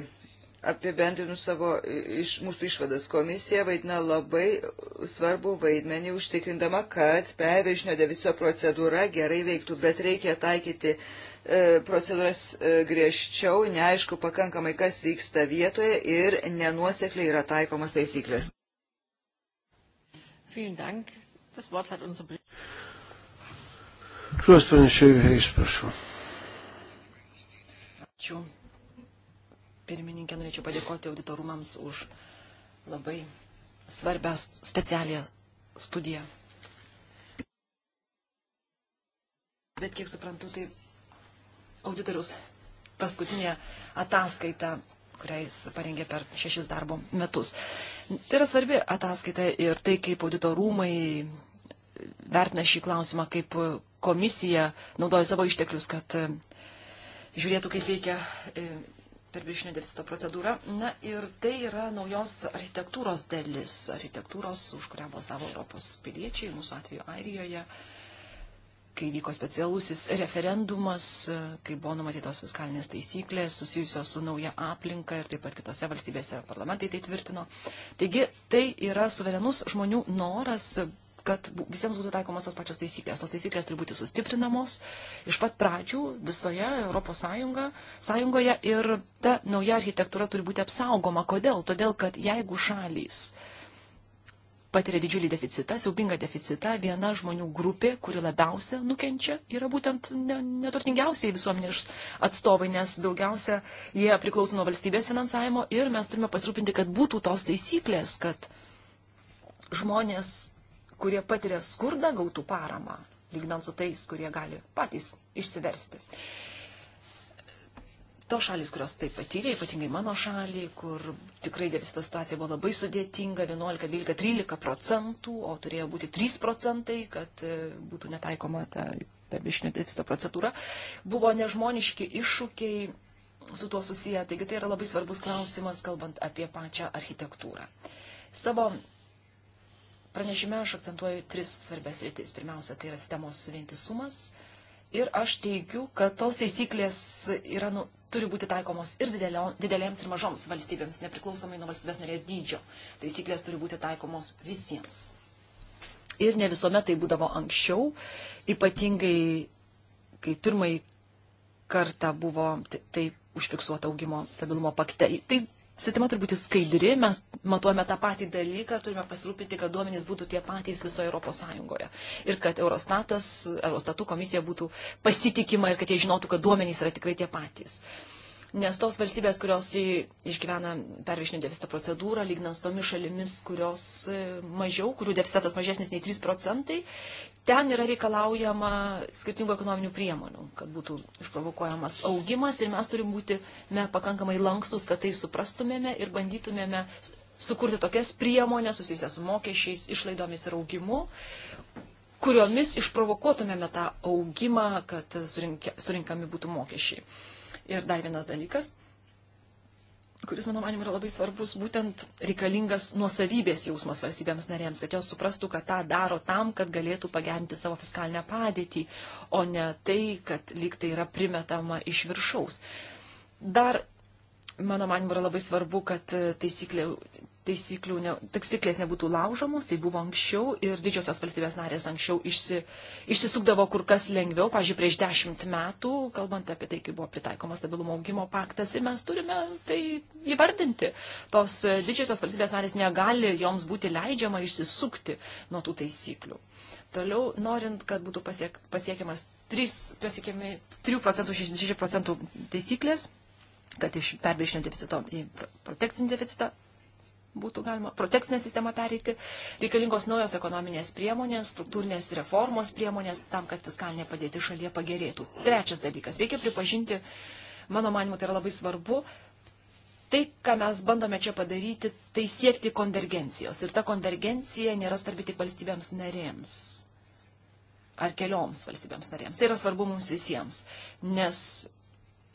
apibendrinu savo iš mūsų išvadas. Komisija vaidina labai svarbu vaidmenį užtikrindama, kad pervežinio deviso procedūra gerai veiktų, bet reikia taikyti e, procedūras e, griežčiau, neaišku pakankamai, kas vyksta vietoje ir nenuosekliai yra taikomas taisyklės. Šios pranešėjų eis, prašau. Ačiū pirmininkė, norėčiau padėkoti auditorumams už labai svarbę specialią studiją. Bet kiek suprantu, tai auditorius paskutinė ataskaita, kurią jis parengė per šešis darbo metus. Tai yra svarbi ataskaita ir tai, kaip auditorumai vertina šį klausimą, kaip komisija naudoja savo išteklius, kad žiūrėtų, kaip veikia e, per viršinio deficito procedūrą. Na ir tai yra naujos architektūros dalis, architektūros, už kurią balsavo Europos piliečiai, mūsų atveju Airijoje, kai vyko specialusis referendumas, kai buvo numatytos fiskalinės taisyklės susijusios su nauja aplinka ir taip pat kitose valstybėse parlamentai tai tvirtino. Taigi tai yra suverenus žmonių noras kad visiems būtų taikomos tos pačios taisyklės. Tos taisyklės turi būti sustiprinamos iš pat pradžių visoje Europos Sąjunga, Sąjungoje ir ta nauja architektūra turi būti apsaugoma. Kodėl? Todėl, kad jeigu šalys patiria didžiulį deficitą, siaubingą deficitą, viena žmonių grupė, kuri labiausia nukenčia, yra būtent neturtingiausiai visuomenės atstovai, nes daugiausia jie priklauso nuo valstybės finansavimo ir mes turime pasirūpinti, kad būtų tos taisyklės, kad žmonės kurie patiria skurdą, gautų paramą, lygnant su tais, kurie gali patys išsiversti. To šalis, kurios tai patyrė, ypatingai mano šalį, kur tikrai deficito situacija buvo labai sudėtinga, 11, 12, 13 procentų, o turėjo būti 3 procentai, kad e, būtų netaikoma ta bebišinio deficito procedūra, buvo nežmoniški iššūkiai su tuo susiję. Taigi tai yra labai svarbus klausimas, kalbant apie pačią architektūrą. Savo Pranešime aš akcentuoju tris svarbės rytis. Pirmiausia, tai yra sistemos vientisumas. Ir aš teigiu, kad tos taisyklės yra, nu, turi būti taikomos ir didelio, didelėms, ir mažoms valstybėms, nepriklausomai nuo valstybės narės dydžio. Taisyklės turi būti taikomos visiems. Ir ne visuomet tai būdavo anksčiau, ypatingai kai pirmąjį kartą buvo tai užfiksuota augimo stabilumo pakte. Tai Sistema turi būti skaidri, mes matuojame tą patį dalyką, turime pasirūpinti, kad duomenys būtų tie patys visoje Europos Sąjungoje. Ir kad Eurostatas, Eurostatų komisija būtų pasitikima ir kad jie žinotų, kad duomenys yra tikrai tie patys. Uh, Nes tos valstybės, kurios išgyvena pervišinio deficito procedūrą, lygnant su tomis šalimis, kurios e, mažiau, kurių deficitas mažesnis nei 3 procentai, ten yra reikalaujama skirtingų ekonominių priemonių, kad būtų išprovokuojamas augimas ir mes turim būti me, pakankamai lankstus, kad tai suprastumėme ir bandytumėme sukurti tokias priemonės susijusias su mokesčiais, išlaidomis ir augimu, kuriomis išprovokuotumėme tą augimą, kad surink, surinkami būtų mokesčiai. Ir dar vienas dalykas, kuris, mano manimu, yra labai svarbus, būtent reikalingas nuosavybės jausmas valstybėms narėms, kad jos suprastų, kad tą daro tam, kad galėtų pagerinti savo fiskalinę padėtį, o ne tai, kad lyg tai yra primetama iš viršaus. Dar Mano manimu yra labai svarbu, kad e, taisyklė, ne, taisyklės nebūtų laužomos, tai buvo anksčiau ir didžiosios valstybės narės anksčiau išsi, išsisukdavo kur kas lengviau, pažiūrėjau, prieš dešimt metų, kalbant apie tai, kaip buvo pritaikomas stabilumo augimo paktas ir mes turime tai įvardinti. Tos e, didžiosios valstybės narės negali joms būti leidžiama išsisukti nuo tų taisyklių. Toliau, norint, kad būtų pasiek, pasiekiamas 3, pasiekiami 3 procentų, 6 procentų taisyklės, kad iš perviršinio deficito į protekcinį deficitą būtų galima protekcinę sistemą pereiti, reikalingos naujos ekonominės priemonės, struktūrinės reformos priemonės tam, kad fiskalinė padėti šalyje pagerėtų. Trečias dalykas, reikia pripažinti, mano manimu, tai yra labai svarbu, tai, ką mes bandome čia padaryti, tai siekti konvergencijos. Ir ta konvergencija nėra svarbi tik valstybėms narėms ar kelioms valstybėms narėms. Tai yra svarbu mums visiems, nes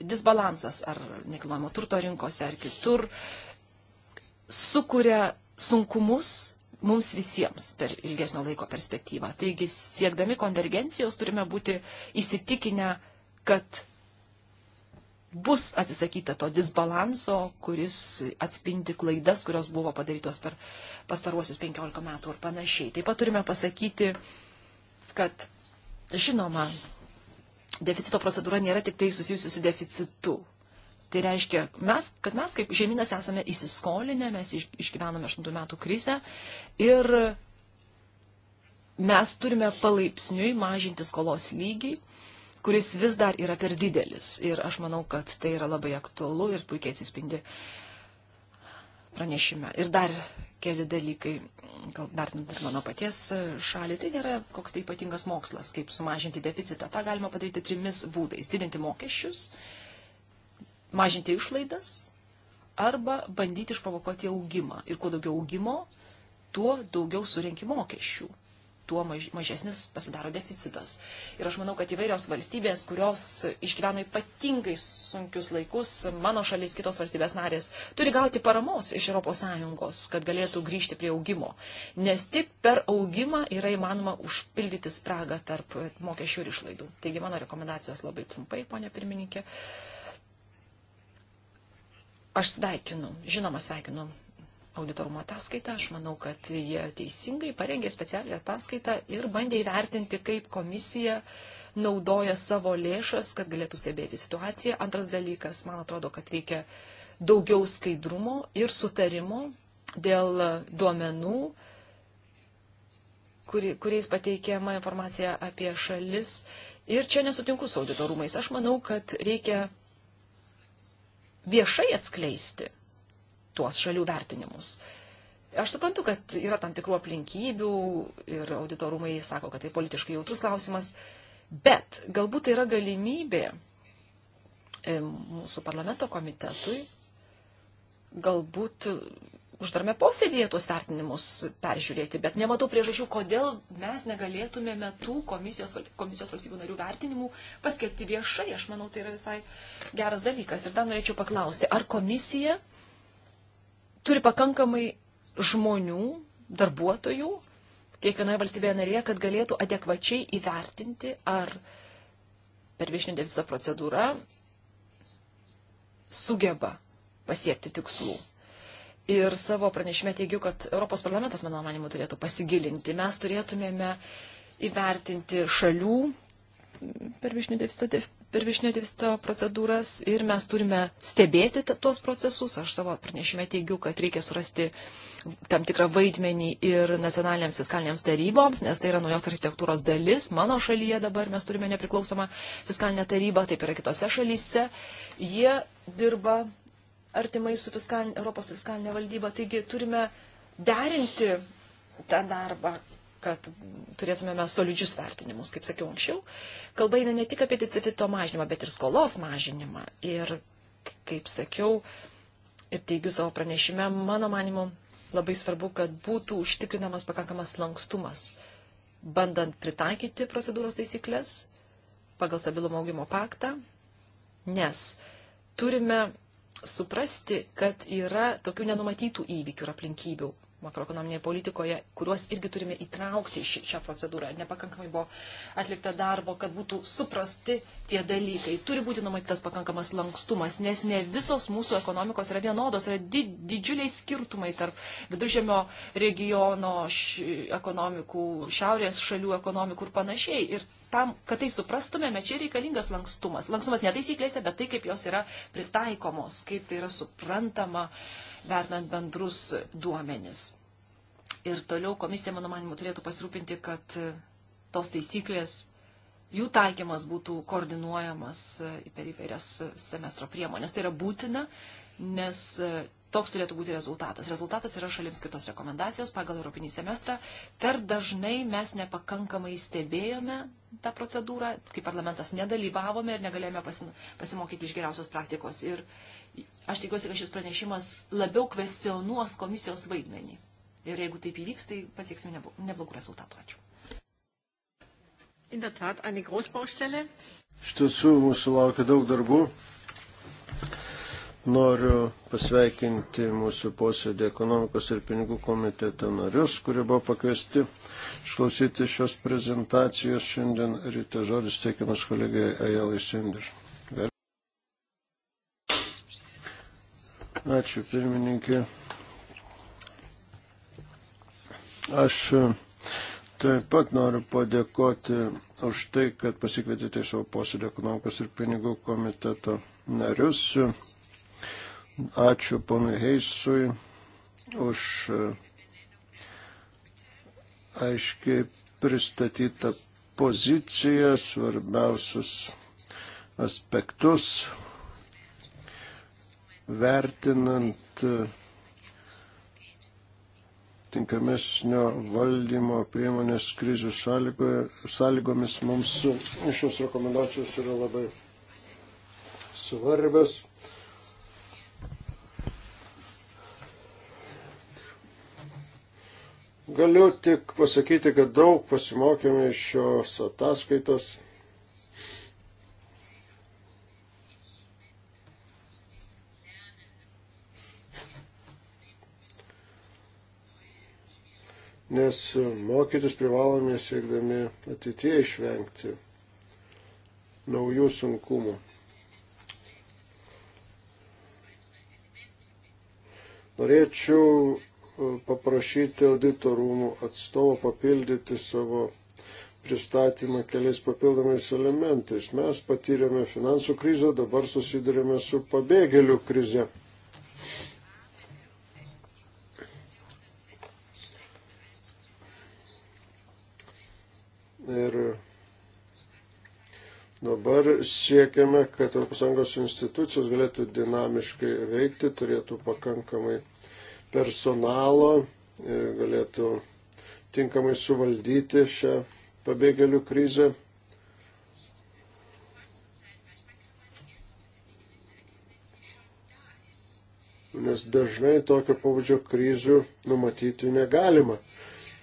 disbalansas ar nekilnojamo turto rinkose ar kitur sukuria sunkumus mums visiems per ilgesnio laiko perspektyvą. Taigi, siekdami konvergencijos turime būti įsitikinę, kad bus atsisakyta to disbalanso, kuris atspindi klaidas, kurios buvo padarytos per pastaruosius 15 metų ir panašiai. Taip pat turime pasakyti, kad žinoma, deficito procedūra nėra tik tai susijusi su deficitu. Tai reiškia, mes, kad mes kaip žemynas esame įsiskolinę, mes išgyvenome 8 metų krizę ir mes turime palaipsniui mažinti skolos lygį, kuris vis dar yra per didelis. Ir aš manau, kad tai yra labai aktualu ir puikiai atsispindi pranešime. Ir dar keli dalykai, gal vertinant ir mano paties šalį, tai nėra koks tai ypatingas mokslas, kaip sumažinti deficitą. Ta galima padaryti trimis būdais - didinti mokesčius, mažinti išlaidas arba bandyti išprovokuoti augimą. Ir kuo daugiau augimo, tuo daugiau surinki mokesčių tuo mažesnis pasidaro deficitas. Ir aš manau, kad įvairios valstybės, kurios išgyveno ypatingai sunkius laikus, mano šalis, kitos valstybės narės, turi gauti paramos iš ES, kad galėtų grįžti prie augimo. Nes tik per augimą yra įmanoma užpildyti spragą tarp mokesčių ir išlaidų. Taigi mano rekomendacijos labai trumpai, ponė pirmininkė. Aš sveikinu, žinoma sveikinu auditorumo ataskaitą. Aš manau, kad jie teisingai parengė specialią ataskaitą ir bandė įvertinti, kaip komisija naudoja savo lėšas, kad galėtų stebėti situaciją. Antras dalykas, man atrodo, kad reikia daugiau skaidrumo ir sutarimo dėl duomenų, kuri, kuriais pateikiama informacija apie šalis. Ir čia nesutinku su auditorumais. Aš manau, kad reikia viešai atskleisti tuos šalių vertinimus. Aš suprantu, kad yra tam tikrų aplinkybių ir auditorumai sako, kad tai politiškai jautrus klausimas, bet galbūt tai yra galimybė e, mūsų parlamento komitetui galbūt uždarme posėdėje tuos vertinimus peržiūrėti, bet nematau priežasčių, kodėl mes negalėtumėme tų komisijos, komisijos valstybių narių vertinimų paskelbti viešai. Aš manau, tai yra visai geras dalykas. Ir dar norėčiau paklausti, ar komisija turi pakankamai žmonių, darbuotojų kiekvienoje valstybėje narėje, kad galėtų adekvačiai įvertinti, ar per viešinio deficito procedūrą sugeba pasiekti tikslų. Ir savo pranešime teigiu, kad Europos parlamentas, mano manimu, turėtų pasigilinti. Mes turėtumėme įvertinti šalių per viešinio deficito per višnėtivistą procedūras ir mes turime stebėti tuos procesus. Aš savo pranešime teigiu, kad reikia surasti tam tikrą vaidmenį ir nacionaliniams fiskalinėms taryboms, nes tai yra naujos architektūros dalis. Mano šalyje dabar mes turime nepriklausomą fiskalinę tarybą, taip yra kitose šalyse. Jie dirba artimai su fiskalinė, Europos fiskalinė valdyba, taigi turime derinti tą darbą, kad turėtumėme solidžius vertinimus, kaip sakiau anksčiau. Kalba eina ne tik apie deficito mažinimą, bet ir skolos mažinimą. Ir, kaip sakiau, ir teigiu savo pranešime, mano manimu, labai svarbu, kad būtų užtikrinamas pakankamas lankstumas, bandant pritaikyti procedūros taisyklės pagal stabilumo augimo paktą, nes turime suprasti, kad yra tokių nenumatytų įvykių ir aplinkybių, makroekonominėje politikoje, kuriuos irgi turime įtraukti į šį, šią procedūrą. Nepakankamai buvo atlikta darbo, kad būtų suprasti tie dalykai. Turi būti numatytas pakankamas lankstumas, nes ne visos mūsų ekonomikos yra vienodos, yra di didžiuliai skirtumai tarp viduržėmio regiono š, ekonomikų, šiaurės šalių ekonomikų ir panašiai. Ir tam, kad tai suprastumėme, čia reikalingas lankstumas. Lankstumas ne taisyklėse, bet tai, kaip jos yra pritaikomos, kaip tai yra suprantama. Uh, vertinant bendrus duomenis. Ir toliau komisija, mano manimu, turėtų pasirūpinti, kad tos taisyklės, jų taikymas būtų koordinuojamas e, per įvairias semestro priemonės. Tai yra būtina, nes e, toks turėtų būti rezultatas. Rezultatas yra šalims skirtos rekomendacijos pagal Europinį semestrą. Per dažnai mes nepakankamai stebėjome tą procedūrą, kai parlamentas nedalyvavome ir negalėjome pasimokyti iš geriausios praktikos. Ir Aš tikiuosi, kad šis pranešimas labiau kvestionuos komisijos vaidmenį. Ir jeigu taip įvyks, tai pasieksime neblogų rezultatų. Ačiū. In der Tat, eine Großbaustelle. Iš tiesų, mūsų laukia daug darbų. Noriu pasveikinti mūsų posėdį ekonomikos ir pinigų komiteto narius, kurie buvo pakviesti išklausyti šios prezentacijos. Šiandien ryte žodis teikiamas kolegijai Ajalai Sender. Ačiū pirmininkė. Aš e, taip pat noriu padėkoti už tai, kad pasikvietėte į savo posėdį ekonomikos ir pinigų komiteto narius. Ačiū ponui Heisui už e, aiškiai pristatytą poziciją, svarbiausius aspektus vertinant tinkamesnio valdymo priemonės krizių sąlygomis mums šios rekomendacijos yra labai svarbios. Galiu tik pasakyti, kad daug pasimokėme iš šios ataskaitos. nes mokytis privalome siekdami ateitie išvengti naujų sunkumų. Norėčiau e, paprašyti auditorumų atstovo papildyti savo pristatymą keliais papildomais elementais. Mes patyrėme finansų krizę, dabar susidurėme su pabėgėlių krize. Ir dabar siekiame, kad ES institucijos galėtų dinamiškai veikti, turėtų pakankamai personalo, e, galėtų tinkamai suvaldyti šią pabėgėlių krizę. Nes dažnai tokio pavadžio krizių numatyti negalima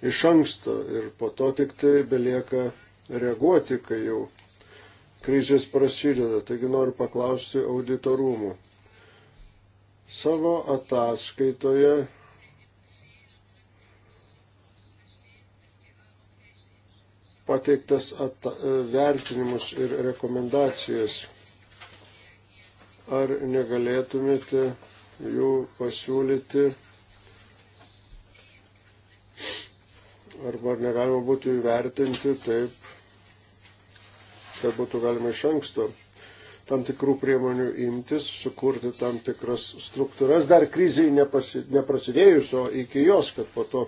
iš anksto ir po to tik tai belieka reaguoti, kai jau krizės prasideda. Taigi noriu paklausti auditorumų. Savo ataskaitoje pateiktas ata vertinimus ir rekomendacijas. Ar negalėtumėte jų pasiūlyti arba ar negalima būtų įvertinti taip, kad būtų galima iš anksto tam tikrų priemonių imtis, sukurti tam tikras struktūras, dar kriziai nepasi, neprasidėjus, o iki jos, kad po to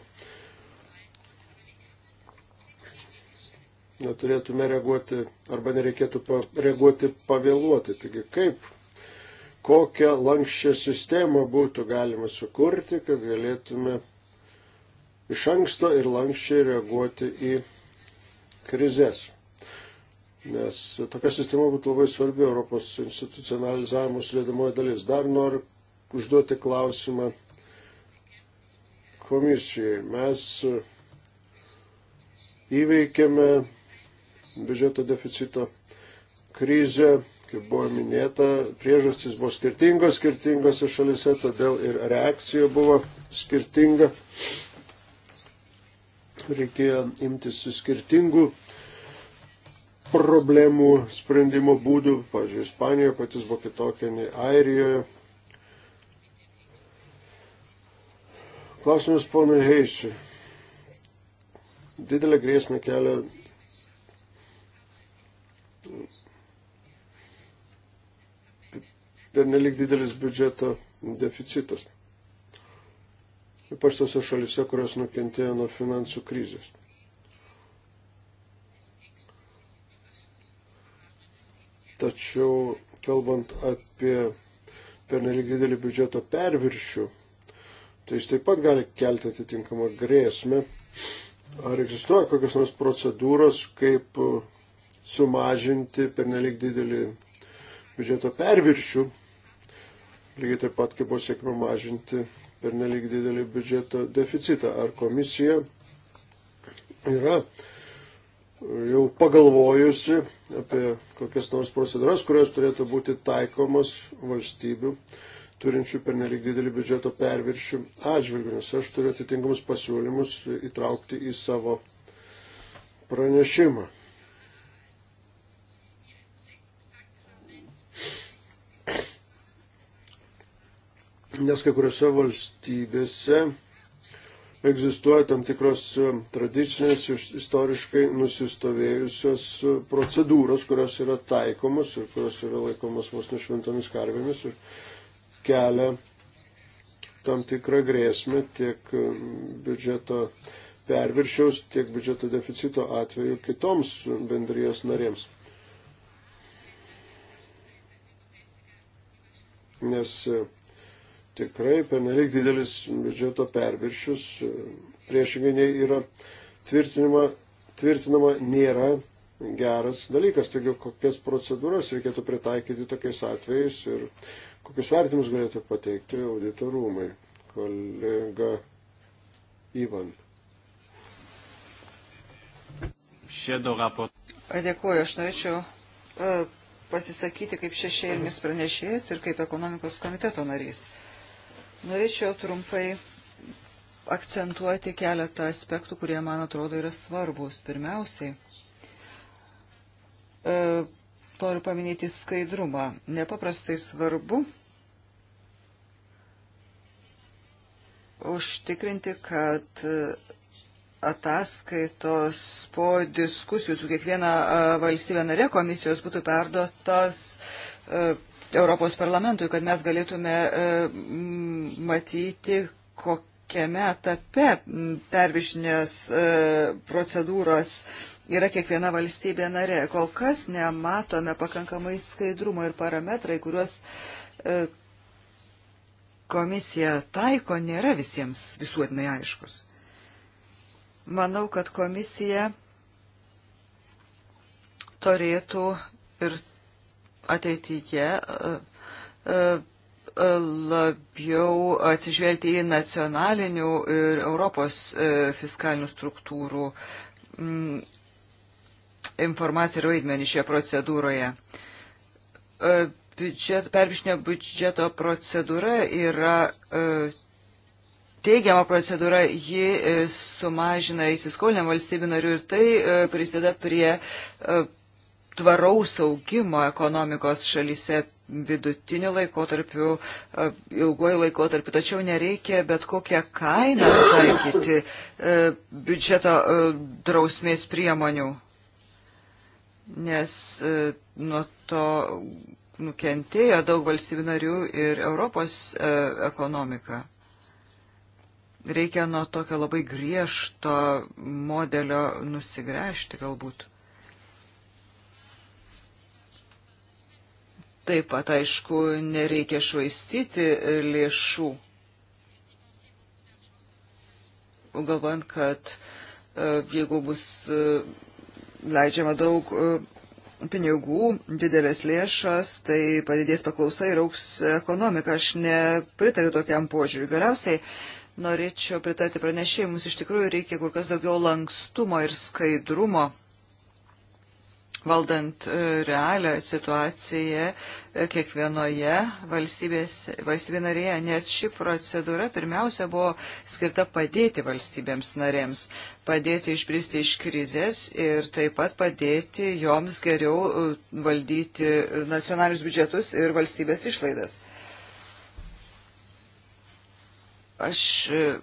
neturėtume reaguoti arba nereikėtų pa, reaguoti pavėluoti. Taigi kaip, kokią lankščią sistemą būtų galima sukurti, kad galėtume iš anksto ir lankščiai reaguoti į krizės. Nes tokia sistema būtų labai svarbi Europos institucionalizavimo sudėdamoji dalis. Dar noriu užduoti klausimą komisijai. Mes įveikėme biudžeto deficito krizę, kaip buvo minėta, priežastys buvo skirtingos skirtingose šalise, todėl ir reakcija buvo skirtinga reikėjo imtis skirtingų problemų sprendimo būdų, pavyzdžiui, Ispanijoje patys buvo kitokie nei Airijoje. Klausimas ponui Heisiui. Didelę grėsmę kelia per nelik didelis biudžeto deficitas ypač tose šalise, kurios nukentėjo nuo finansų krizės. Tačiau, kalbant apie pernelyg didelį biudžeto perviršių, tai jis taip pat gali kelti atitinkamą grėsmę. Ar egzistuoja kokios nors procedūros, kaip sumažinti pernelyg didelį biudžeto perviršių, lygiai taip pat kaip buvo sėkmė mažinti per nelik didelį biudžeto deficitą. Ar komisija yra jau pagalvojusi apie kokias nors procedūras, kurios turėtų būti taikomos valstybių turinčių pernelik didelį biudžeto perviršių atžvilgių, nes aš turiu atitinkamus pasiūlymus įtraukti į savo pranešimą. nes kai kuriuose valstybėse egzistuoja tam tikros e, tradicinės, istoriškai nusistovėjusios e, procedūros, kurios yra taikomos ir kurios yra laikomos mūsų nešventomis karvėmis ir kelia tam tikrą grėsmę tiek e, biudžeto perviršiaus, tiek biudžeto deficito atveju kitoms bendrijos narėms. Nes tikrai pernelyg didelis biudžeto perviršius, e, priešingai nei yra tvirtinama, tvirtinama nėra geras dalykas. Taigi, kokias procedūras reikėtų pritaikyti tokiais atvejais ir kokius vertimus galėtų pateikti auditorumai. Kolega Ivan. Dėkuoju, aš norėčiau e, pasisakyti kaip šešėlinis pranešėjas ir kaip ekonomikos komiteto narys. Norėčiau trumpai akcentuoti keletą aspektų, kurie, man atrodo, yra svarbus. Pirmiausiai, e, noriu paminėti skaidrumą. Nepaprastai svarbu užtikrinti, kad ataskaitos po diskusijų su kiekviena e, valstybė nare komisijos būtų perduotos e, Europos parlamentui, kad mes galėtume e, matyti, kokiame etape pervišnės e, procedūros yra kiekviena valstybė narė. Kol kas nematome pakankamai skaidrumo ir parametrai, kuriuos e, komisija taiko, nėra visiems visuotinai aiškus. Manau, kad komisija turėtų ir ateityje e, e, labiau atsižvelgti į nacionalinių ir Europos e, fiskalinių struktūrų mm, informaciją ir vaidmenį šioje procedūroje. Biudžet, pervišnio biudžeto procedūra yra teigiama procedūra, ji sumažina įsiskolinę valstybių narių ir tai prisideda prie tvaraus augimo ekonomikos šalyse vidutiniu laikotarpiu, e, ilguoju laikotarpiu, tačiau nereikia bet kokią kainą taikyti e, biudžeto e, drausmės priemonių, nes nuo to nukentėjo daug valstybių narių ir Europos ekonomika. Reikia nuo tokio labai griežto modelio nusigręžti galbūt. Taip pat, aišku, nereikia švaistyti lėšų, galvant, kad e, jeigu bus e, leidžiama daug e, pinigų, didelės lėšas, tai padidės paklausa ir auks ekonomika. Aš nepritariu tokiam požiūriui. Galiausiai norėčiau pritarti pranešėjimus. Iš tikrųjų reikia kur kas daugiau lankstumo ir skaidrumo valdant e, realią situaciją e, kiekvienoje valstybė narėje, nes ši procedūra pirmiausia buvo skirta padėti valstybėms narėms, padėti išbristi iš krizės ir taip pat padėti joms geriau e, valdyti nacionalinius biudžetus ir valstybės išlaidas. Aš e,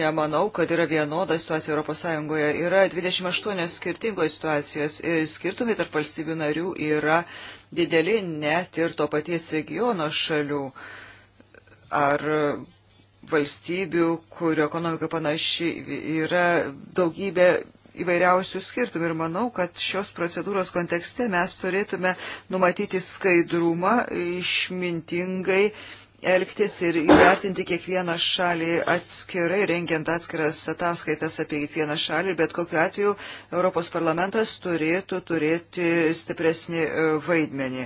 nemanau, kad yra vienoda situacija Europos Sąjungoje. Yra 28 skirtingos situacijos ir skirtumai tarp valstybių narių yra dideli net ir to paties regiono šalių ar valstybių, kurio ekonomika panaši, yra daugybė įvairiausių skirtumų ir manau, kad šios procedūros kontekste mes turėtume numatyti skaidrumą išmintingai elgtis ir įvertinti kiekvieną šalį atskirai, rengiant atskiras ataskaitas apie kiekvieną šalį, bet kokiu atveju Europos parlamentas turėtų turėti stipresnį e, vaidmenį.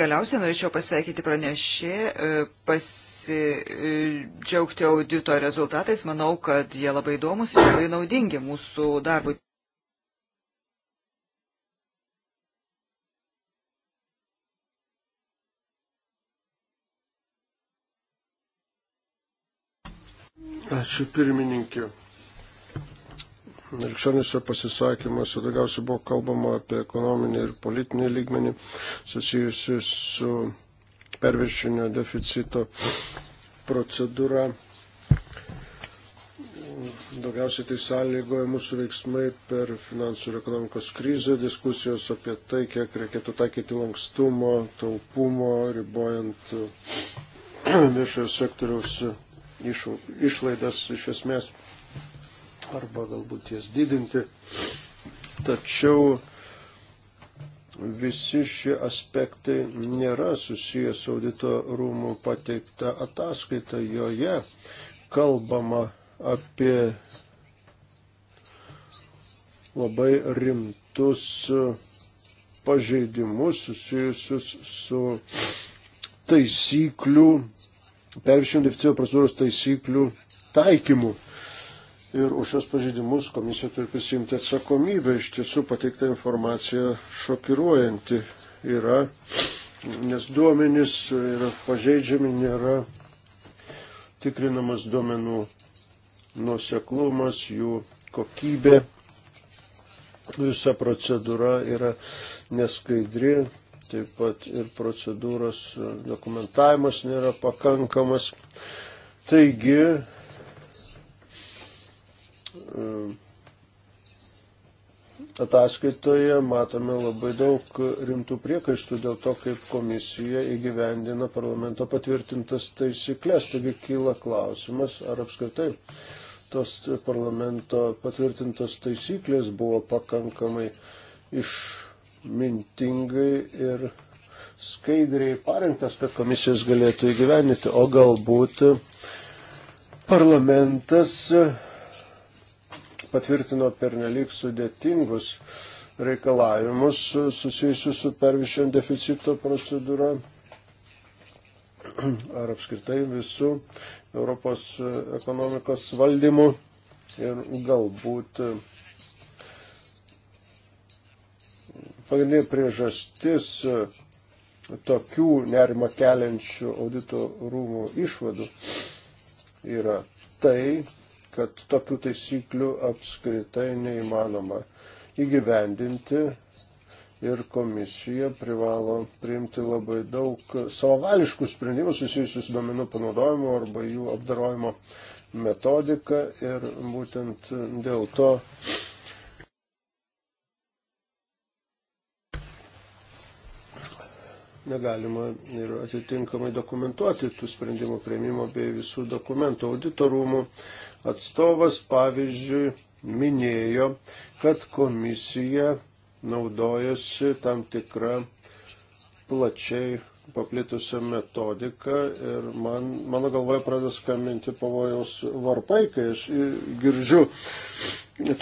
Galiausiai norėčiau pasveikinti pranešė, e, pasidžiaugti audito rezultatais. Manau, kad jie labai įdomus ir labai naudingi mūsų darbui. Ačiū pirmininkė. Likščioniuose pasisakymuose daugiausiai buvo kalbama apie ekonominį ir politinį lygmenį susijusi su perviršinio deficito procedūra. Daugiausiai tai sąlygoja mūsų veiksmai per finansų ir ekonomikos krizę, diskusijos apie tai, kiek reikėtų taikyti lankstumo, taupumo, ribojant viešojo sektoriaus iš, išlaidas iš esmės arba galbūt jas didinti. Tačiau visi šie aspektai nėra susijęs audito rūmų pateikta ataskaita. Joje kalbama apie labai rimtus pažeidimus susijusius su taisyklių perviršinių deficito procedūros taisyklių taikymu. Ir už šios pažeidimus komisija turi prisimti atsakomybę. Iš tiesų pateikta informacija šokiruojanti yra, nes duomenys yra pažeidžiami, nėra tikrinamas duomenų nuseklumas, jų kokybė. Visa procedūra yra neskaidri, taip pat ir procedūros dokumentavimas nėra pakankamas. Taigi, e, ataskaitoje matome labai daug rimtų priekaištų dėl to, kaip komisija įgyvendina parlamento patvirtintas taisyklės. Taigi kyla klausimas, ar apskritai tos parlamento patvirtintos taisyklės buvo pakankamai iš mintingai ir skaidriai parengtas, kad komisijos galėtų įgyveninti, o galbūt parlamentas patvirtino pernelyg sudėtingus reikalavimus susijusius su pervišio deficito procedūra ar apskritai visų Europos ekonomikos valdymų ir galbūt pagrindinė priežastis e, tokių nerimą keliančių audito rūmų išvadų yra tai, kad tokių taisyklių apskritai neįmanoma įgyvendinti ir komisija privalo priimti labai daug savavališkų sprendimų susijusius duomenų panaudojimu arba jų apdarojimo metodika ir būtent dėl to negalima ir atitinkamai dokumentuoti tų sprendimų prieimimo bei visų dokumentų. Auditorumų atstovas, pavyzdžiui, minėjo, kad komisija naudojasi tam tikrą plačiai paplitusią metodiką ir man, mano galvoje pradeda skambinti pavojaus varpai, kai aš girdžiu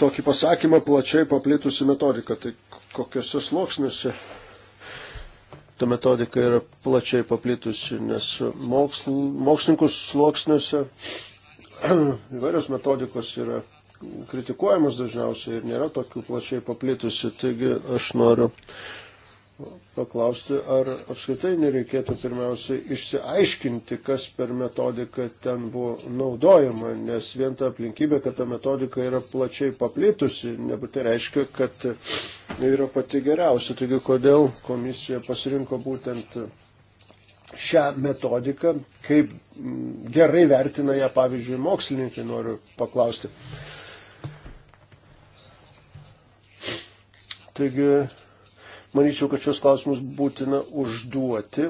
tokį pasakymą plačiai paplitusi metodika. Tai kokiuose sluoksniuose Ta metodika yra plačiai paplitusi, nes moksl, mokslininkus sluoksniuose įvairios metodikos yra kritikuojamos dažniausiai ir nėra tokių plačiai paplitusi. Taigi aš noriu paklausti, ar apskritai nereikėtų pirmiausiai išsiaiškinti, kas per metodiką ten buvo naudojama, nes vien ta aplinkybė, kad ta metodika yra plačiai paplitusi, nebūtai reiškia, kad yra pati geriausia. Taigi, kodėl komisija pasirinko būtent šią metodiką, kaip gerai vertina ją, pavyzdžiui, mokslininkai, noriu paklausti. Taigi, Manyčiau, kad šios klausimus būtina užduoti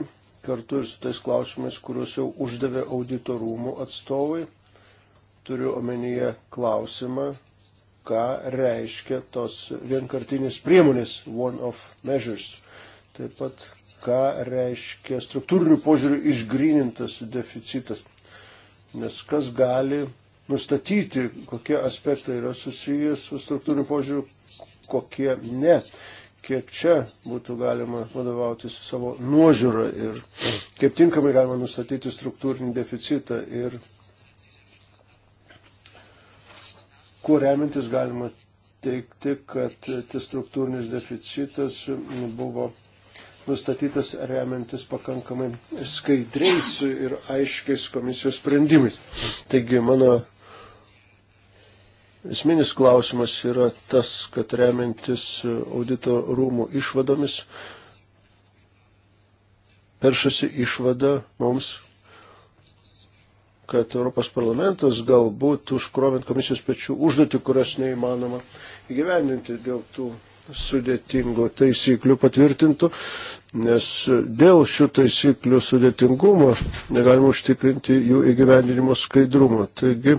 kartu ir su tais klausimais, kuriuos jau uždavė auditorumų atstovai. Turiu omenyje klausimą, ką reiškia tos vienkartinės priemonės, one-off measures. Taip pat, ką reiškia struktūrinių požiūrių išgrinintas deficitas. Nes kas gali nustatyti, kokie aspektai yra susijęs su struktūriniu požiūriu, kokie ne kiek čia būtų galima vadovautis savo nuožiūrą ir kaip tinkamai galima nustatyti struktūrinį deficitą ir kuo remintis galima teikti, kad tas struktūrinis deficitas buvo nustatytas remiantis pakankamai skaidriais ir aiškiais komisijos sprendimais. Taigi mano Esminis klausimas yra tas, kad remiantis audito rūmų išvadomis, peršasi išvada mums, kad Europos parlamentas galbūt užkrovint komisijos pečių užduotį, kurios neįmanoma įgyvendinti dėl tų sudėtingų taisyklių patvirtintų, nes dėl šių taisyklių sudėtingumo negalima užtikrinti jų įgyvendinimo skaidrumo. Taigi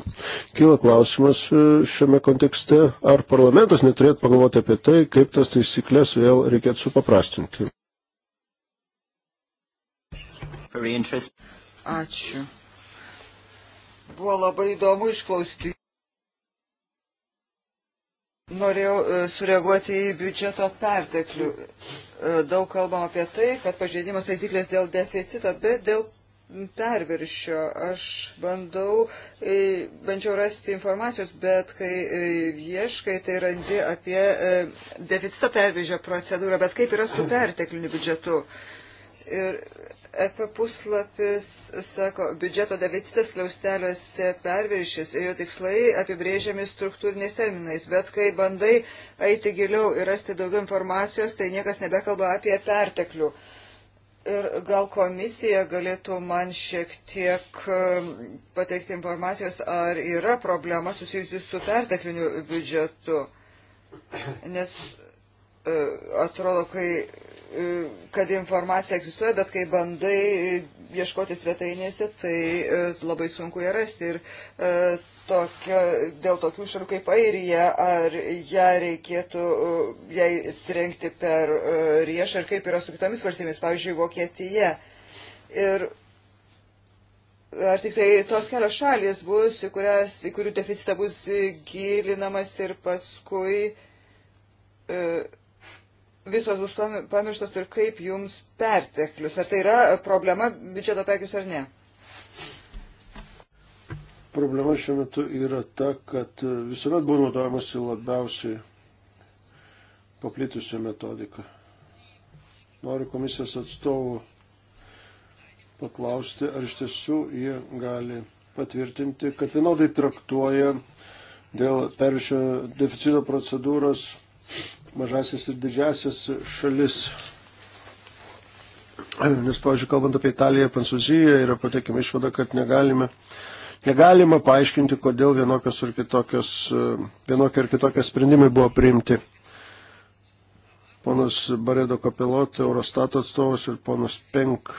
kyla klausimas e, šiame kontekste, ar parlamentas neturėtų pagalvoti apie tai, kaip tas taisyklės vėl reikėtų supaprastinti. Ačiū. Buvo labai įdomu išklausyti. Norėjau e, sureaguoti į biudžeto perteklių. E, daug kalbam apie tai, kad pažeidimas taisyklės dėl deficito, bet dėl perviršio. Aš bandau, e, bandžiau rasti informacijos, bet kai ieškai, tai randi apie deficito perviršio procedūrą, bet kaip yra su pertekliniu biudžetu. Ir EP puslapis sako, biudžeto deficitas klausteliuose perviršis ir jo tikslai apibrėžiami struktūriniais terminais, bet kai bandai eiti giliau ir rasti daugiau informacijos, tai niekas nebekalba apie perteklių. Ir gal komisija galėtų man šiek tiek um, pateikti informacijos, ar yra problema susijusi su pertekliniu biudžetu. Nes E, atrodo, kai, e, kad informacija egzistuoja, bet kai bandai e, ieškoti svetainėse, tai labai sunku ją rasti. Ir tokio, dėl tokių šalių kaip Airija, ar ją reikėtų, jai trenkti per riešą, ar kaip yra su kitomis valstybėmis, pavyzdžiui, Vokietija. Ir ar tik tai tos kelios šalis bus, į, kurias, į kurių deficitą bus gilinamas ir paskui. E, visos bus pamirštos ir kaip jums perteklius? Ar tai yra problema biudžeto perkius ar ne? Problema šiuo metu yra ta, kad visuomet buvo naudojamasi labiausiai paplitusią metodiką. Noriu komisijos atstovų paklausti, ar iš tiesų jie gali patvirtinti, kad vienodai traktuoja dėl pervišio deficito procedūros mažasis ir didžiasis šalis. Nes, pavyzdžiui, kalbant apie Italiją ir Prancūziją, yra patekima išvada, kad negalime, negalima paaiškinti, kodėl vienokios ir kitokios, vienokie ir kitokie sprendimai buvo priimti. Ponas Baredo Kapilot, Eurostato atstovas ir ponas Penk,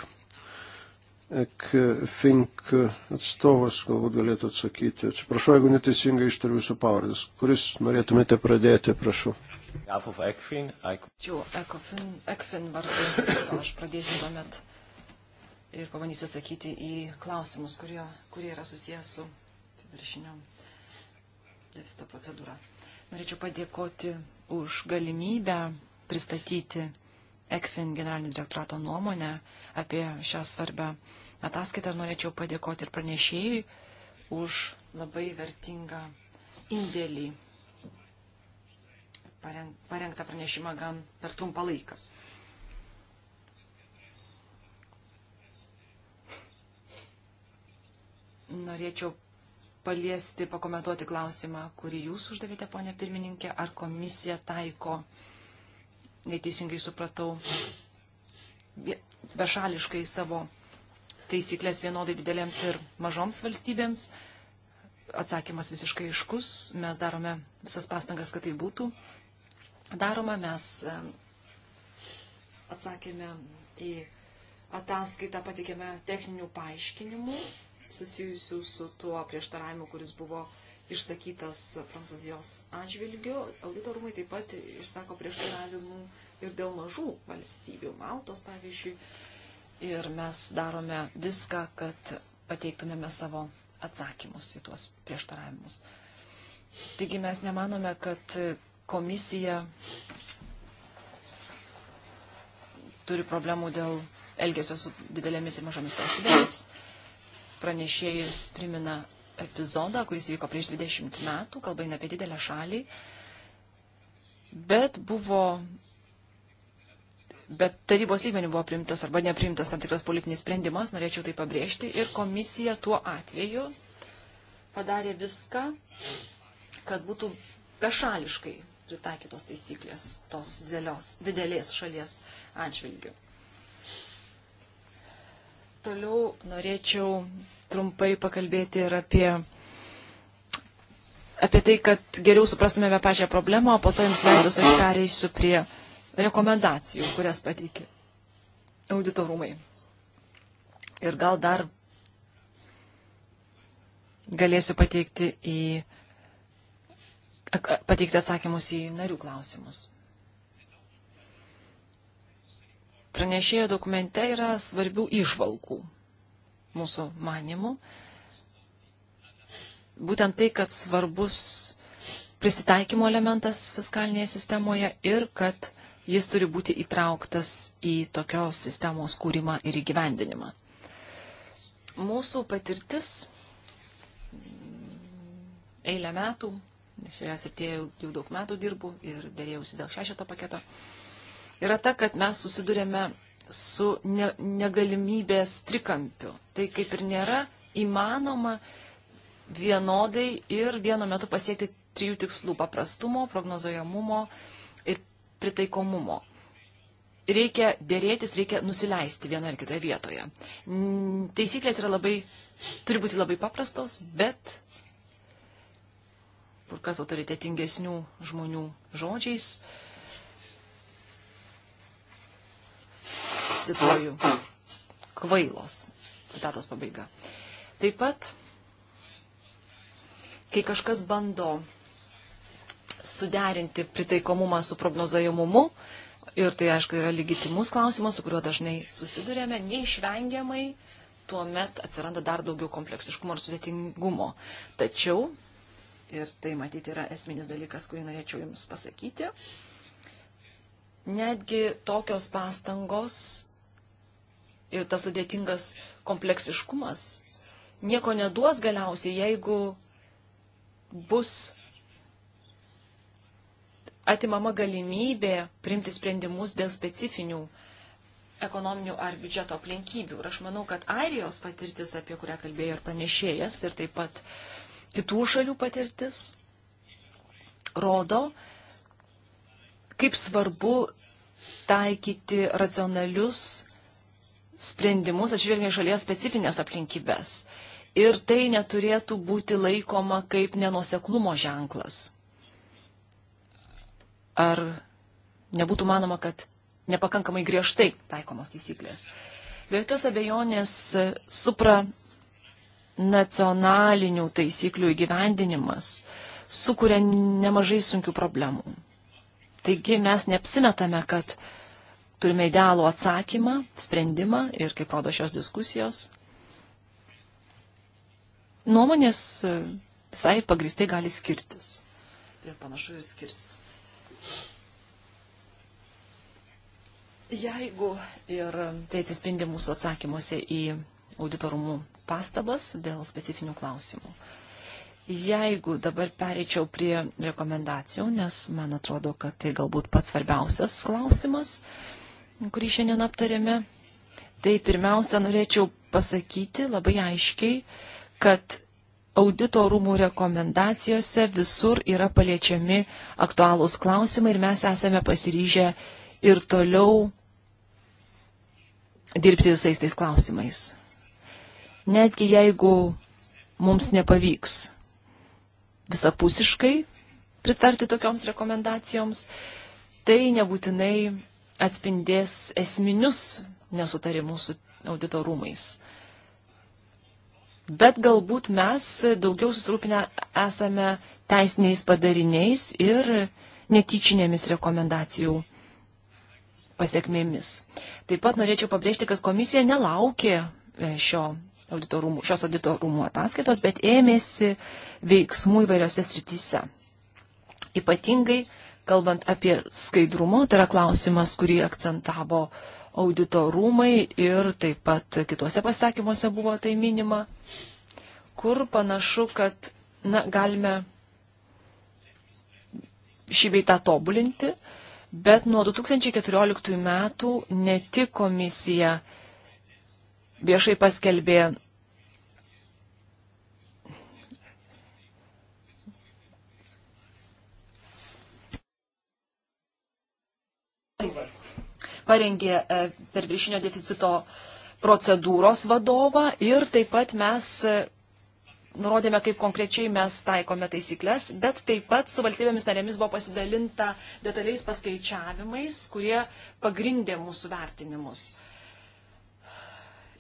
Ek Fink atstovas galbūt galėtų atsakyti. Atsiprašau, jeigu neteisingai ištariu jūsų pavardės. Kuris norėtumėte pradėti, prašau. Ačiū, Ekofin, Ekfin vardu. Aš pradėsiu tuomet ir pabandysiu atsakyti į klausimus, kurie, kurie yra susijęs su viršinio deficito procedūra. Norėčiau padėkoti už galimybę pristatyti ECFIN generalinio direktorato nuomonę apie šią svarbę ataskaitą ir norėčiau padėkoti ir pranešėjui už labai vertingą indėlį parengtą pranešimą gan per trumpą laiką. Norėčiau paliesti, pakomentuoti klausimą, kurį jūs uždavėte, ponė pirmininkė, ar komisija taiko, neteisingai supratau, bešališkai savo taisyklės vienodai didelėms ir mažoms valstybėms. Atsakymas visiškai iškus, mes darome visas pastangas, kad tai būtų daroma. Mes e, atsakėme į ataskaitą, patikėme techninių paaiškinimų susijusių su tuo prieštaravimu, kuris buvo išsakytas Prancūzijos atžvilgiu. Auditorumai taip pat išsako prieštaravimų ir dėl mažų valstybių, Maltos pavyzdžiui. Ir mes darome viską, kad pateiktumėme savo atsakymus į tuos prieštaravimus. Taigi mes nemanome, kad komisija turi problemų dėl elgesio su didelėmis ir mažomis valstybėmis. Pranešėjas primina epizodą, kuris vyko prieš 20 metų, kalba eina apie didelę šalį, bet buvo, bet tarybos lygmenių buvo primtas arba neprimtas tam tikras politinis sprendimas, norėčiau tai pabrėžti, ir komisija tuo atveju padarė viską, kad būtų bešališkai pritaikytos taisyklės tos didelios, didelės šalies atžvilgių. Toliau norėčiau trumpai pakalbėti ir apie, apie tai, kad geriau suprastumėme pačią problemą, o po to jums leidus aš pereisiu prie rekomendacijų, kurias pateikė auditorumai. Ir gal dar galėsiu pateikti į pateikti atsakymus į narių klausimus. Pranešėjo dokumente yra svarbių išvalgų mūsų manimų. Būtent tai, kad svarbus prisitaikymo elementas fiskalinėje sistemoje ir kad jis turi būti įtrauktas į tokios sistemos kūrimą ir įgyvendinimą. Mūsų patirtis eilę metų šioje srityje jau daug metų dirbu ir dėrėjausi dėl šešito paketo, yra ta, kad mes susidurėme su ne, negalimybės trikampiu. Tai kaip ir nėra įmanoma vienodai ir vienu metu pasiekti trijų tikslų - paprastumo, prognozojamumo ir pritaikomumo. Reikia dėrėtis, reikia nusileisti vienoje ar kitoje vietoje. Taisyklės yra labai, turi būti labai paprastos, bet kur kas autoritetingesnių žmonių žodžiais. Cituoju. Kvailos. Citatos pabaiga. Taip pat, kai kažkas bando suderinti pritaikomumą su prognozavimumu, ir tai aišku yra legitimus klausimas, su kuriuo dažnai susidurėme, neišvengiamai tuomet atsiranda dar daugiau kompleksiškumo ir sudėtingumo. Tačiau Ir tai matyti yra esminis dalykas, kurį norėčiau Jums pasakyti. Netgi tokios pastangos ir tas sudėtingas kompleksiškumas nieko neduos galiausiai, jeigu bus atimama galimybė priimti sprendimus dėl specifinių ekonominių ar biudžeto aplinkybių. Ir aš manau, kad Airijos patirtis, apie kurią kalbėjo ir pranešėjas, ir taip pat uh, kitų šalių patirtis rodo, kaip svarbu taikyti racionalius sprendimus, atsižvelgiant šalies specifinės aplinkybės. Ir tai neturėtų būti laikoma kaip nenuseklumo ženklas. Ar nebūtų manoma, kad nepakankamai griežtai taikomos taisyklės. Be jokios abejonės supra nacionalinių taisyklių įgyvendinimas sukuria nemažai sunkių problemų. Taigi mes neapsimetame, kad turime idealų atsakymą, sprendimą ir, kaip rodo šios diskusijos, nuomonės e, visai pagristai gali skirtis. Ir panašu ir skirsis. Jeigu ir tai atsispindi mūsų atsakymuose į auditorumų pastabas dėl specifinių klausimų. Jeigu dabar pereičiau prie rekomendacijų, nes man atrodo, kad tai galbūt pats svarbiausias klausimas, kurį šiandien aptarėme, tai pirmiausia, norėčiau pasakyti labai aiškiai, kad audito rūmų rekomendacijose visur yra paliečiami aktualūs klausimai ir mes esame pasiryžę ir toliau dirbti visais tais klausimais netgi jeigu mums nepavyks visapusiškai pritarti tokioms rekomendacijoms, tai nebūtinai atspindės esminius nesutarimus su auditorumais. Bet galbūt mes daugiau susirūpinę esame teisiniais padariniais ir netyčinėmis rekomendacijų pasiekmėmis. Taip pat norėčiau pabrėžti, kad komisija nelaukė e, šio auditorumų, šios auditorumų ataskaitos, bet ėmėsi veiksmų įvairiose srityse. Ypatingai, kalbant apie skaidrumą, tai yra klausimas, kurį akcentavo auditorumai ir taip pat kituose pasakymuose buvo tai minima, kur panašu, kad na, galime šį beitą tobulinti, bet nuo 2014 metų ne tik komisija viešai paskelbė parengė e, per viršinio deficito procedūros vadovą ir taip pat mes e, nurodėme, kaip konkrečiai mes taikome taisyklės, bet taip pat su valstybėmis narėmis buvo pasidalinta detaliais paskaičiavimais, kurie pagrindė mūsų vertinimus.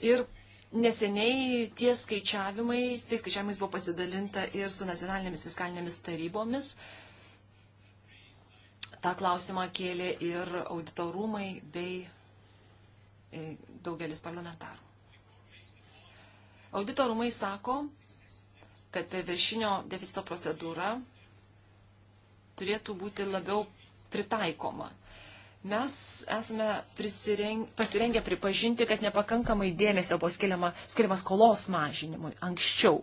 Ir neseniai tie skaičiavimai, tais skaičiavimais buvo pasidalinta ir su nacionalinėmis fiskalinėmis tarybomis. Ta klausimą kėlė ir auditorumai bei e, daugelis parlamentarų. Auditorumai sako, kad beviršinio deficito procedūra turėtų būti labiau pritaikoma Mes esame pasirengę pripažinti, kad nepakankamai dėmesio buvo skiriama, skiriama skolos mažinimui anksčiau.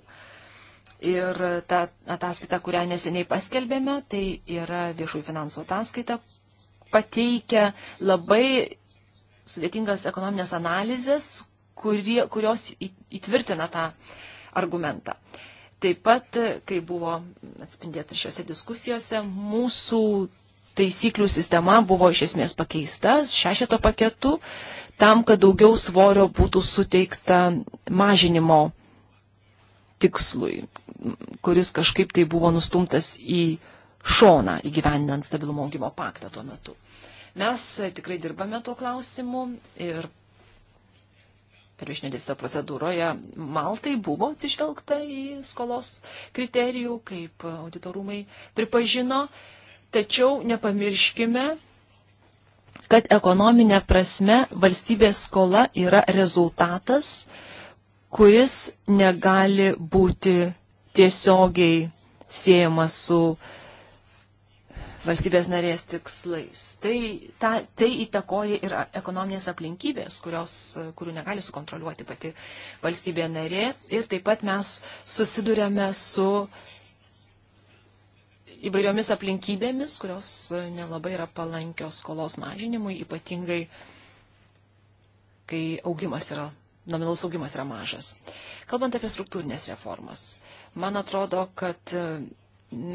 Ir ta ataskaita, kurią neseniai paskelbėme, tai yra viešųjų finansų ataskaita, pateikia labai sudėtingas ekonominės analizės, kurie, kurios įtvirtina tą argumentą. Taip pat, kai buvo atspindėta šiuose diskusijose, mūsų taisyklių sistema buvo iš esmės pakeista šešeto paketu, tam, kad daugiau svorio būtų suteikta mažinimo tikslui, kuris kažkaip tai buvo nustumtas į šoną įgyvendinant stabilumo augimo paktą tuo metu. Mes tikrai dirbame tuo klausimu ir per išnedėstą procedūroje Maltai buvo atsižvelgta į skolos kriterijų, kaip auditorumai pripažino Tačiau nepamirškime, kad ekonominė prasme valstybės skola yra rezultatas, kuris negali būti tiesiogiai siejamas su valstybės narės tikslais. Tai, ta, tai įtakoja ir ekonominės aplinkybės, kurios, kurių negali sukontroliuoti pati valstybė narė. Ir taip pat mes susidurėme su uh, įvairiomis aplinkybėmis, kurios e, nelabai yra palankios skolos mažinimui, ypatingai kai augimas yra, nominalus augimas yra mažas. Kalbant apie struktūrinės reformas, man atrodo, kad e,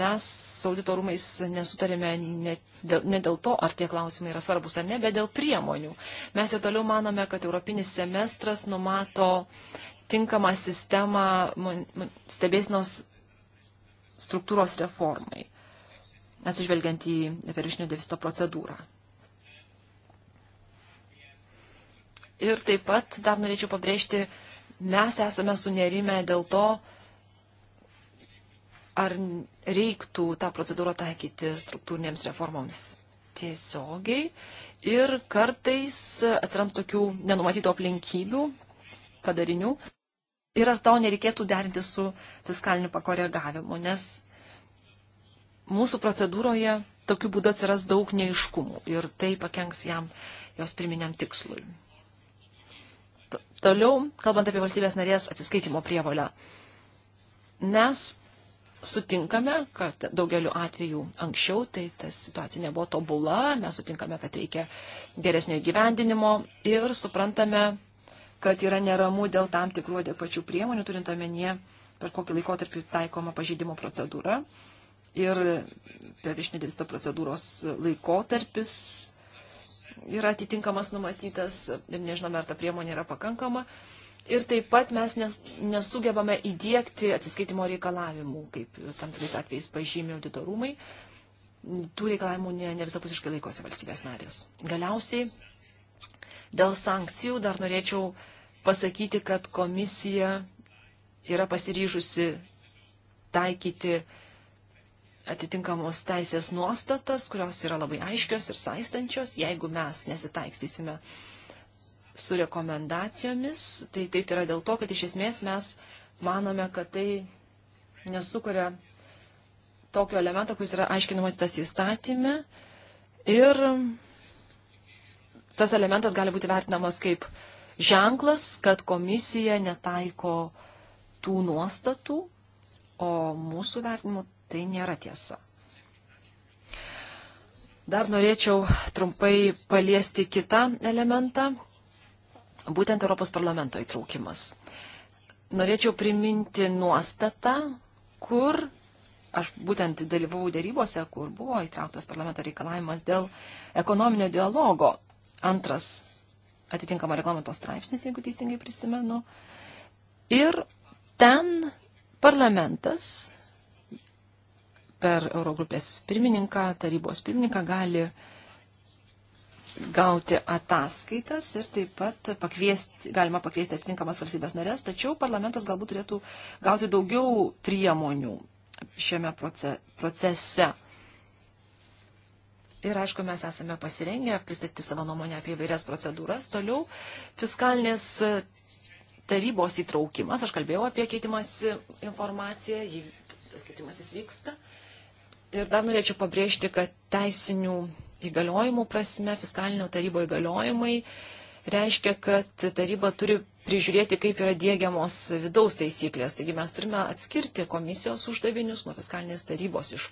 mes su auditorumais nesutarėme ne dėl, ne dėl to, ar tie klausimai yra svarbus ar ne, bet dėl priemonių. Mes ir toliau manome, kad europinis semestras numato tinkamą sistemą stebėsinos struktūros reformai atsižvelgiant į viršinio deficito procedūrą. Ir taip pat dar norėčiau pabrėžti, mes esame sunerime dėl to, ar reiktų tą procedūrą taikyti struktūrinėms reformoms tiesiogiai. Ir kartais atsiranda tokių nenumatytų aplinkybių, padarinių. Ir ar to nereikėtų derinti su fiskaliniu pakoregavimu, nes mūsų procedūroje tokiu būdu atsiras daug neiškumų ir tai pakenks jam jos pirminiam tikslui. T Toliau, kalbant apie valstybės narės atsiskaitimo prievalę, mes sutinkame, kad daugeliu atveju anksčiau tai ta situacija nebuvo tobula, mes sutinkame, kad reikia geresnio įgyvendinimo ir suprantame, kad yra neramu dėl tam tikrų adekvačių priemonių, turint omenyje, per kokį laikotarpį taikoma pažydimo procedūra ir prievišnėtis to procedūros laikotarpis yra atitinkamas numatytas ir nežinome, ar ta priemonė yra pakankama. Ir taip pat mes nes, nesugebame įdėkti atsiskaitimo reikalavimų, kaip tam tikrais atvejais pažymė auditorumai. Tų reikalavimų ne, ne visapusiškai laikosi valstybės narės. Galiausiai dėl sankcijų dar norėčiau pasakyti, kad komisija yra pasiryžusi taikyti uh, atitinkamos teisės nuostatas, kurios yra labai aiškios ir saistančios. Jeigu mes nesitaikstysime su rekomendacijomis, tai taip yra dėl to, kad iš esmės mes manome, kad tai nesukuria tokio elemento, kuris yra aiškiai numatytas įstatymė. Ir tas elementas gali būti vertinamas kaip ženklas, kad komisija netaiko tų nuostatų, o mūsų vertinimu Tai nėra tiesa. Dar norėčiau trumpai paliesti kitą elementą, būtent Europos parlamento įtraukimas. Norėčiau priminti nuostatą, kur aš būtent dalyvavau dėrybose, kur buvo įtrauktas parlamento reikalavimas dėl ekonominio dialogo. Antras atitinkamo reglamento straipsnis, jeigu teisingai prisimenu. Ir ten parlamentas per Eurogrupės pirmininką, tarybos pirmininką gali gauti ataskaitas ir taip pat pakviesti, galima pakviesti atitinkamas valstybės narės, tačiau parlamentas galbūt turėtų gauti daugiau priemonių šiame procese. Ir aišku, mes esame pasirengę pristatyti savo nuomonę apie vairias procedūras. Toliau fiskalinės tarybos įtraukimas. Aš kalbėjau apie keitimas informaciją, jį, tas keitimasis vyksta. Uh, Ir dar norėčiau pabrėžti, kad teisinių įgaliojimų prasme, fiskalinio tarybo įgaliojimai reiškia, kad taryba turi prižiūrėti, kaip yra dėgiamos vidaus taisyklės. Taigi mes turime atskirti komisijos uždavinius nuo fiskalinės tarybos iš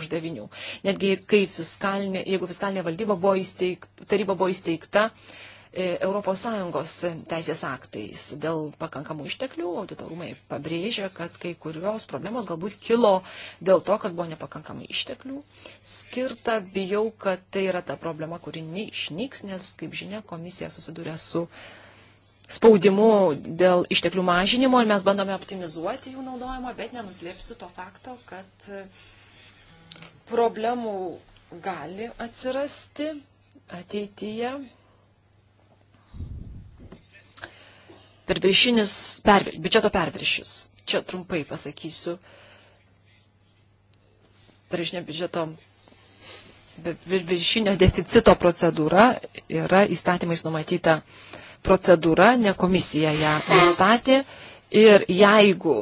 uždavinių. Netgi kai fiskalinė, jeigu fiskalinė valdyba buvo įsteigta, taryba buvo įsteigta, ES teisės aktais dėl pakankamų išteklių. Auditorumai pabrėžia, kad kai kurios problemos galbūt kilo dėl to, kad buvo nepakankamai išteklių skirta. Bijau, kad tai yra ta problema, kuri neišnyks, nes, kaip žinia, komisija susiduria su spaudimu dėl išteklių mažinimo ir mes bandome optimizuoti jų naudojimą, bet nenuslėpsiu to fakto, kad e, problemų gali atsirasti ateityje perviršinis, per, biudžeto perviršis. Čia trumpai pasakysiu. Perviršinio biudžeto viršinio deficito procedūra yra įstatymais numatyta procedūra, ne komisija ją nustatė. Ir jeigu,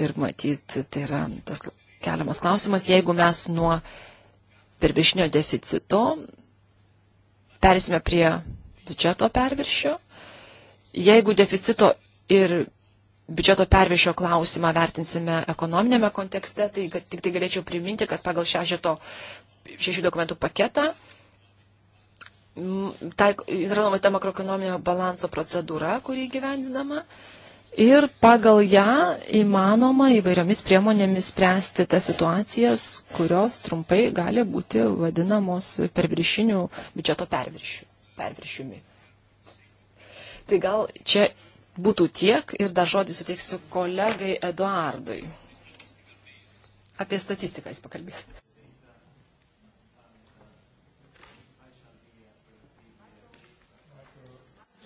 ir matyti, tai yra tas keliamas klausimas, jeigu mes nuo pervišinio deficito persime prie biudžeto perviršio. Jeigu deficito ir biudžeto perviršio klausimą vertinsime ekonominėme kontekste, tai tik tai galėčiau priminti, kad pagal šešito, šešių dokumentų paketą taik, yra numatyta makroekonominio balanso procedūra, kurį gyvendinama. Ir pagal ją įmanoma įvairiomis priemonėmis spręsti tas situacijas, kurios trumpai gali būti vadinamos perviršinių biudžeto perviršių perviršiumi. Tai gal čia būtų tiek ir dar žodį suteiksiu kolegai Eduardui. Apie statistiką jis pakalbės.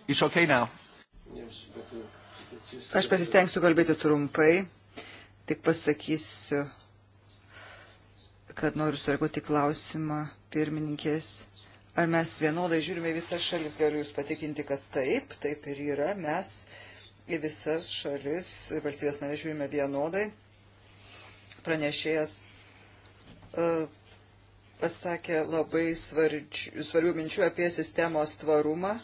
It's okay now. Aš pasistengsiu kalbėti trumpai, tik pasakysiu, kad noriu sureaguoti klausimą pirmininkės Ar mes vienodai žiūrime visas šalis? Galiu Jūs patikinti, kad taip, taip ir yra. Mes į visas šalis, valstybės narės žiūrime vienodai. Pranešėjas uh, pasakė labai svardžių, svarbių minčių apie sistemos tvarumą,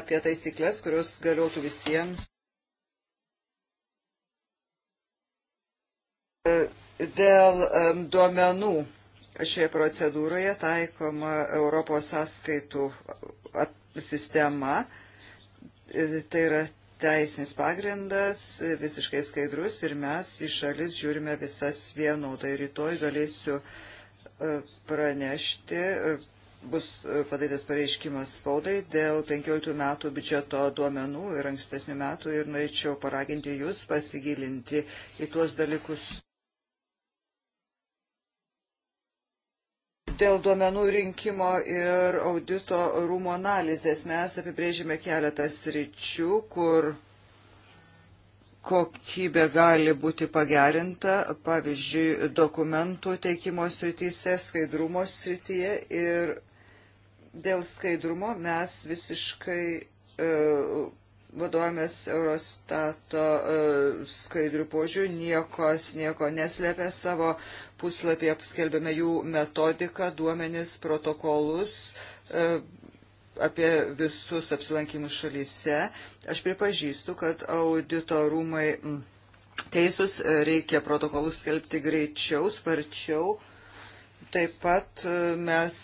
apie taisyklės, kurios galiotų visiems. Uh, dėl um, duomenų šioje procedūroje taikoma Europos sąskaitų sistema. Tai yra teisinis pagrindas, visiškai skaidrus ir mes į šalis žiūrime visas vienodai. Rytoj galėsiu e, pranešti, e, bus e, padarytas pareiškimas spaudai dėl 15 metų biudžeto duomenų ir ankstesnių metų ir norėčiau paraginti jūs pasigilinti į tuos dalykus. dėl duomenų rinkimo ir audito rūmo analizės mes apibrėžėme keletą sričių, kur kokybė gali būti pagerinta, pavyzdžiui, dokumentų teikimo srityse, skaidrumo srityje ir dėl skaidrumo mes visiškai e, vadovėmės Eurostato e, skaidrių požiūrį, niekos nieko neslėpė savo puslapyje paskelbėme jų metodiką, duomenis, protokolus e, apie visus apsilankimus šalyse. Aš pripažįstu, kad audito rūmai teisus e, reikia protokolus skelbti greičiau, sparčiau. Taip pat e, mes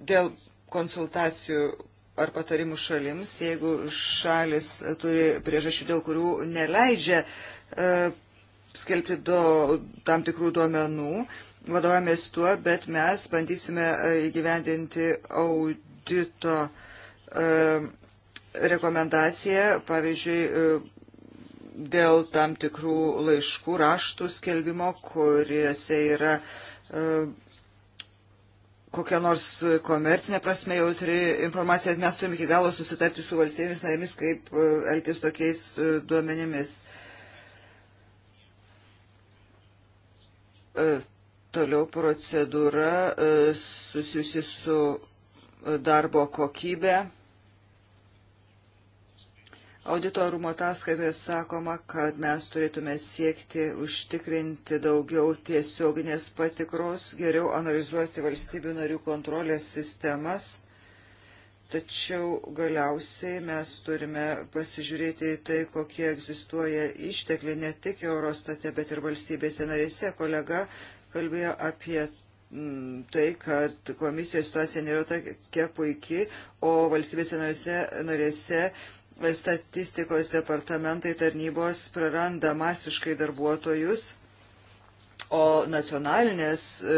dėl konsultacijų ar patarimų šalims, jeigu šalis turi priežasčių, dėl kurių neleidžia skelbti do, tam tikrų duomenų, vadovavomės tuo, bet mes bandysime e, įgyvendinti audito e, rekomendaciją, pavyzdžiui, e, dėl tam tikrų laiškų raštų skelbimo, kuriuose yra kokia nors komercinė prasme jautri informacija, mes turime iki galo susitarti su valstybėmis narėmis, kaip elgtis tokiais duomenimis. Uh, E, toliau procedūra e, susijusi su e, darbo kokybė. Audito rūmo ataskaitoje sakoma, kad mes turėtume siekti užtikrinti daugiau tiesioginės patikros, geriau analizuoti valstybių narių kontrolės sistemas Tačiau galiausiai mes turime pasižiūrėti į tai, kokie egzistuoja ištekliai ne tik Eurostate, bet ir valstybėse narėse. Kolega kalbėjo apie mm, tai, kad komisijoje situacija nėra tokia puikiai, o valstybėse narėse, narėse statistikos departamentai tarnybos praranda masiškai darbuotojus o nacionalinės e,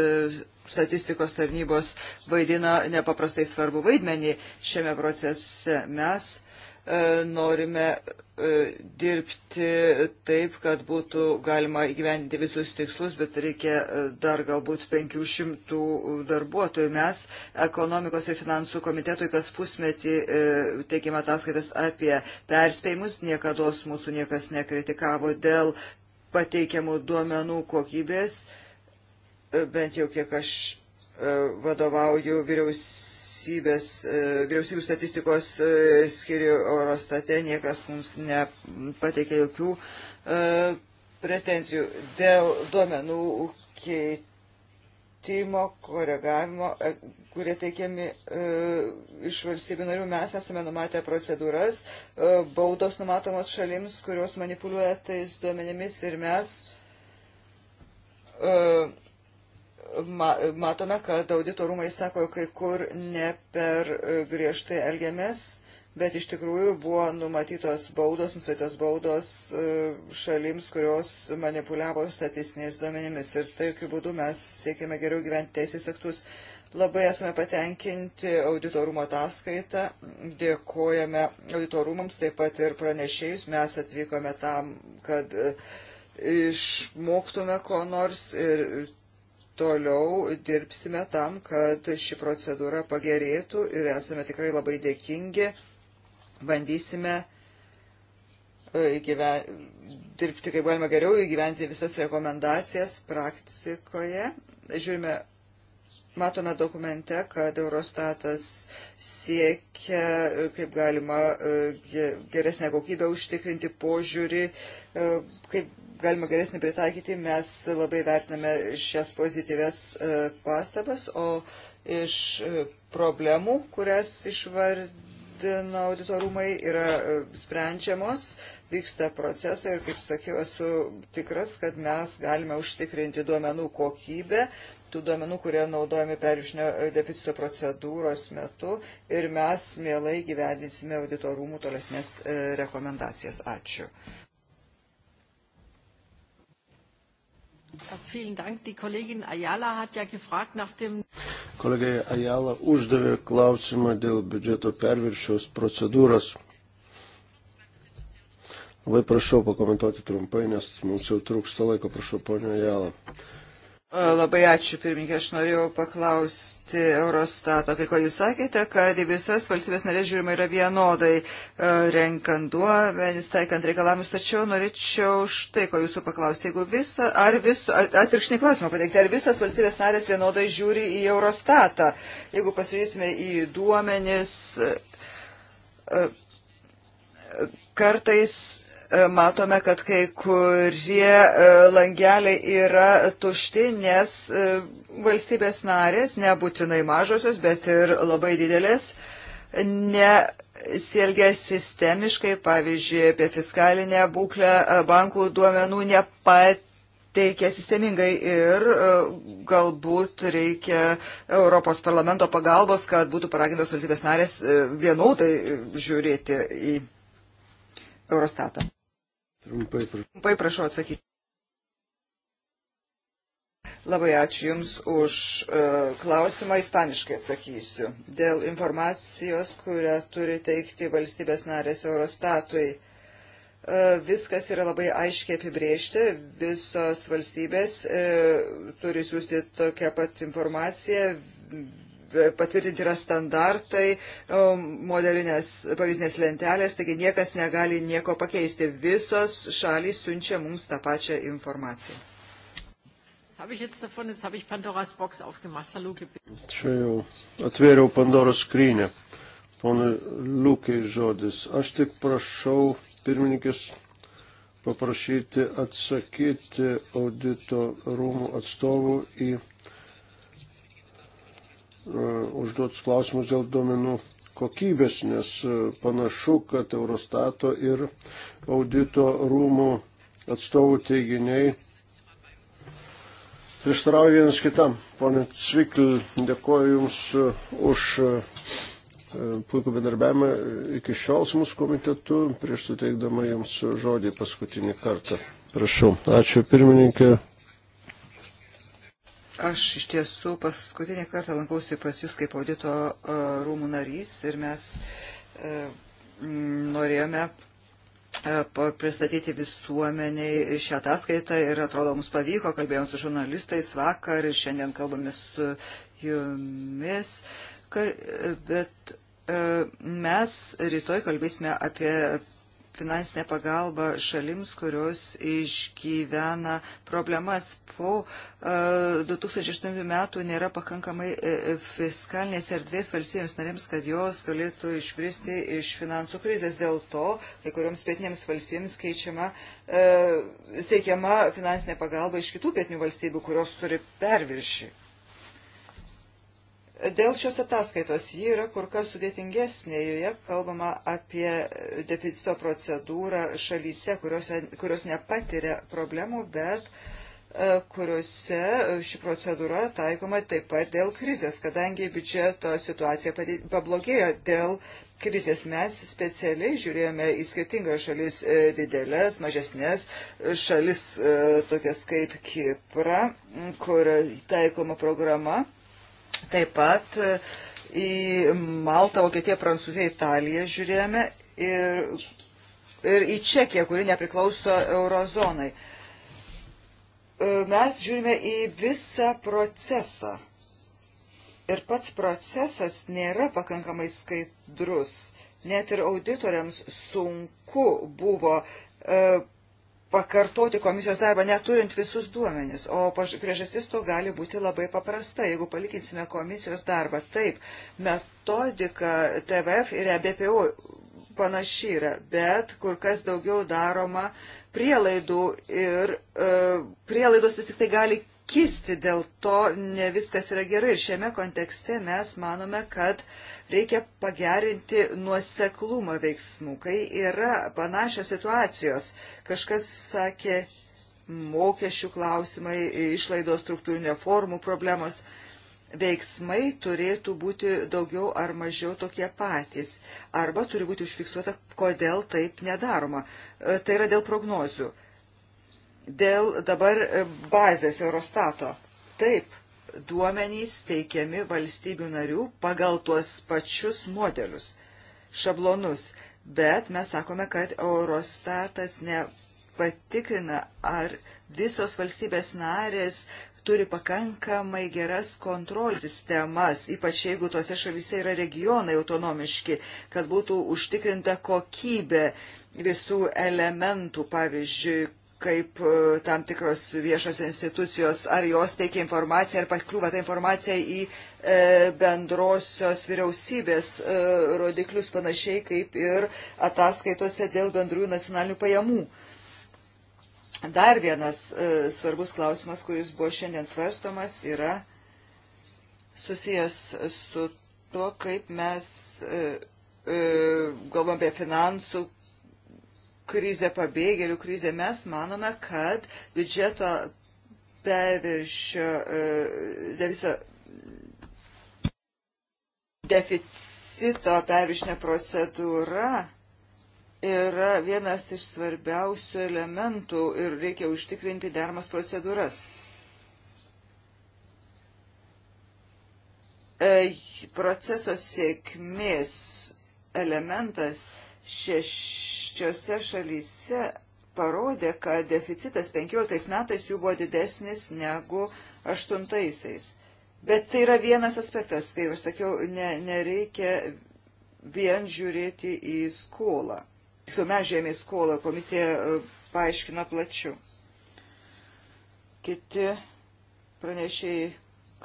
statistikos tarnybos vaidina nepaprastai svarbu vaidmenį šiame procese. Mes e, norime e, dirbti taip, kad būtų galima įgyvendinti visus tikslus, bet reikia dar galbūt 500 darbuotojų. Mes ekonomikos ir finansų komitetui kas pusmetį teikime ataskaitas apie perspėjimus. Niekados mūsų niekas nekritikavo dėl pateikiamų duomenų kokybės, e, bent jau kiek aš e, vadovauju vyriausybės, e, vyriausybių statistikos skiriu Eurostate, niekas mums nepateikė jokių pretenzijų dėl duomenų keitimo, koregavimo kurie teikiami e, iš valstybių narių, mes esame numatę procedūras, e, baudos numatomos šalims, kurios manipuliuoja tais duomenimis ir mes e, ma, matome, kad auditorumai sako, kai kur ne per e, griežtai elgiamės, bet iš tikrųjų buvo numatytos baudos, nustatytos baudos e, šalims, kurios manipuliavo statistiniais duomenimis ir tokiu būdu mes siekime geriau gyventi teisės aktus. E, Labai esame patenkinti auditorumo ataskaitą, dėkojame auditorumams, taip pat ir pranešėjus. Mes atvykome tam, kad e, išmoktume ko nors ir toliau dirbsime tam, kad ši procedūra pagerėtų ir esame tikrai labai dėkingi. Bandysime e, įgyven... dirbti kaip galima geriau, įgyventi visas rekomendacijas praktikoje. Žiūrime Matome dokumente, kad Eurostatas siekia, kaip galima, e, geresnę kokybę užtikrinti požiūrį, e, kaip galima geresnį pritaikyti. Mes labai vertiname šias pozityves e, pastabas, o iš problemų, kurias išvardino auditorumai, yra sprendžiamos, vyksta procesai ir, kaip sakiau, esu tikras, kad mes galime užtikrinti duomenų kokybę tų duomenų, kurie naudojami pervišnio e, deficito procedūros metu ir mes mielai gyvendinsime auditorumų tolesnės e, rekomendacijas. Ačiū. Kolegai Ajala uždavė klausimą dėl biudžeto perviršiaus procedūros. Labai prašau pakomentuoti trumpai, nes mums jau trūksta laiko, prašau, ponio Jala. Labai ačiū, pirmininkė. Aš norėjau paklausti Eurostato, kai ko jūs sakėte, kad į visas valstybės narės žiūrima yra vienodai renkant duomenis, taikant reikalavimus, tačiau norėčiau štai ko jūsų paklausti. Jeigu viso, ar viso, atvirkštinį klausimą pateikti, ar visos valstybės narės vienodai žiūri į Eurostatą, jeigu pasižiūrėsime į duomenis, kartais E, matome, kad kai kurie e, langeliai yra tušti, nes e, valstybės narės, nebūtinai mažosios, bet ir labai didelės, nesielgia sistemiškai, pavyzdžiui, apie fiskalinę būklę bankų duomenų nepat teikia sistemingai ir galbūt reikia Europos parlamento pagalbos, kad būtų paragintos valstybės narės vienodai žiūrėti į Eurostatą. Trumpai, prašau. Trumpai prašau atsakyti. Labai ačiū Jums už uh, klausimą, ispaniškai atsakysiu. Dėl informacijos, kurią turi teikti valstybės narės Eurostatui, uh, viskas yra labai aiškiai apibriežti, visos valstybės uh, turi siūsti tokią pat informaciją, patvirtinti yra standartai, modelinės pavyzdinės lentelės, taigi niekas negali nieko pakeisti. Visos šalys siunčia mums tą pačią informaciją. Čia jau atvėriau Pandoros skrynę. Ponui Liukai žodis. Aš tik prašau pirmininkės paprašyti atsakyti audito rūmų atstovų į E, užduotus klausimus dėl duomenų kokybės, nes e, panašu, kad Eurostato ir audito rūmų atstovų teiginiai prieštarauja vienas kitam. Pone Cvikl, dėkoju Jums e, už puikų bendarbiavimą iki šiol su mūsų komitetu, prieš suteikdama Jums žodį paskutinį kartą. Prašau. Ačiū pirmininkė, Aš iš tiesų paskutinį kartą lankausi pas jūs kaip audito e, rūmų narys ir mes e, norėjome e, pristatyti visuomeniai šią ataskaitą ir atrodo mums pavyko, kalbėjom su žurnalistais vakar ir šiandien kalbame su jumis, bet mes rytoj kalbėsime apie finansinę pagalbą šalims, kurios išgyvena problemas po 2008 e, metų nėra pakankamai e, e, fiskalinės erdvės valstybėms narėms, kad jos galėtų išbristi iš finansų krizės. Dėl to, kai kurioms pietinėms valstybėms keičiama, steikiama finansinė pagalba iš kitų pietinių valstybių, kurios turi perviršį. Dėl šios ataskaitos ji yra kur kas sudėtingesnė, joje kalbama apie deficito procedūrą šalyse, kurios, kurios nepatiria problemų, bet e, kuriuose ši procedūra taikoma taip pat dėl krizės, kadangi biudžeto situacija pablogėjo dėl krizės. Mes specialiai žiūrėjome į skirtingas šalis e, didelės, mažesnės, šalis e, tokias kaip Kipra, kur taikoma programa Taip pat e, į Maltą, Vokietiją, Prancūziją, Italiją žiūrėjome ir, ir į Čekiją, kuri nepriklauso eurozonai. E, mes žiūrime į visą procesą. Ir pats procesas nėra pakankamai skaidrus. Net ir auditoriams sunku buvo e, pakartoti komisijos darbą, neturint visus duomenis. O priežastis to gali būti labai paprasta. Jeigu palikinsime komisijos darbą, taip, metodika TVF ir EBPO panaši yra, bet kur kas daugiau daroma prielaidų ir e, prielaidos vis tik tai gali kisti, dėl to ne viskas yra gerai. Ir šiame kontekste mes manome, kad Reikia pagerinti nuoseklumą veiksmų, kai yra panašios situacijos. Kažkas sakė mokesčių klausimai, išlaidos struktūrinio formų problemos veiksmai turėtų būti daugiau ar mažiau tokie patys. Arba turi būti užfiksuota, kodėl taip nedaroma. E, tai yra dėl prognozių. Dėl dabar bazės Eurostato. Taip, duomenys teikiami valstybių narių pagal tuos pačius modelius, šablonus. Bet mes sakome, kad Eurostatas nepatikrina, ar visos valstybės narės turi pakankamai geras kontrolės sistemas, ypač jeigu tuose šalyse yra regionai autonomiški, kad būtų užtikrinta kokybė visų elementų, pavyzdžiui, kaip e, tam tikros viešos institucijos, ar jos teikia informaciją, ar pakliūva ta informacija į e, bendrosios vyriausybės e, rodiklius panašiai kaip ir ataskaitose dėl bendrųjų nacionalinių pajamų. Dar vienas svarbus klausimas, kuris buvo šiandien svarstomas, yra susijęs su tuo, kaip mes galvom apie finansų krizę, pabėgėlių krizę, mes manome, kad biudžeto beviršio, e, deviso deficito pervišnė procedūra yra vienas iš svarbiausių elementų ir reikia užtikrinti dermas procedūras. E, proceso sėkmės elementas – šešiose šalyse parodė, kad deficitas 15 metais jų buvo didesnis negu 8-aisiais. Bet tai yra vienas aspektas, kaip aš sakiau, ne, nereikia vien žiūrėti į skolą. Tiksliau, mes žiūrėjome į skolą, komisija e, paaiškina plačiau. Kiti pranešėjai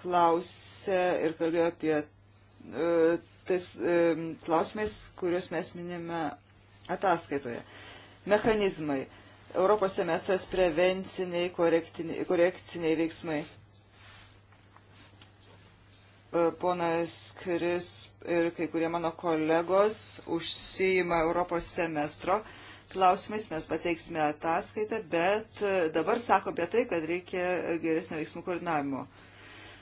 klausė ir kalbėjo apie e, tais e, klausimais, kuriuos mes minime ataskaitoje. Mechanizmai. Europos semestras prevenciniai, korektiniai, korekciniai veiksmai. E, ponas Kris ir kai kurie mano kolegos užsijima Europos semestro klausimais, mes pateiksime ataskaitą, bet e, dabar sako apie tai, kad reikia geresnio veiksmų koordinavimo.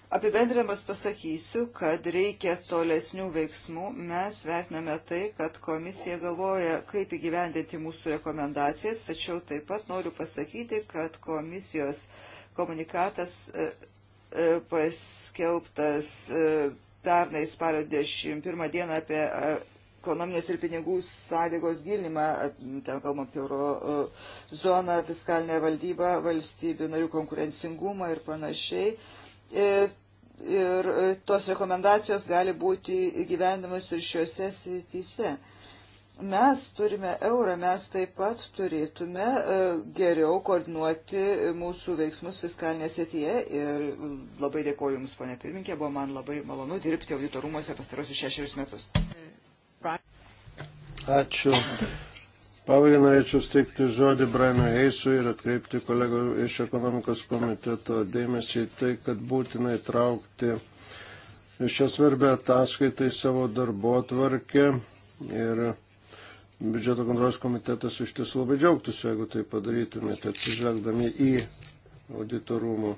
Apibendrinamas pasakysiu, kad reikia tolesnių veiksmų. Mes vertiname tai, kad komisija galvoja, kaip įgyvendinti mūsų rekomendacijas, tačiau taip pat noriu pasakyti, kad komisijos komunikatas e, e, paskelbtas e, pernai spalio 21 dieną apie ekonominės ir pinigų sąlygos gilinimą, ten kalbam apie euro zoną, fiskalinę valdybą, valstybių narių konkurencingumą ir panašiai E, ir tos rekomendacijos gali būti įgyvendamas ir šiuose srityse. Mes turime eurą, mes taip pat turėtume e, geriau koordinuoti mūsų veiksmus fiskalinėje srityje ir labai dėkoju Jums, ponė pirminkė, buvo man labai malonu dirbti auditorumuose pastarosius šešerius metus. Ačiū Pabaigai norėčiau steigti žodį Brainui Eisui ir atkreipti kolegų iš ekonomikos komiteto dėmesį į tai, kad būtina įtraukti šią svarbę ataskaitą į savo darbo tvarkę ir biudžeto kontrolės komitetas iš tiesų labai džiaugtųsi, jeigu tai padarytumėte, atsižvelgdami į auditorumų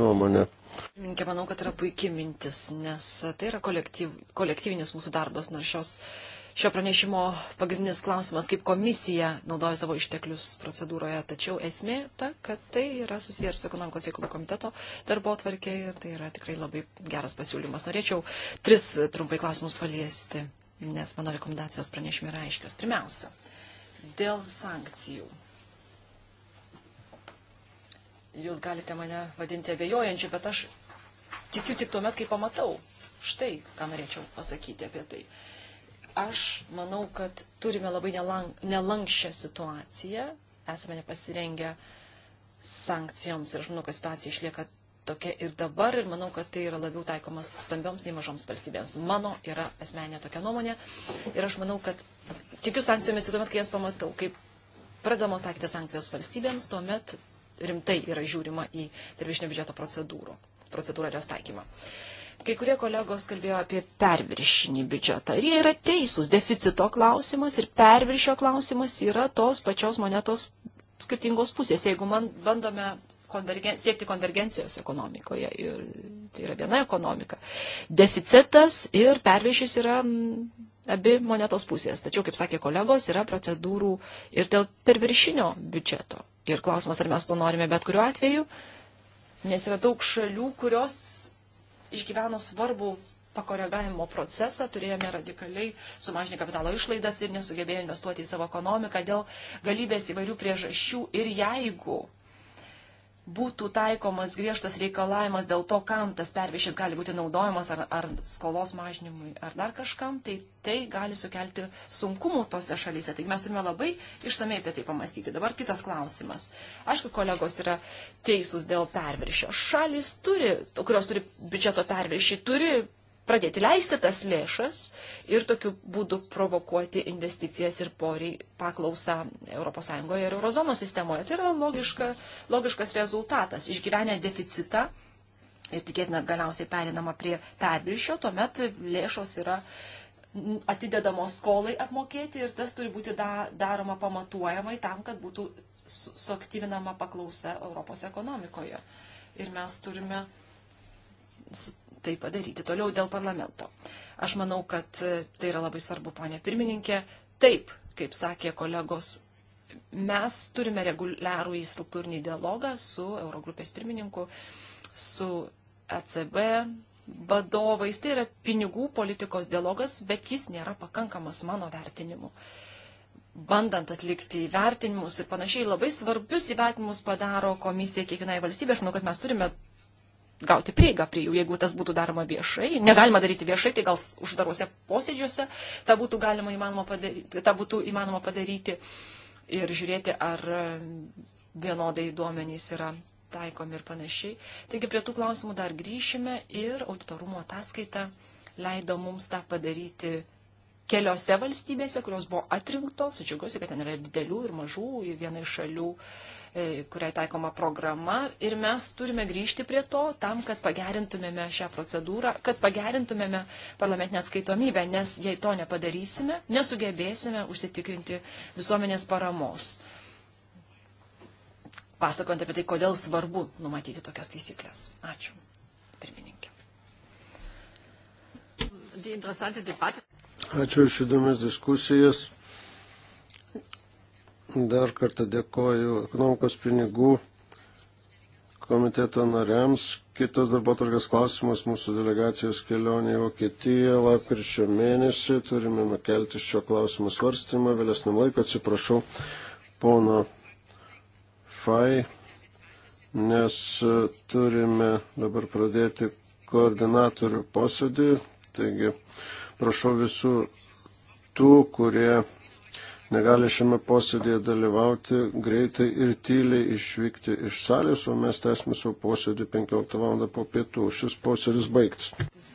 nuomonę. Mininkė, manau, kad yra puikiai mintis, nes tai yra kolektyv, kolektyvinis mūsų darbas, nors šios šio pranešimo pagrindinis klausimas, kaip komisija naudoja savo išteklius procedūroje, tačiau esmė ta, kad tai yra susiję ir su ekonomikos reikalų komiteto darbo atvarkė ir tai yra tikrai labai geras pasiūlymas. Norėčiau tris trumpai klausimus paliesti, nes mano rekomendacijos pranešimai yra aiškios. Pirmiausia, dėl sankcijų. Jūs galite mane vadinti abejojančiu, bet aš tikiu tik tuomet, kai pamatau. Štai, ką norėčiau pasakyti apie tai. Uh, Aš manau, kad turime labai nelankščią situaciją, esame nepasirengę sankcijoms ir aš manau, kad situacija išlieka tokia ir dabar ir manau, kad tai yra labiau taikomas stambioms nei mažoms valstybėms. Mano yra asmeninė tokia nuomonė ir aš manau, kad tikiu sankcijomis ir tuomet, kai jas pamatau, kaip pradamos taikyti sankcijos valstybėms, tuomet rimtai yra žiūrima į pervišnio biudžeto procedūrų, procedūrą ir jos taikymą. Uh, Kai kurie kolegos kalbėjo apie perviršinį biudžetą. Ir jie yra teisūs. Deficito klausimas ir perviršio klausimas yra tos pačios monetos skirtingos pusės. Jeigu man bandome konvergen, siekti konvergencijos ekonomikoje, ir tai yra viena ekonomika, deficitas ir perviršis yra abi monetos pusės. Tačiau, kaip sakė kolegos, yra procedūrų ir dėl perviršinio biudžeto. Ir klausimas, ar mes to norime bet kuriuo atveju, nes yra daug šalių, kurios išgyveno svarbų pakoregavimo procesą, turėjome radikaliai sumažinti kapitalo išlaidas ir nesugebėjo investuoti į savo ekonomiką dėl galybės įvairių priežasčių. Ir jeigu būtų taikomas griežtas reikalavimas dėl to, kam tas pervišis gali būti naudojamas, ar, ar skolos mažinimui, ar dar kažkam, tai tai gali sukelti sunkumų tose šalyse. Taigi mes turime labai išsamei apie tai pamastyti. Dabar kitas klausimas. Aišku, kolegos yra teisūs dėl perviršio. Šalis turi, kurios turi biudžeto perviršį, turi pradėti leisti tas lėšas ir tokiu būdu provokuoti investicijas ir porį paklausą ES ir Eurozono sistemoje. Tai yra logiška, logiškas rezultatas. Išgyvenę deficitą ir tikėtina galiausiai perinama prie perviršio, tuomet lėšos yra atidedamos skolai apmokėti ir tas turi būti da, daroma pamatuojamai tam, kad būtų suaktyvinama paklausa Europos ekonomikoje. Ir mes turime tai padaryti. Toliau dėl parlamento. Aš manau, kad e, tai yra labai svarbu, ponė pirmininkė. Taip, kaip sakė kolegos, mes turime reguliarų į struktūrinį dialogą su Eurogrupės pirmininku, su ECB vadovais. Tai yra pinigų politikos dialogas, bet jis nėra pakankamas mano vertinimu bandant atlikti įvertinimus ir panašiai, labai svarbius įvertinimus padaro komisija kiekvienai valstybė. Aš manau, kad mes turime gauti prieigą prie jų. Jeigu tas būtų daroma viešai, negalima daryti viešai, tai gal uždaruose posėdžiuose tą būtų, įmanoma padaryti, tą būtų įmanoma padaryti ir žiūrėti, ar e, vienodai duomenys yra taikomi ir panašiai. Taigi prie tų klausimų dar grįšime ir auditorumo ataskaita leido mums tą padaryti keliose valstybėse, kurios buvo atrinktos. Aš džiaugiuosi, kad ten yra ir didelių, ir mažų, ir viena iš šalių E, kuriai taikoma programa ir mes turime grįžti prie to tam, kad pagerintumėme šią procedūrą, kad pagerintumėme parlamentinę atskaitomybę, nes jei to nepadarysime, nesugebėsime užsitikrinti visuomenės paramos. Pasakojant apie tai, kodėl svarbu numatyti tokias taisyklės. Ačiū, pirmininkė. Ačiū iš įdomias diskusijas. Dar kartą dėkoju ekonomikos pinigų komiteto nariams. Kitas darbo targas klausimas mūsų delegacijos kelionė į Vokietiją. Lapkričio mėnesį turime nukelti šio klausimo svarstymą. Vėlesniam laiką atsiprašau pono Fai, nes turime dabar pradėti koordinatorių posėdį. Taigi prašau visų tų, kurie negali šiame posėdėje dalyvauti, greitai ir tyliai išvykti iš salės, o mes tęsime savo posėdį 15 val. po pietų. Šis posėdis baigtas.